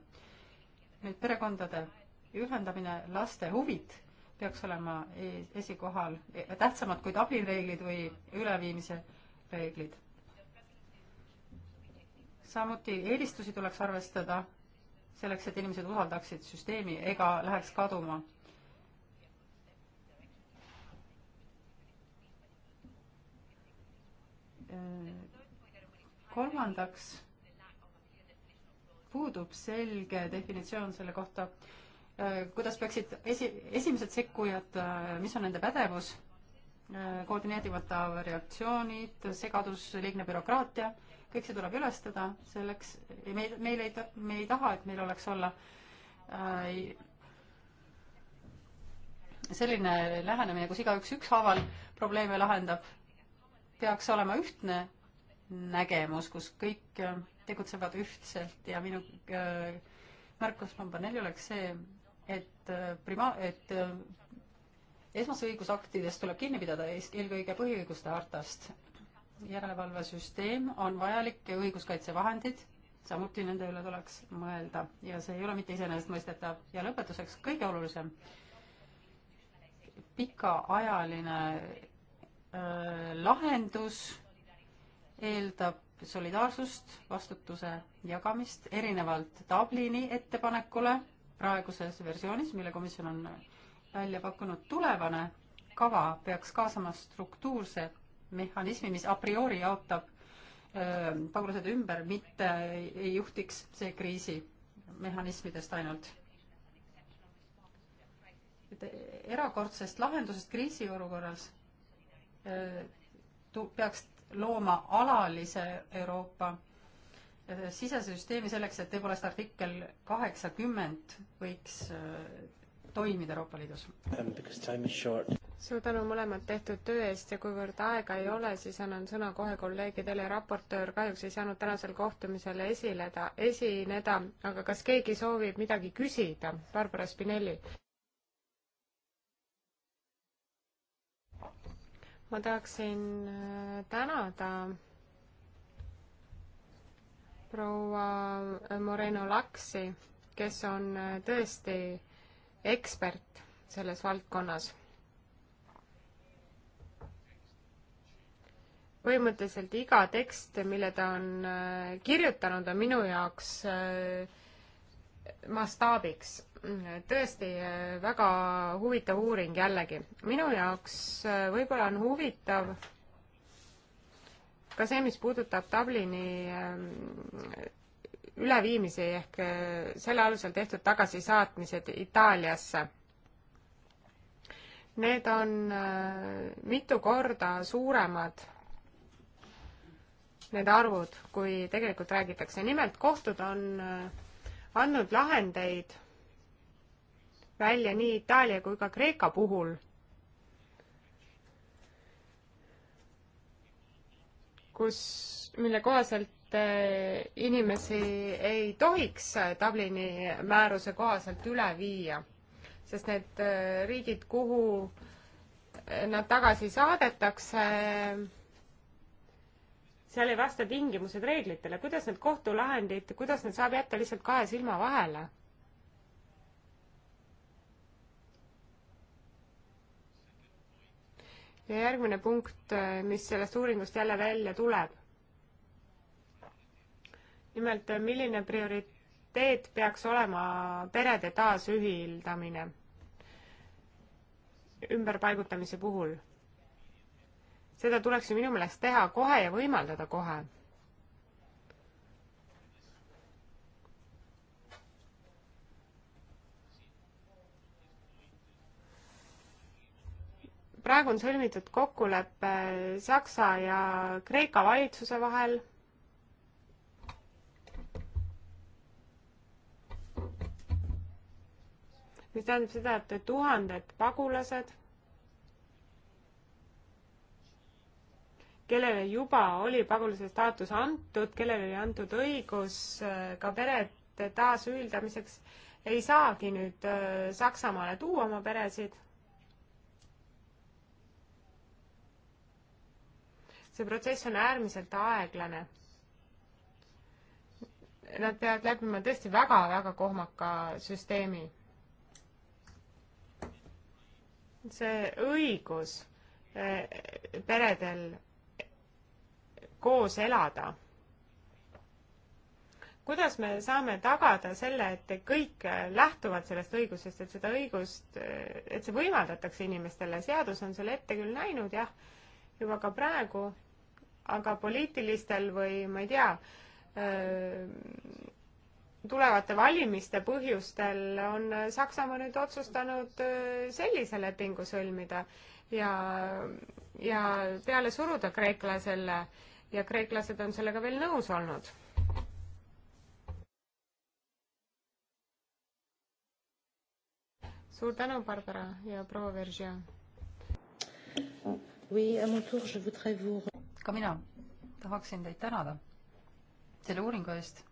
nüüd perekondade ühendamine, laste huvid peaks olema e-, esikohal, tähtsamad kui Dublini reeglid või üleviimise reeglid samuti eelistusi tuleks arvestada selleks, et inimesed usaldaksid süsteemi ega läheks kaduma. kolmandaks puudub selge definitsioon selle kohta, kuidas peaksid esi, esimesed sekkujad, mis on nende pädevus, koordineerimata reaktsioonid, segadus, liigne bürokraatia kõik see tuleb ülestada selleks, meil, meil ei, me ei taha, et meil oleks olla äh, selline lähenemine, kus igaüks ükshaaval probleeme lahendab, peaks olema ühtne nägemus, kus kõik äh, tegutsevad ühtselt ja minu äh, märkus number neli oleks see, et äh, prima-, et äh, esmase õigusaktidest tuleb kinni pidada, eelkõige põhiõiguste hartast järelevalvesüsteem on vajalik ja õiguskaitsevahendid, samuti nende üle tuleks mõelda ja see ei ole mitte iseenesestmõistetav. ja lõpetuseks kõige olulisem, pikaajaline öö, äh, lahendus eeldab solidaarsust, vastutuse jagamist, erinevalt Dublini ettepanekule praeguses versioonis, mille komisjon on välja pakkunud, tulevane kava peaks kaasama struktuurset mehhanismi, mis a priori jaotab ähm, pagulased ümber, mitte ei juhtiks see kriisimehhanismidest ainult. et erakordsest lahendusest kriisiolukorras äh, peaks looma alalise Euroopa äh, sisesüsteemi selleks, et tõepoolest artikkel kaheksakümmend võiks äh, toimida Euroopa Liidus. Um, suur tänu mõlemad tehtud töö eest ja kuivõrd aega ei ole, siis annan sõna kohe kolleegidele. raportöör kahjuks ei saanud tänasel kohtumisel esileda, esineda, aga kas keegi soovib midagi küsida? Barbara Spinelli. ma tahaksin äh, tänada proua Moreno Laksi, kes on äh, tõesti ekspert selles valdkonnas. põhimõtteliselt iga tekst, mille ta on äh, kirjutanud, on minu jaoks äh, mastaabiks. tõesti äh, väga huvitav uuring jällegi. minu jaoks võib-olla on huvitav ka see, mis puudutab Dublini ähm, üleviimisi ehk selle alusel tehtud tagasisaatmised Itaaliasse need on mitu korda suuremad need arvud, kui tegelikult räägitakse. nimelt kohtud on äh, andnud lahendeid välja nii Itaalia kui ka Kreeka puhul, kus, mille kohaselt äh, inimesi ei tohiks äh, Dublini määruse kohaselt üle viia, sest need riigid, kuhu nad tagasi saadetakse, seal ei vasta tingimused reeglitele, kuidas need kohtulahendid, kuidas need saab jätta lihtsalt kahe silma vahele? ja järgmine punkt, mis sellest uuringust jälle välja tuleb. nimelt, milline prioriteet peaks olema perede taasühildamine ümberpaigutamise puhul seda tuleks ju minu meelest teha kohe ja võimaldada kohe. praegu on sõlmitud kokkulepe Saksa ja Kreeka valitsuse vahel mis tähendab seda, et tuhanded pagulased kellele juba oli pagulase staatus antud, kellele oli antud õigus äh, ka peret taasühildamiseks, ei saagi nüüd äh, Saksamaale tuua oma peresid. see protsess on äärmiselt aeglane. Nad peavad läbima tõesti väga-väga kohmaka süsteemi. see õigus äh, peredel koos elada. kuidas me saame tagada selle, et kõik lähtuvad sellest õigusest, et seda õigust, et see võimaldatakse inimestele, seadus on selle ette küll näinud jah, juba ka praegu, aga poliitilistel või ma ei tea, tulevate valimiste põhjustel on Saksamaa nüüd otsustanud sellise lepingu sõlmida ja, ja peale suruda Kreekla selle ja kreeklased on sellega veel nõus olnud. suur tänu, Barbara ja proua Veržia. ka mina tahaksin teid tänada selle uuringu eest.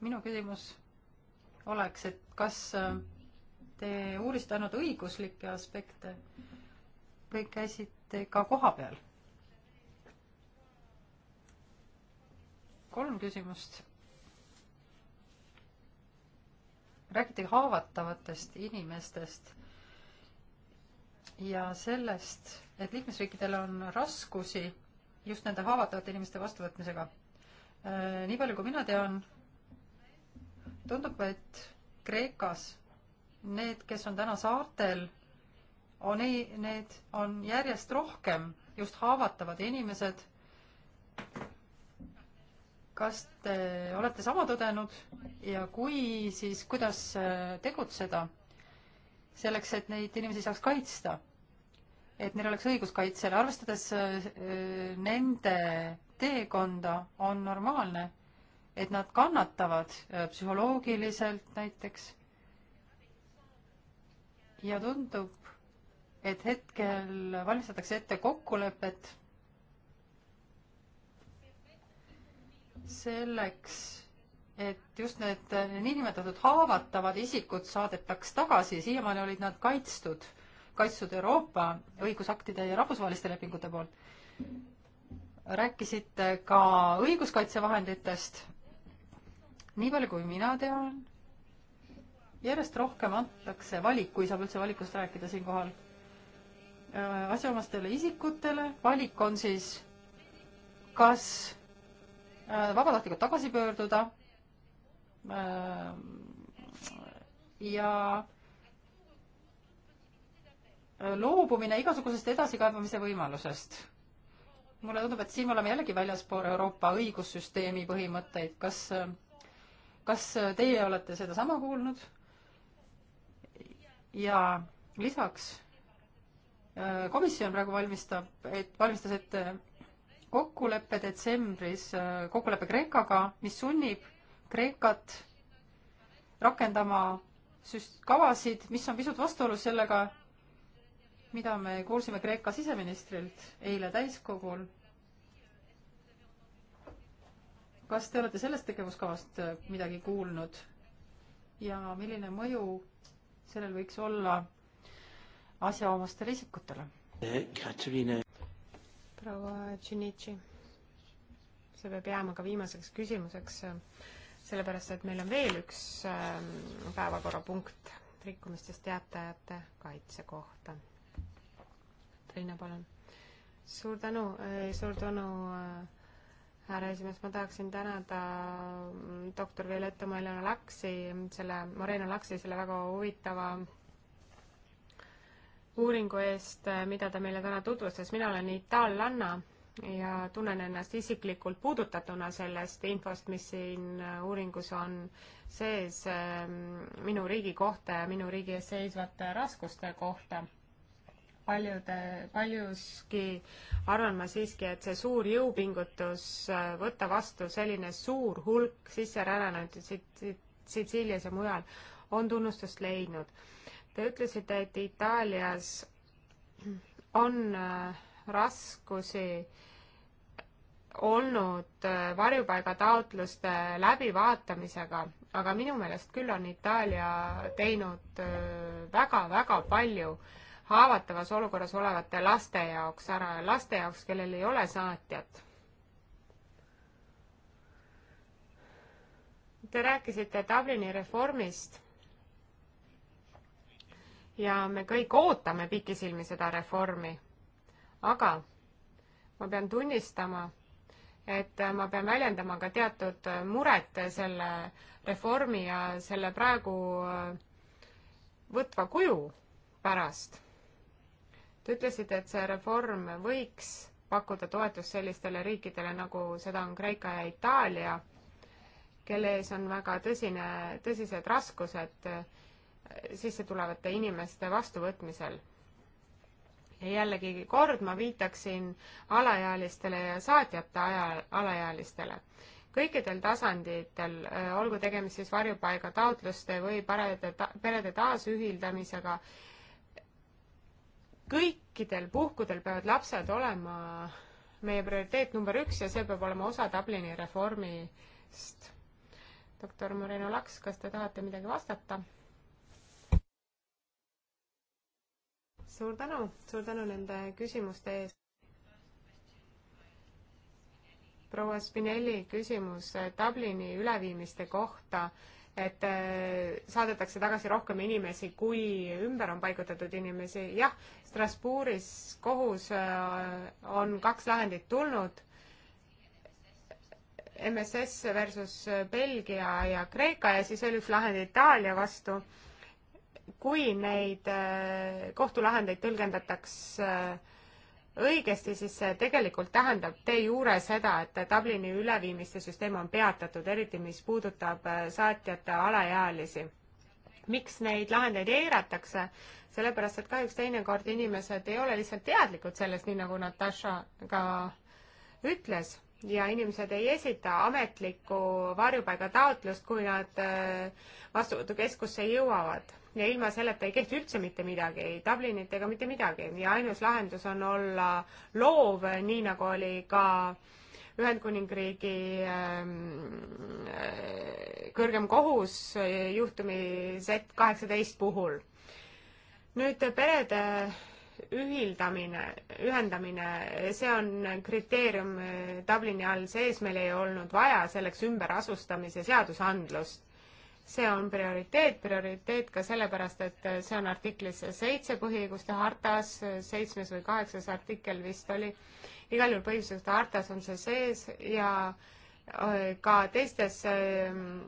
minu küsimus oleks, et kas äh, te uurisite ainult õiguslikke aspekte kõik käisite ka kohapeal? kolm küsimust. räägiti haavatavatest inimestest ja sellest, et liikmesriikidel on raskusi just nende haavatavate inimeste vastuvõtmisega. Äh, nii palju, kui mina tean, tundub, et Kreekas need, kes on täna saartel on ei, need on järjest rohkem just haavatavad inimesed. kas te olete sama tõdenud ja kui, siis kuidas äh, tegutseda selleks, et neid inimesi saaks kaitsta? et neil oleks õigus kaitsele, arvestades äh, nende teekonda, on normaalne, et nad kannatavad äh, psühholoogiliselt näiteks. ja tundub, et hetkel valmistatakse ette kokkulepet selleks, et just need niinimetatud haavatavad isikud saadetaks tagasi, siiamaani olid nad kaitstud, kaitstud Euroopa õigusaktide ja rahvusvaheliste lepingute poolt. rääkisite ka õiguskaitsevahenditest. nii palju, kui mina tean, järjest rohkem antakse valik, kui saab üldse valikust rääkida siinkohal Äh, asjaomastele isikutele. valik on siis, kas äh, vabatahtlikult tagasi pöörduda äh, ja loobumine igasugusest edasikaebamise võimalusest. mulle tundub, et siin me oleme jällegi väljaspool Euroopa õigussüsteemi põhimõtteid. kas, kas teie olete sedasama kuulnud? ja lisaks Äh, komisjon praegu valmistab, et valmistas ette kokkuleppe detsembris, äh, kokkulepe Kreekaga, mis sunnib Kreekat rakendama süst-, kavasid, mis on pisut vastuolus sellega, mida me kuulsime Kreeka siseministrilt eile täiskogul. kas te olete sellest tegevuskavast äh, midagi kuulnud ja milline mõju sellel võiks olla asjaomastele isikutele. Eh, Katariina. proua Tšinitši, see peab jääma ka viimaseks küsimuseks, sellepärast et meil on veel üks ähm, päevakorrapunkt rikkumistest teatajate kaitse kohta. Triina, palun. suur tänu, äh, suur tänu äh, härra esimees, ma tahaksin tänada ähm, doktor Violetta Moreno Laksi, selle, Moreno Laksi selle väga huvitava uuringu eest, eh, mida ta meile täna tutvustas, mina olen itaallanna ja tunnen ennast isiklikult puudutatuna sellest infost, mis siin eh, uuringus on sees eh, minu riigi kohta ja minu riigi ees seisvate raskuste kohta paljude, paljuski arvan ma siiski, et see suur jõupingutus võtta vastu selline suur hulk sisserännanuid siit, siit Sitsiilias ja mujal on tunnustust leidnud. Te ütlesite, et Itaalias on äh, raskusi olnud äh, varjupaigataotluste läbivaatamisega, aga minu meelest küll on Itaalia teinud väga-väga äh, palju haavatavas olukorras olevate laste jaoks ära, laste jaoks, kellel ei ole saatjat. Te rääkisite Dublini reformist ja me kõik ootame pikisilmi seda reformi. aga ma pean tunnistama, et ma pean väljendama ka teatud muret selle reformi ja selle praegu äh, võtva kuju pärast. Te ütlesite, et see reform võiks pakkuda toetust sellistele riikidele, nagu seda on Kreeka ja Itaalia, kelle ees on väga tõsine, tõsised raskused äh, sisse tulevate inimeste vastuvõtmisel. ja jällegi kord ma viitaksin alaealistele ja saatjata aja, alaealistele. kõikidel tasanditel, olgu tegemist siis varjupaiga taotluste või perede, perede taasühildamisega, kõikidel puhkudel peavad lapsed olema meie prioriteet number üks ja see peab olema osa Dublini reformist. doktor Moreno Laks, kas te tahate midagi vastata? suur tänu, suur tänu nende küsimuste eest. proua Spinelli küsimus äh, Dublini üleviimiste kohta, et äh, saadetakse tagasi rohkem inimesi, kui ümber on paigutatud inimesi. jah, Strasbourgis kohus äh, on kaks lahendit tulnud MSS versus Belgia ja Kreeka ja siis oli üks lahend Itaalia vastu kui neid äh, kohtulahendeid tõlgendatakse äh, õigesti, siis see tegelikult tähendab de jure seda, et Dublini üleviimiste süsteem on peatatud, eriti mis puudutab äh, saatjate alaealisi. miks neid lahendeid eiratakse? sellepärast, et kahjuks teinekord inimesed ei ole lihtsalt teadlikud sellest, nii nagu Natasha ka ütles, ja inimesed ei esita ametlikku varjupaigataotlust, kui nad vastuvõtukeskusse jõuavad ja ilma selleta ei kehti üldse mitte midagi, ei Dublinit ega mitte midagi ja ainus lahendus on olla loov, nii nagu oli ka Ühendkuningriigi ähm, äh, kõrgem kohus äh, juhtumi Z kaheksateist puhul. nüüd perede ühildamine, ühendamine, see on kriteerium äh, Dublini all sees, meil ei olnud vaja selleks ümberasustamise seadusandlust see on prioriteet, prioriteet ka sellepärast, et see on artiklis seitse põhiõiguste hartas, seitsmes või kaheksas artikkel vist oli, igal juhul põhiõiguste hartas on see sees ja äh, ka teistes ähm,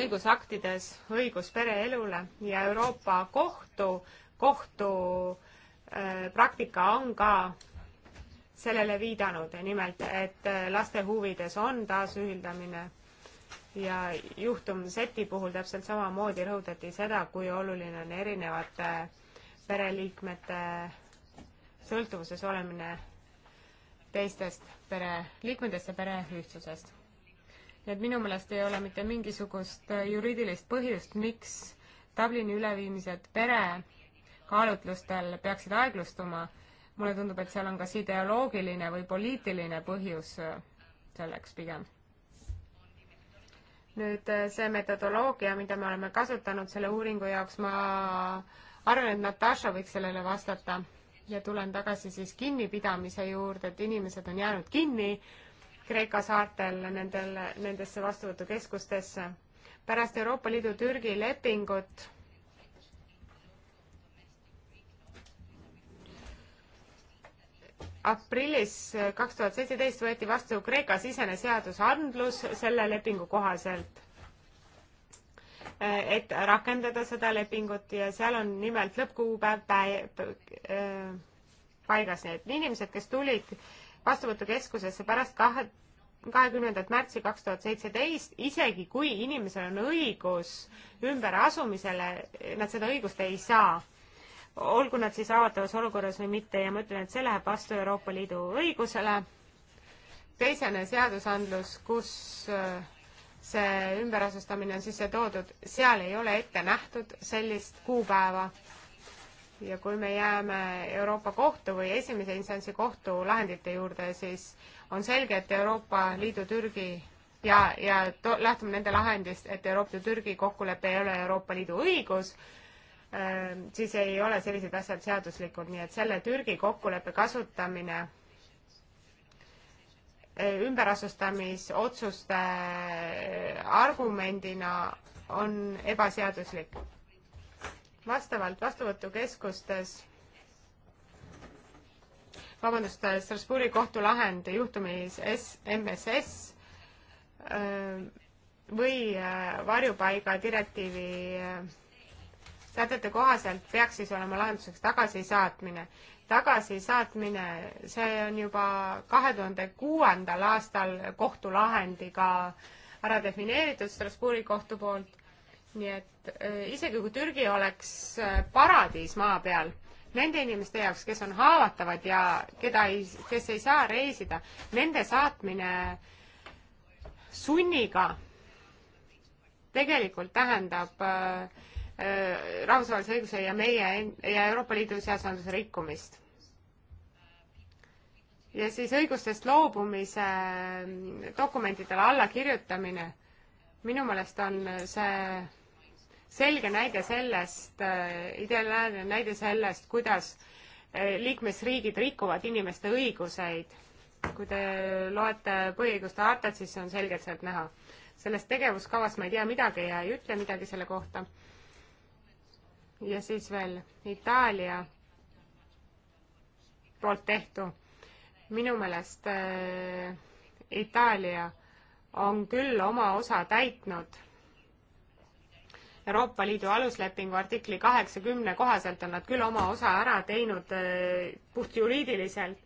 õigusaktides õigus pereelule ja Euroopa Kohtu, kohtu äh, praktika on ka sellele viidanud, nimelt et äh, laste huvides on taasühildamine ja juhtum seti puhul täpselt samamoodi rõhutati seda, kui oluline on erinevate pereliikmete sõltuvuses olemine teistest pereliikmetest ja pere ühtsusest. nii et minu meelest ei ole mitte mingisugust juriidilist põhjust, miks Dublini üleviimised pere kaalutlustel peaksid aeglustuma. mulle tundub, et seal on kas ideoloogiline või poliitiline põhjus selleks pigem nüüd äh, see metodoloogia, mida me oleme kasutanud selle uuringu jaoks, ma arvan, et Natasha võiks sellele vastata ja tulen tagasi siis kinnipidamise juurde, et inimesed on jäänud kinni Kreeka saartel nendel, nendesse vastuvõtukeskustesse. pärast Euroopa Liidu Türgi lepingut aprillis kaks tuhat seitseteist võeti vastu Kreeka sisene seadusandlus selle lepingu kohaselt, eh, et rakendada seda lepingut ja seal on nimelt lõppkuupäev eh, paigas, nii et inimesed, kes tulid vastuvõtukeskusesse pärast kahe, kahekümnendat märtsi kaks tuhat seitseteist, isegi kui inimesel on õigus ümberasumisele, nad seda õigust ei saa olgu nad siis haavatavas olukorras või mitte ja ma ütlen, et see läheb vastu Euroopa Liidu õigusele. teisene seadusandlus, kus äh, see ümberasustamine on sisse toodud, seal ei ole ette nähtud sellist kuupäeva. ja kui me jääme Euroopa Kohtu või esimese instantsi kohtu lahendite juurde, siis on selge, et Euroopa Liidu Türgi ja, ja to, lähtume nende lahendist, et Euroopa Liidu Türgi kokkulepe ei ole Euroopa Liidu õigus Ehm, siis ei ole sellised asjad seaduslikud, nii et selle Türgi kokkuleppe kasutamine eh, ümberasustamisotsuste eh, argumendina on ebaseaduslik. vastavalt vastuvõtukeskustes vabandust, Strasbourgi kohtulahend juhtumis MSS eh, või varjupaiga direktiivi sätete kohaselt peaks siis olema lahenduseks tagasisaatmine. tagasisaatmine, see on juba kahe tuhande kuuendal aastal kohtulahendiga ära defineeritud Strasbourgi kohtu poolt. nii et äh, isegi kui Türgi oleks äh, paradiis maa peal, nende inimeste jaoks, kes on haavatavad ja keda ei, kes ei saa reisida, nende saatmine sunniga tegelikult tähendab äh, Äh, rahvusvahelise õiguse ja meie ja Euroopa Liidu seadusandluse rikkumist. ja siis õigustest loobumise ähm, dokumentidele allakirjutamine, minu meelest on see selge näide sellest, äh, ideaalne näide sellest, kuidas äh, liikmesriigid rikuvad inimeste õiguseid. kui te loete põhiõiguste hartat, siis see on selgelt sealt näha. sellest tegevuskavast ma ei tea midagi ja ei ütle midagi selle kohta ja siis veel Itaalia poolt tehtu. minu meelest äh, Itaalia on küll oma osa täitnud. Euroopa Liidu aluslepingu artikli kaheksakümne kohaselt on nad küll oma osa ära teinud äh, puhtjuriidiliselt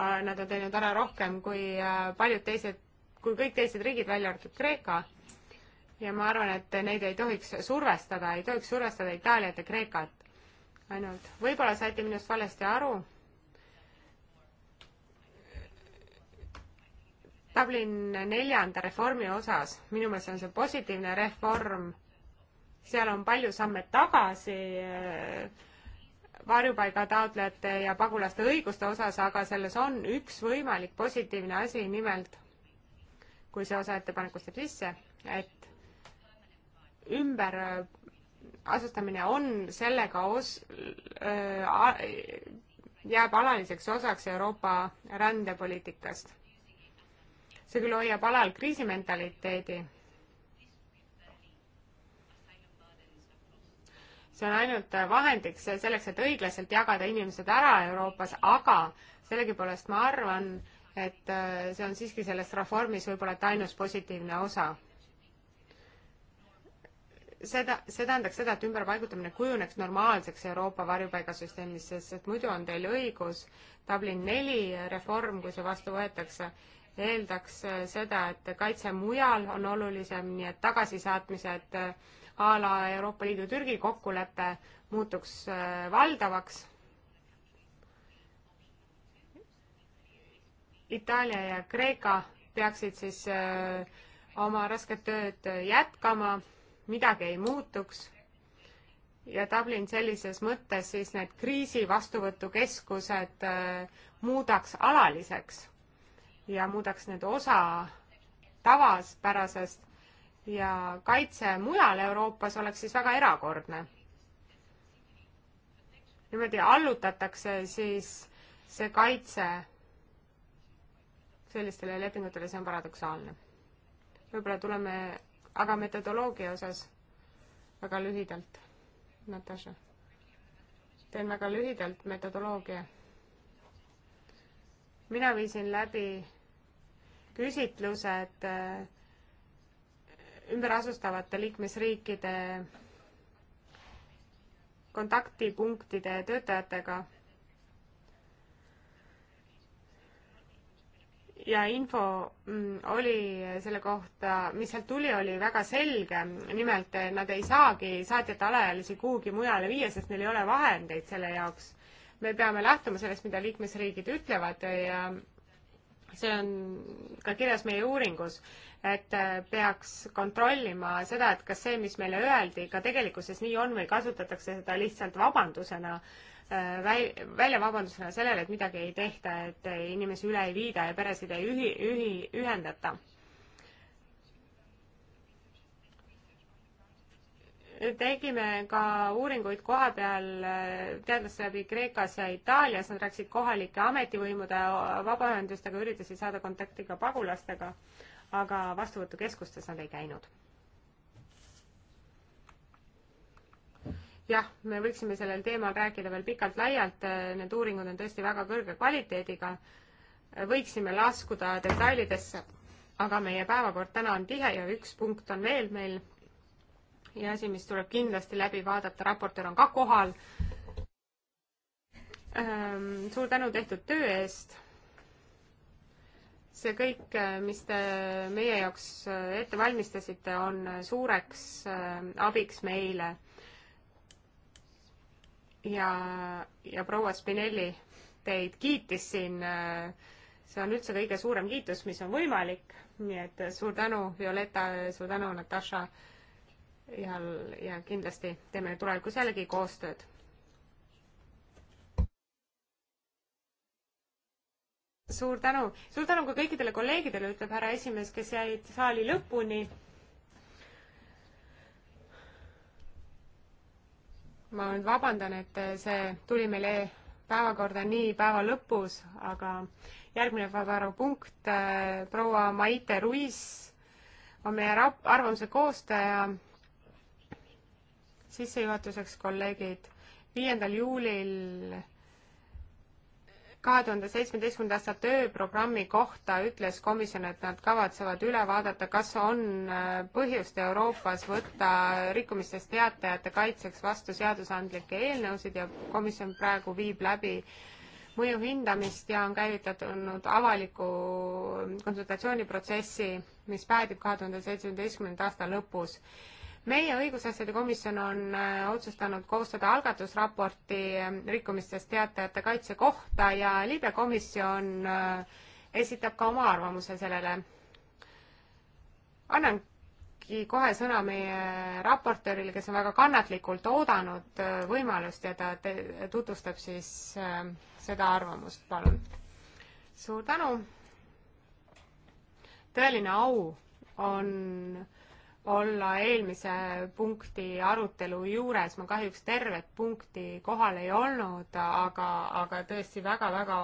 äh,. Nad on teinud ära rohkem kui äh, paljud teised, kui kõik teised riigid, välja arvatud Kreeka ja ma arvan, et neid ei tohiks survestada, ei tohiks survestada Itaaliat ja Kreekat ainult. võib-olla saite minust valesti aru. Dublin neljanda reformi osas, minu meelest on see positiivne reform, seal on palju samme tagasi eh, varjupaiga taotlejate ja pagulaste õiguste osas, aga selles on üks võimalik positiivne asi, nimelt kui see osa ettepanekust jääb sisse, et ümber äh, asustamine on sellega os-, äh, jääb alaliseks osaks Euroopa rändepoliitikast. see küll hoiab alal kriisimentaliteedi, see on ainult vahendiks selleks, et õiglaselt jagada inimesed ära Euroopas, aga sellegipoolest ma arvan, et äh, see on siiski selles reformis võib-olla et ainus positiivne osa seda, see tähendaks seda, et ümberpaigutamine kujuneks normaalseks Euroopa varjupaigasüsteemis, sest et muidu on teil õigus, Dublin neli reform, kui see vastu võetakse, eeldaks äh, seda, et kaitse mujal on olulisem, nii et tagasisaatmised äh, a la Euroopa Liidu-Türgi kokkulepe muutuks äh, valdavaks. Itaalia ja Kreeka peaksid siis oma rasket tööd jätkama midagi ei muutuks ja Dublin sellises mõttes siis need kriisi vastuvõtukeskused äh, muudaks alaliseks ja muudaks need osa tavaspärasest ja kaitse mujal Euroopas oleks siis väga erakordne. niimoodi allutatakse siis see kaitse sellistele lepingutele, see on paradoksaalne. võib-olla tuleme aga metodoloogia osas väga lühidalt, Natasha. teen väga lühidalt metodoloogia. mina viisin läbi küsitlused äh, ümberasustavate liikmesriikide kontaktipunktide töötajatega ja info mm, oli selle kohta, mis sealt tuli, oli väga selge. nimelt eh, nad ei saagi saatjate alaealisi kuhugi mujale viia, sest neil ei ole vahendeid selle jaoks. me peame lähtuma sellest, mida liikmesriigid ütlevad ja see on ka kirjas meie uuringus, et eh, peaks kontrollima seda, et kas see, mis meile öeldi, ka tegelikkuses nii on või kasutatakse seda lihtsalt vabandusena äh, Äh, väl-, välja vabandusena sellele, et midagi ei tehta, et inimesi üle ei viida ja peresid ei ühi-, ühi-, ühendata. tegime ka uuringuid koha peal äh, teadlaste läbi Kreekas ja Itaalias, nad rääkisid kohalike ametivõimude vabaühendustega, üritasid saada kontakti ka pagulastega, aga vastuvõtukeskustes nad ei käinud jah, me võiksime sellel teemal rääkida veel pikalt-laialt, need uuringud on tõesti väga kõrge kvaliteediga, võiksime laskuda detailidesse, aga meie päevakord täna on tihe ja üks punkt on veel meil ja asi, mis tuleb kindlasti läbi vaadata, raportöör on ka kohal. Ehm, suur tänu tehtud töö eest see kõik, mis te meie jaoks ette valmistasite, on suureks ehm, abiks meile ja, ja proua Spinelli teid kiitis siin. Äh, see on üldse kõige suurem kiitus, mis on võimalik, nii et suur tänu, Violeta, suur tänu, Natasha ja, ja kindlasti teeme tulevikus jällegi koostööd. suur tänu, suur tänu ka kõikidele kolleegidele, ütleb härra esimees, kes jäid saali lõpuni ma nüüd vabandan, et eh, see tuli meile päevakorda nii päeva lõpus, aga järgmine päevakorrapunkt, eh, proua Maite Ruiz on meie rap-, arvamuse koostaja. sissejuhatuseks, kolleegid, viiendal juulil kahe tuhande seitsmeteistkümnenda aasta tööprogrammi kohta ütles komisjon, et nad kavatsevad üle vaadata, kas on äh, põhjust Euroopas võtta rikkumistest teatajate kaitseks vastu seadusandlikke eelnõusid ja komisjon praegu viib läbi mõju hindamist ja on käivitatud avaliku konsultatsiooniprotsessi, mis päädib kahe tuhande seitsmeteistkümnenda aasta lõpus meie õigusasjade komisjon on äh, otsustanud koostada algatusraporti ähm, rikkumistest teatajate kaitse kohta ja Liibe komisjon äh, esitab ka oma arvamuse sellele. annangi kohe sõna meie raportöörile, kes on väga kannatlikult oodanud äh, võimalust ja ta tutvustab siis ähm, seda arvamust, palun. suur tänu. tõeline au on olla eelmise punkti arutelu juures, ma kahjuks tervet punkti kohal ei olnud, aga, aga tõesti väga-väga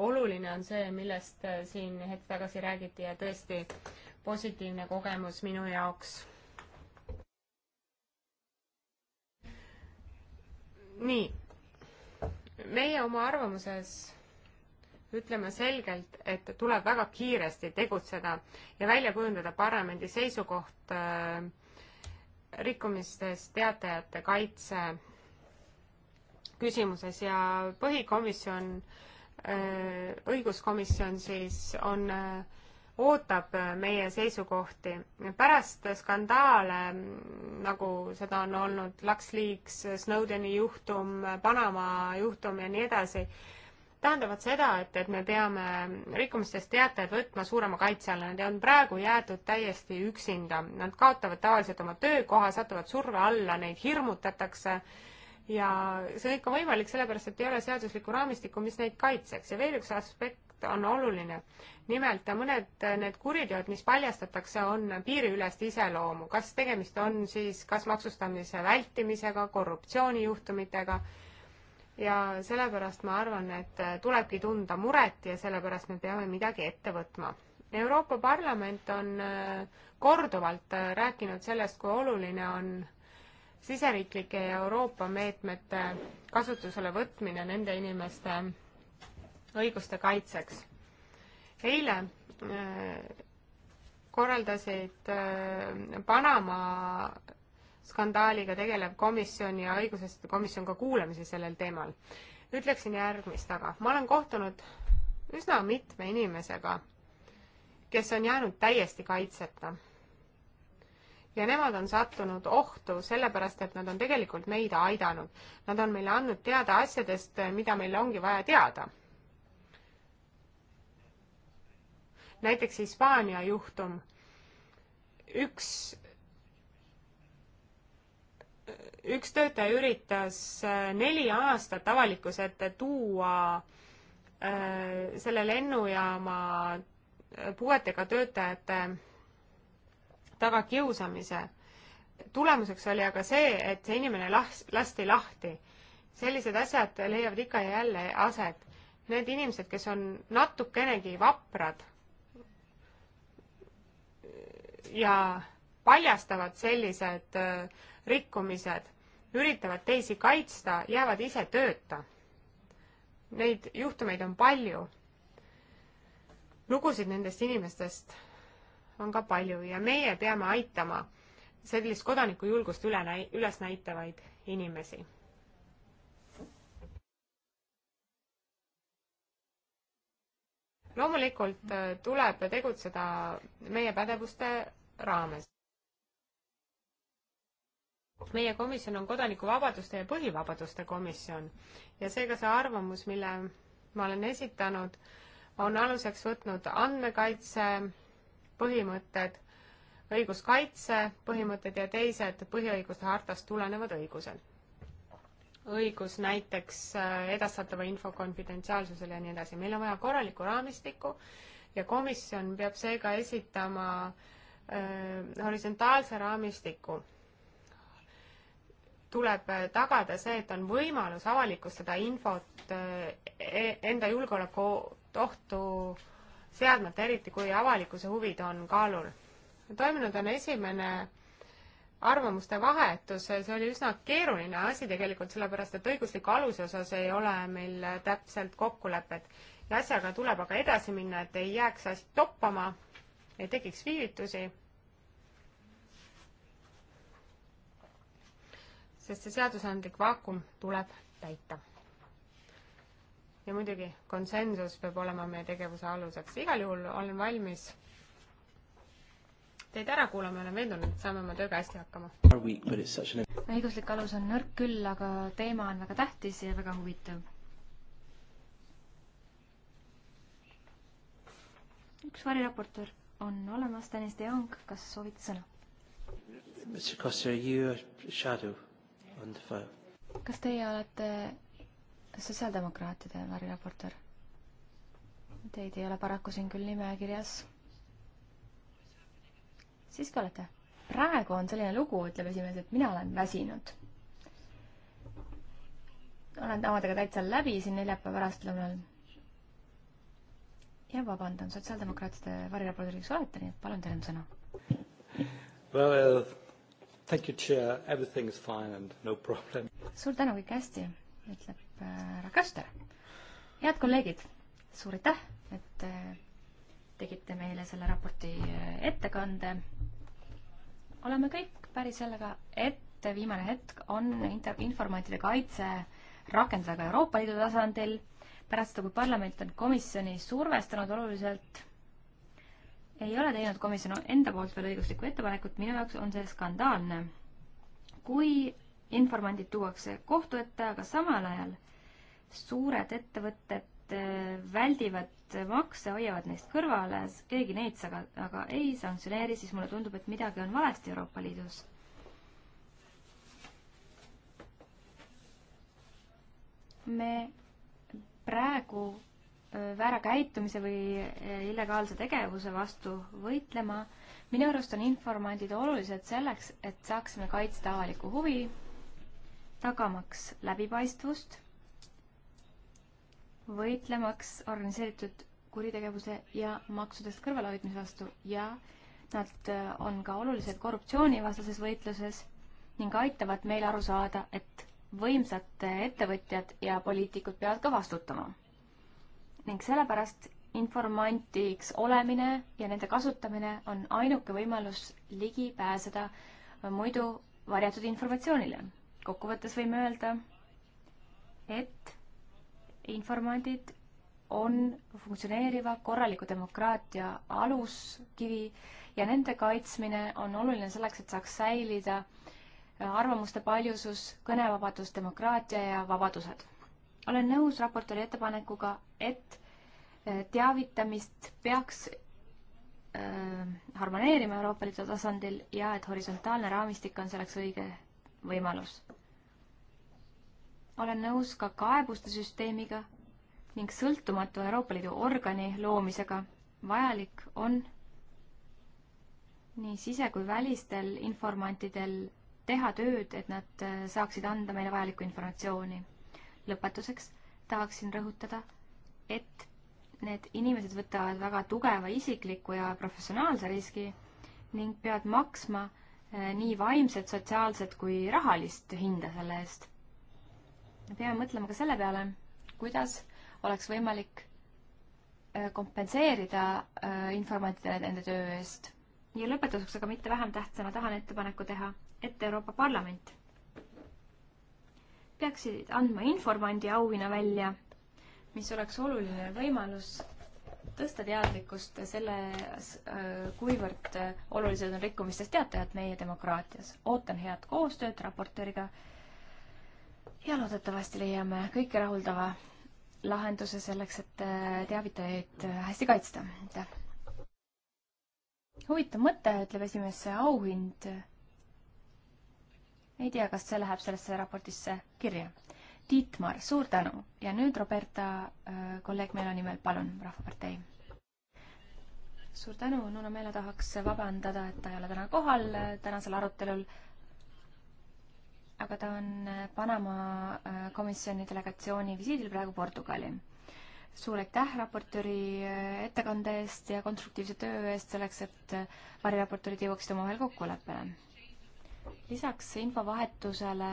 oluline on see, millest siin hetk tagasi räägiti ja tõesti positiivne kogemus minu jaoks. nii, meie oma arvamuses ütlema selgelt, et tuleb väga kiiresti tegutseda ja välja kujundada parlamendi seisukoht äh, rikkumistest teatajate kaitse küsimuses ja põhikomisjon äh,, õiguskomisjon siis on äh, ootab äh, meie seisukohti. pärast skandaale, mm, nagu seda on olnud LuxLeaks, Snowdeni juhtum, Panama juhtum ja nii edasi, tähendavad seda, et, et me peame rikkumistest teatajad võtma suurema kaitse alla, nad on praegu jäetud täiesti üksinda, nad kaotavad tavaliselt oma töökoha, satuvad surve alla, neid hirmutatakse ja see kõik on võimalik, sellepärast et ei ole seaduslikku raamistikku, mis neid kaitseks ja veel üks aspekt on oluline. nimelt mõned need kuriteod, mis paljastatakse, on piiriülest iseloomu, kas tegemist on siis kas maksustamise vältimisega, korruptsioonijuhtumitega ja sellepärast ma arvan, et äh, tulebki tunda muret ja sellepärast me peame midagi ette võtma. Euroopa Parlament on äh, korduvalt äh, rääkinud sellest, kui oluline on siseriiklike ja Euroopa meetmete kasutusele võtmine nende inimeste õiguste kaitseks. eile korraldasid Panama skandaaliga tegelev komisjon ja õigusasjade komisjon ka kuulamise sellel teemal. ütleksin järgmist aga, ma olen kohtunud üsna mitme inimesega, kes on jäänud täiesti kaitseta. ja nemad on sattunud ohtu sellepärast, et nad on tegelikult meid aidanud. Nad on meile andnud teada asjadest, mida meil ongi vaja teada. näiteks Hispaania juhtum. üks üks töötaja üritas äh, neli aastat avalikkuse ette tuua äh, selle lennujaama äh, puuetega töötajate tagakiusamise. tulemuseks oli aga see, et see inimene las-, lasti lahti. sellised asjad leiavad ikka ja jälle aset. Need inimesed, kes on natukenegi vaprad ja paljastavad sellised äh, rikkumised, üritavad teisi kaitsta, jäävad ise tööta. Neid juhtumeid on palju. lugusid nendest inimestest on ka palju ja meie peame aitama sellist kodanikujulgust üle näi-, üles näitavaid inimesi. loomulikult äh, tuleb tegutseda meie pädevuste raames meie komisjon on kodanikuvabaduste ja põhivabaduste komisjon ja seega see arvamus, mille ma olen esitanud, on aluseks võtnud andmekaitse põhimõtted, õiguskaitse põhimõtted ja teised põhiõiguste hartast tulenevad õigused. õigus näiteks äh, edastatava info konfidentsiaalsusele ja nii edasi. meil on vaja korralikku raamistikku ja komisjon peab seega esitama öö, äh, horisontaalse raamistiku tuleb äh, tagada see, et on võimalus avalikustada infot äh, e, enda julgeoleku ohtu seadmata, eriti kui avalikkuse huvid on kaalul. toimunud on esimene arvamuste vahetus, see oli üsna keeruline asi tegelikult, sellepärast et õigusliku aluse osas ei ole meil täpselt kokkulepet. ja asjaga tuleb aga edasi minna, et ei jääks asi toppama, ei tekiks viivitusi sest see seadusandlik vaakum tuleb täita. ja muidugi konsensus peab olema meie tegevuse aluseks, igal juhul olen valmis teid ära kuulama ja olen veendunud, et saame oma tööga hästi hakkama. õiguslik alus on nõrk küll, aga teema on väga tähtis ja väga huvitav. üks variraportöör on olemas, Tõnis De Jong, kas soovite sõna? Mr Costa, are you a shadow? kas teie olete sotsiaaldemokraatide variraportor? Teid ei ole paraku siin küll nimekirjas. siiski olete? praegu on selline lugu, ütleb esimees, et mina olen väsinud. olen omadega täitsa läbi siin neljapäeva pärastlõunal. ja vabandan, sotsiaaldemokraatide variraportoriks olete, nii et palun, teil on sõna. Well, Thank you, chair, everything is fine and no problem. suur tänu, kõik hästi, ütleb äh, härra Kaster. head kolleegid, suur aitäh, et äh, tegite meile selle raporti äh, ettekande. oleme kõik päri sellega, et viimane hetk on inter-, informantide kaitse rakendada ka Euroopa Liidu tasandil. pärast seda, kui parlament on komisjoni survestanud oluliselt ei ole teinud komisjon enda poolt veel õiguslikku ettepanekut, minu jaoks on see skandaalne. kui informandid tuuakse kohtu ette, aga samal ajal suured ettevõtted eh, väldivad makse, hoiavad neist kõrvale, keegi neid aga, aga ei sanktsioneeri, siis mulle tundub, et midagi on valesti Euroopa Liidus. me praegu väära käitumise või illegaalse tegevuse vastu võitlema. minu arust on informandid olulised selleks, et saaksime kaitsta avalikku huvi, tagamaks läbipaistvust, võitlemaks organiseeritud kuritegevuse ja maksudest kõrvalehoidmise vastu ja nad on ka olulised korruptsioonivastases võitluses ning aitavad meil aru saada, et võimsad ettevõtjad ja poliitikud peavad ka vastutama ning sellepärast informantiks olemine ja nende kasutamine on ainuke võimalus ligi pääseda muidu varjatud informatsioonile. kokkuvõttes võime öelda, et informandid on funktsioneeriva korraliku demokraatia aluskivi ja nende kaitsmine on oluline selleks, et saaks säilida arvamuste paljusus, kõnevabadus, demokraatia ja vabadused olen nõus raportööri ettepanekuga, et äh, teavitamist peaks äh, harmoneerima Euroopa Liidu tasandil ja et horisontaalne raamistik on selleks õige võimalus. olen nõus ka kaebuste süsteemiga ning sõltumatu Euroopa Liidu organi loomisega. vajalik on nii sise- kui välistel informantidel teha tööd, et nad äh, saaksid anda meile vajalikku informatsiooni lõpetuseks tahaksin rõhutada, et need inimesed võtavad väga tugeva isikliku ja professionaalse riski ning peavad maksma eh, nii vaimset, sotsiaalset kui rahalist hinda selle eest. peame mõtlema ka selle peale, kuidas oleks võimalik eh, kompenseerida eh, informantidele nende töö eest. ja lõpetuseks, aga mitte vähem tähtsana, tahan ettepaneku teha, et Euroopa Parlament peaksid andma informandi auhinna välja, mis oleks oluline võimalus tõsta teadlikkust selles, kuivõrd olulised on rikkumistest teatajad meie demokraatias. ootan head koostööd raportööriga ja loodetavasti leiame kõike rahuldava lahenduse selleks, et teavitajaid hästi kaitsta. aitäh! huvitav mõte, ütleb esimees, see auhind ei tea, kas see läheb sellesse raportisse kirja. Tiitmar, suur tänu ja nüüd Roberta, äh, kolleeg Meelo nimel, palun, Rahvapartei. suur tänu, Nuno Meelo tahaks vabandada, et ta ei ole täna kohal äh, tänasel arutelul aga ta on äh, Panama komisjoni delegatsiooni visiidil praegu Portugali. suur aitäh raportööri ettekande eest ja konstruktiivse töö eest selleks, et variraportöörid jõuaksid omavahel kokkuleppele lisaks infovahetusele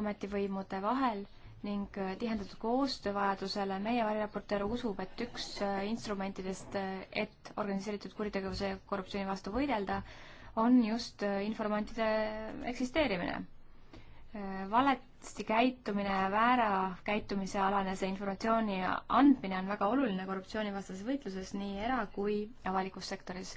ametivõimude vahel ning äh, tihendatud koostöövajadusele meie variraportöör usub, et üks äh, instrumentidest, äh, et organiseeritud kuritegevuse ja korruptsiooni vastu võidelda, on just informantide eksisteerimine. valesti käitumine ja väära käitumise alane see informatsiooni andmine on väga oluline korruptsioonivastases võitluses nii era- kui avalikus sektoris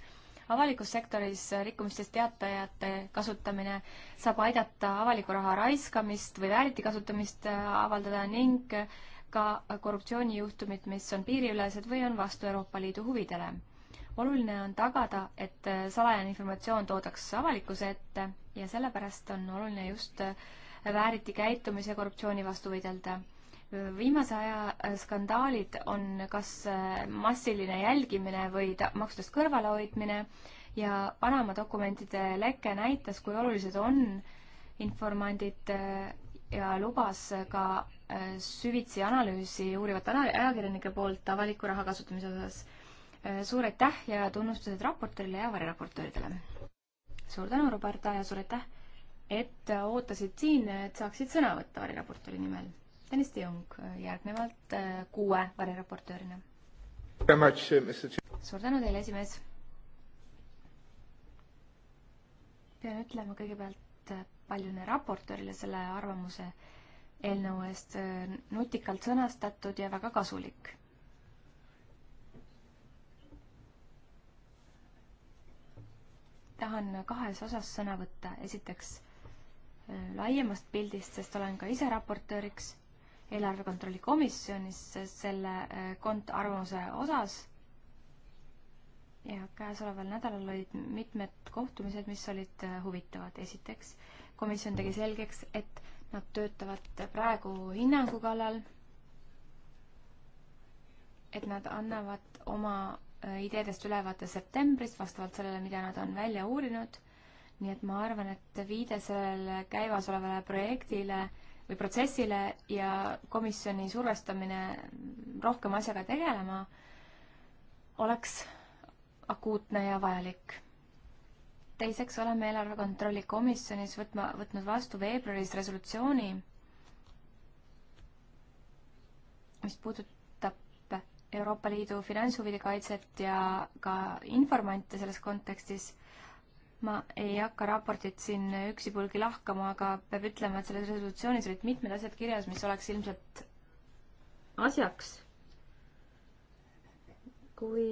avalikus sektoris rikkumistest teatajate kasutamine saab aidata avaliku raha raiskamist või vääriti kasutamist äh, avaldada ning ka korruptsioonijuhtumid, mis on piiriülesed või on vastu Euroopa Liidu huvidele. oluline on tagada, et äh, salajane informatsioon toodaks avalikkuse ette ja sellepärast on oluline just äh, vääriti käitumise korruptsiooni vastu võidelda viimase aja äh, skandaalid on kas äh, massiline jälgimine või maksudest kõrvalehoidmine ja Panama dokumentide leke näitas, kui olulised on informandid äh, ja lubas ka süvitsi analüüsi uurivate ajakirjanike poolt avaliku raha kasutamise osas. suur aitäh ja tunnustused raportöörile ja variraportööridele. suur tänu, Roberta, ja suur aitäh, et ootasid siin, et saaksid sõna võtta variraportööri nimel Tõnis Tiung äh, järgnevalt äh, kuue variraportöörina. Uh, suur tänu teile, esimees. pean ütlema kõigepealt äh, paljune raportöörile selle arvamuse eelnõu eest nutikalt sõnastatud ja väga kasulik tahan kahes osas sõna võtta. esiteks laiemast pildist, sest olen ka ise raportööriks eelarve kontrolli komisjonis selle äh, kont arvamuse osas. ja käesoleval nädalal olid mitmed kohtumised, mis olid äh, huvitavad. esiteks komisjon tegi selgeks, et nad töötavad praegu hinnangu kallal. et nad annavad oma äh, ideedest ülevaate septembris vastavalt sellele, mida nad on välja uurinud. nii et ma arvan, et viide sellele käimasolevale projektile äh, või protsessile ja komisjoni survestamine rohkem asjaga tegelema oleks akuutne ja vajalik. teiseks oleme eelarve kontrolli komisjonis võtma, võtnud vastu veebruaris resolutsiooni, mis puudutab Euroopa Liidu finantshuvide kaitset ja ka informante selles kontekstis ma ei hakka raportit siin üksipulgi lahkama, aga peab ütlema, et selles resolutsioonis olid mitmed asjad kirjas, mis oleks ilmselt asjaks, kui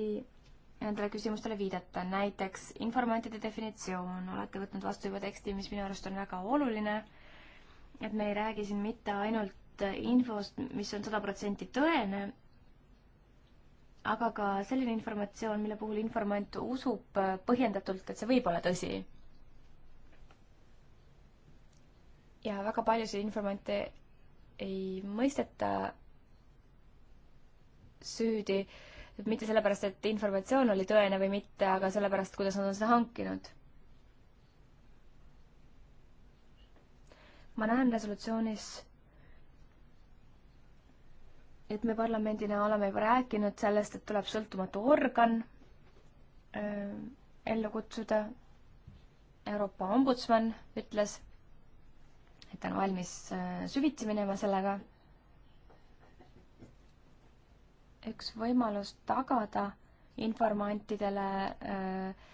nendele küsimustele viidata. näiteks informantide definitsioon, olete võtnud vastu juba teksti, mis minu arust on väga oluline, et me ei räägi siin mitte ainult infost, mis on sada protsenti tõene, aga ka selline informatsioon, mille puhul informant usub äh, põhjendatult, et see võib olla tõsi. ja väga paljusid informante ei mõisteta süüdi, mitte sellepärast, et informatsioon oli tõene või mitte, aga sellepärast, kuidas nad on seda hankinud. ma näen resolutsioonis et me parlamendina oleme juba rääkinud sellest, et tuleb sõltumatu organ äh, ellu kutsuda. Euroopa ombudsman ütles, et ta on valmis äh, süvitsi minema sellega. üks võimalus tagada informantidele äh,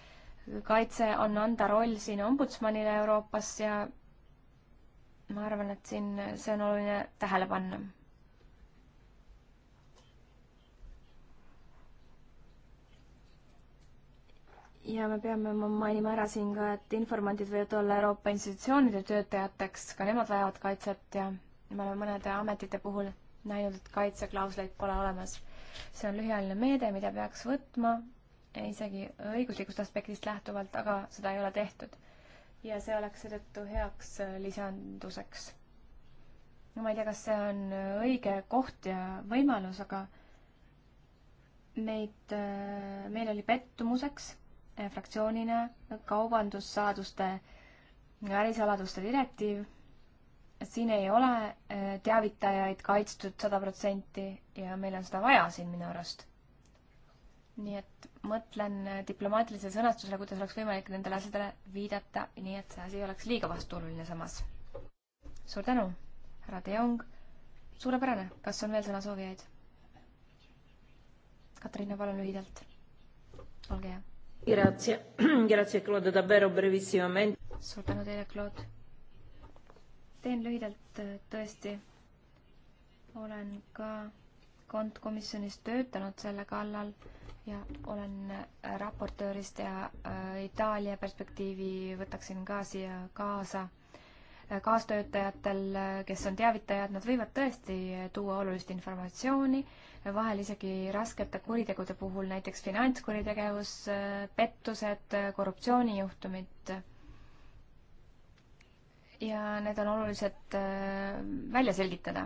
kaitse on anda roll siin ombudsmanile Euroopas ja ma arvan, et siin see on oluline tähele panna ja me peame mainima ära siin ka, et informandid võivad olla Euroopa institutsioonide töötajateks, ka nemad vajavad kaitset ja me oleme mõnede ametite puhul näinud, et kaitseklausleid pole olemas. see on lühiajaline meede, mida peaks võtma isegi õiguslikust aspektist lähtuvalt, aga seda ei ole tehtud. ja see oleks seetõttu heaks äh, lisanduseks. no ma ei tea, kas see on äh, õige koht ja võimalus, aga meid, äh, meil oli pettumuseks fraktsioonina kaubandussaaduste ärisaladuste direktiiv. siin ei ole äh, teavitajaid kaitstud sada protsenti ja meil on seda vaja siin minu arust. nii et mõtlen äh, diplomaatilisele sõnastusele, kuidas oleks võimalik nendele asjadele viidata, nii et see asi oleks liiga vastuoluline samas. suur tänu, härra De Jong. suurepärane, kas on veel sõnasoovijaid? Katariina, palun lühidalt. olge hea Grazie, grazie Claude, davvero brevissimamente. suur tänu teile, Claude. teen lühidalt, tõesti. olen ka kontkomisjonis töötanud selle kallal ja olen raportöörist ja äh, Itaalia perspektiivi võtaksin ka siia kaasa. Äh, kaastöötajatel, äh, kes on teavitajad, nad võivad tõesti tuua olulist informatsiooni vahel isegi raskete kuritegude puhul, näiteks finantskuritegevus, pettused, korruptsioonijuhtumid. ja need on olulised äh, välja selgitada.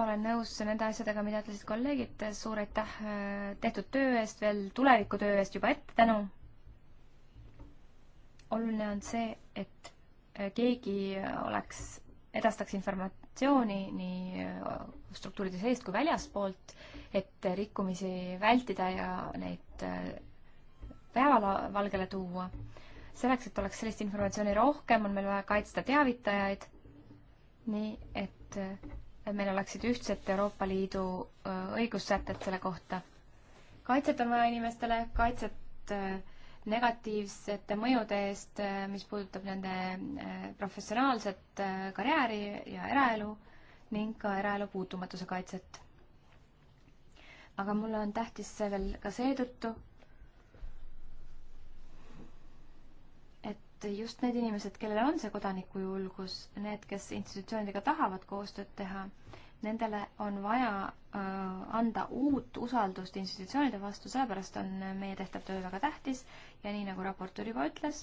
olen nõus nende asjadega, mida ütlesid kolleegid, suur aitäh äh, tehtud töö eest, veel tulevikutöö eest juba ette tänu. oluline on see, et äh, keegi oleks, edastaks informat-, informatsiooni nii äh, struktuuride seest kui väljaspoolt, et rikkumisi vältida ja neid äh, päevavalgele tuua. selleks, et oleks sellist informatsiooni rohkem, on meil vaja kaitsta teavitajaid, nii et äh, meil oleksid ühtsed Euroopa Liidu õigussätted selle kohta. kaitset on vaja inimestele, kaitset äh, negatiivsete mõjude eest, äh, mis puudutab nende äh, professionaalset äh, karjääri ja eraelu ning ka eraelu puutumatuse kaitset. aga mulle on tähtis see veel ka seetõttu, et just need inimesed, kellel on see kodanikujulgus, need, kes institutsioonidega tahavad koostööd teha nendele on vaja äh, anda uut usaldust institutsioonide vastu, sellepärast on meie tehtav töö väga tähtis ja nii, nagu raportöör juba ütles,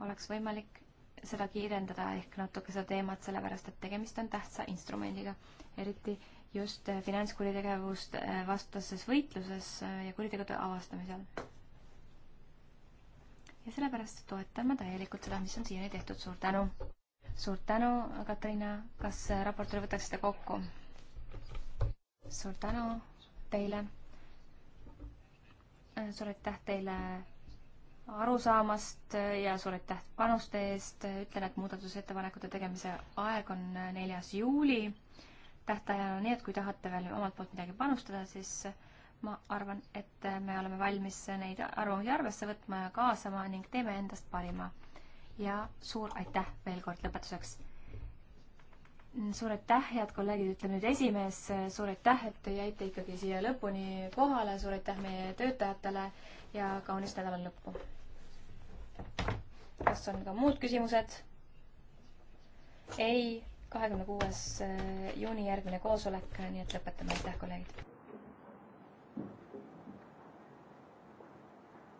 oleks võimalik seda kiirendada ehk natuke seda teemat, sellepärast et tegemist on tähtsa instrumendiga, eriti just äh, finantskuritegevust äh, vastases võitluses ja kuritegude avastamisel. ja sellepärast toetan ma täielikult seda, mis on siiani tehtud, suur tänu! suur tänu, Katariina, kas äh, raportöör võtaks seda kokku? suur tänu teile. Äh, suur aitäh teile arusaamast ja suur aitäh panuste eest. ütlen, et muudatusettepanekute tegemise aeg on äh, neljas juuli. tähtajana no,, nii et kui tahate veel omalt poolt midagi panustada, siis ma arvan, et me oleme valmis neid arvamusi arvesse võtma ja kaasama ning teeme endast parima ja suur aitäh veel kord lõpetuseks. suur aitäh, head kolleegid, ütleme nüüd esimees, suur aitäh, et te jäite ikkagi siia lõpuni kohale, suur aitäh meie töötajatele ja kaunist nädala lõppu. kas on ka muud küsimused? ei, kahekümne kuues juuni järgmine koosolek, nii et lõpetame, aitäh kolleegid!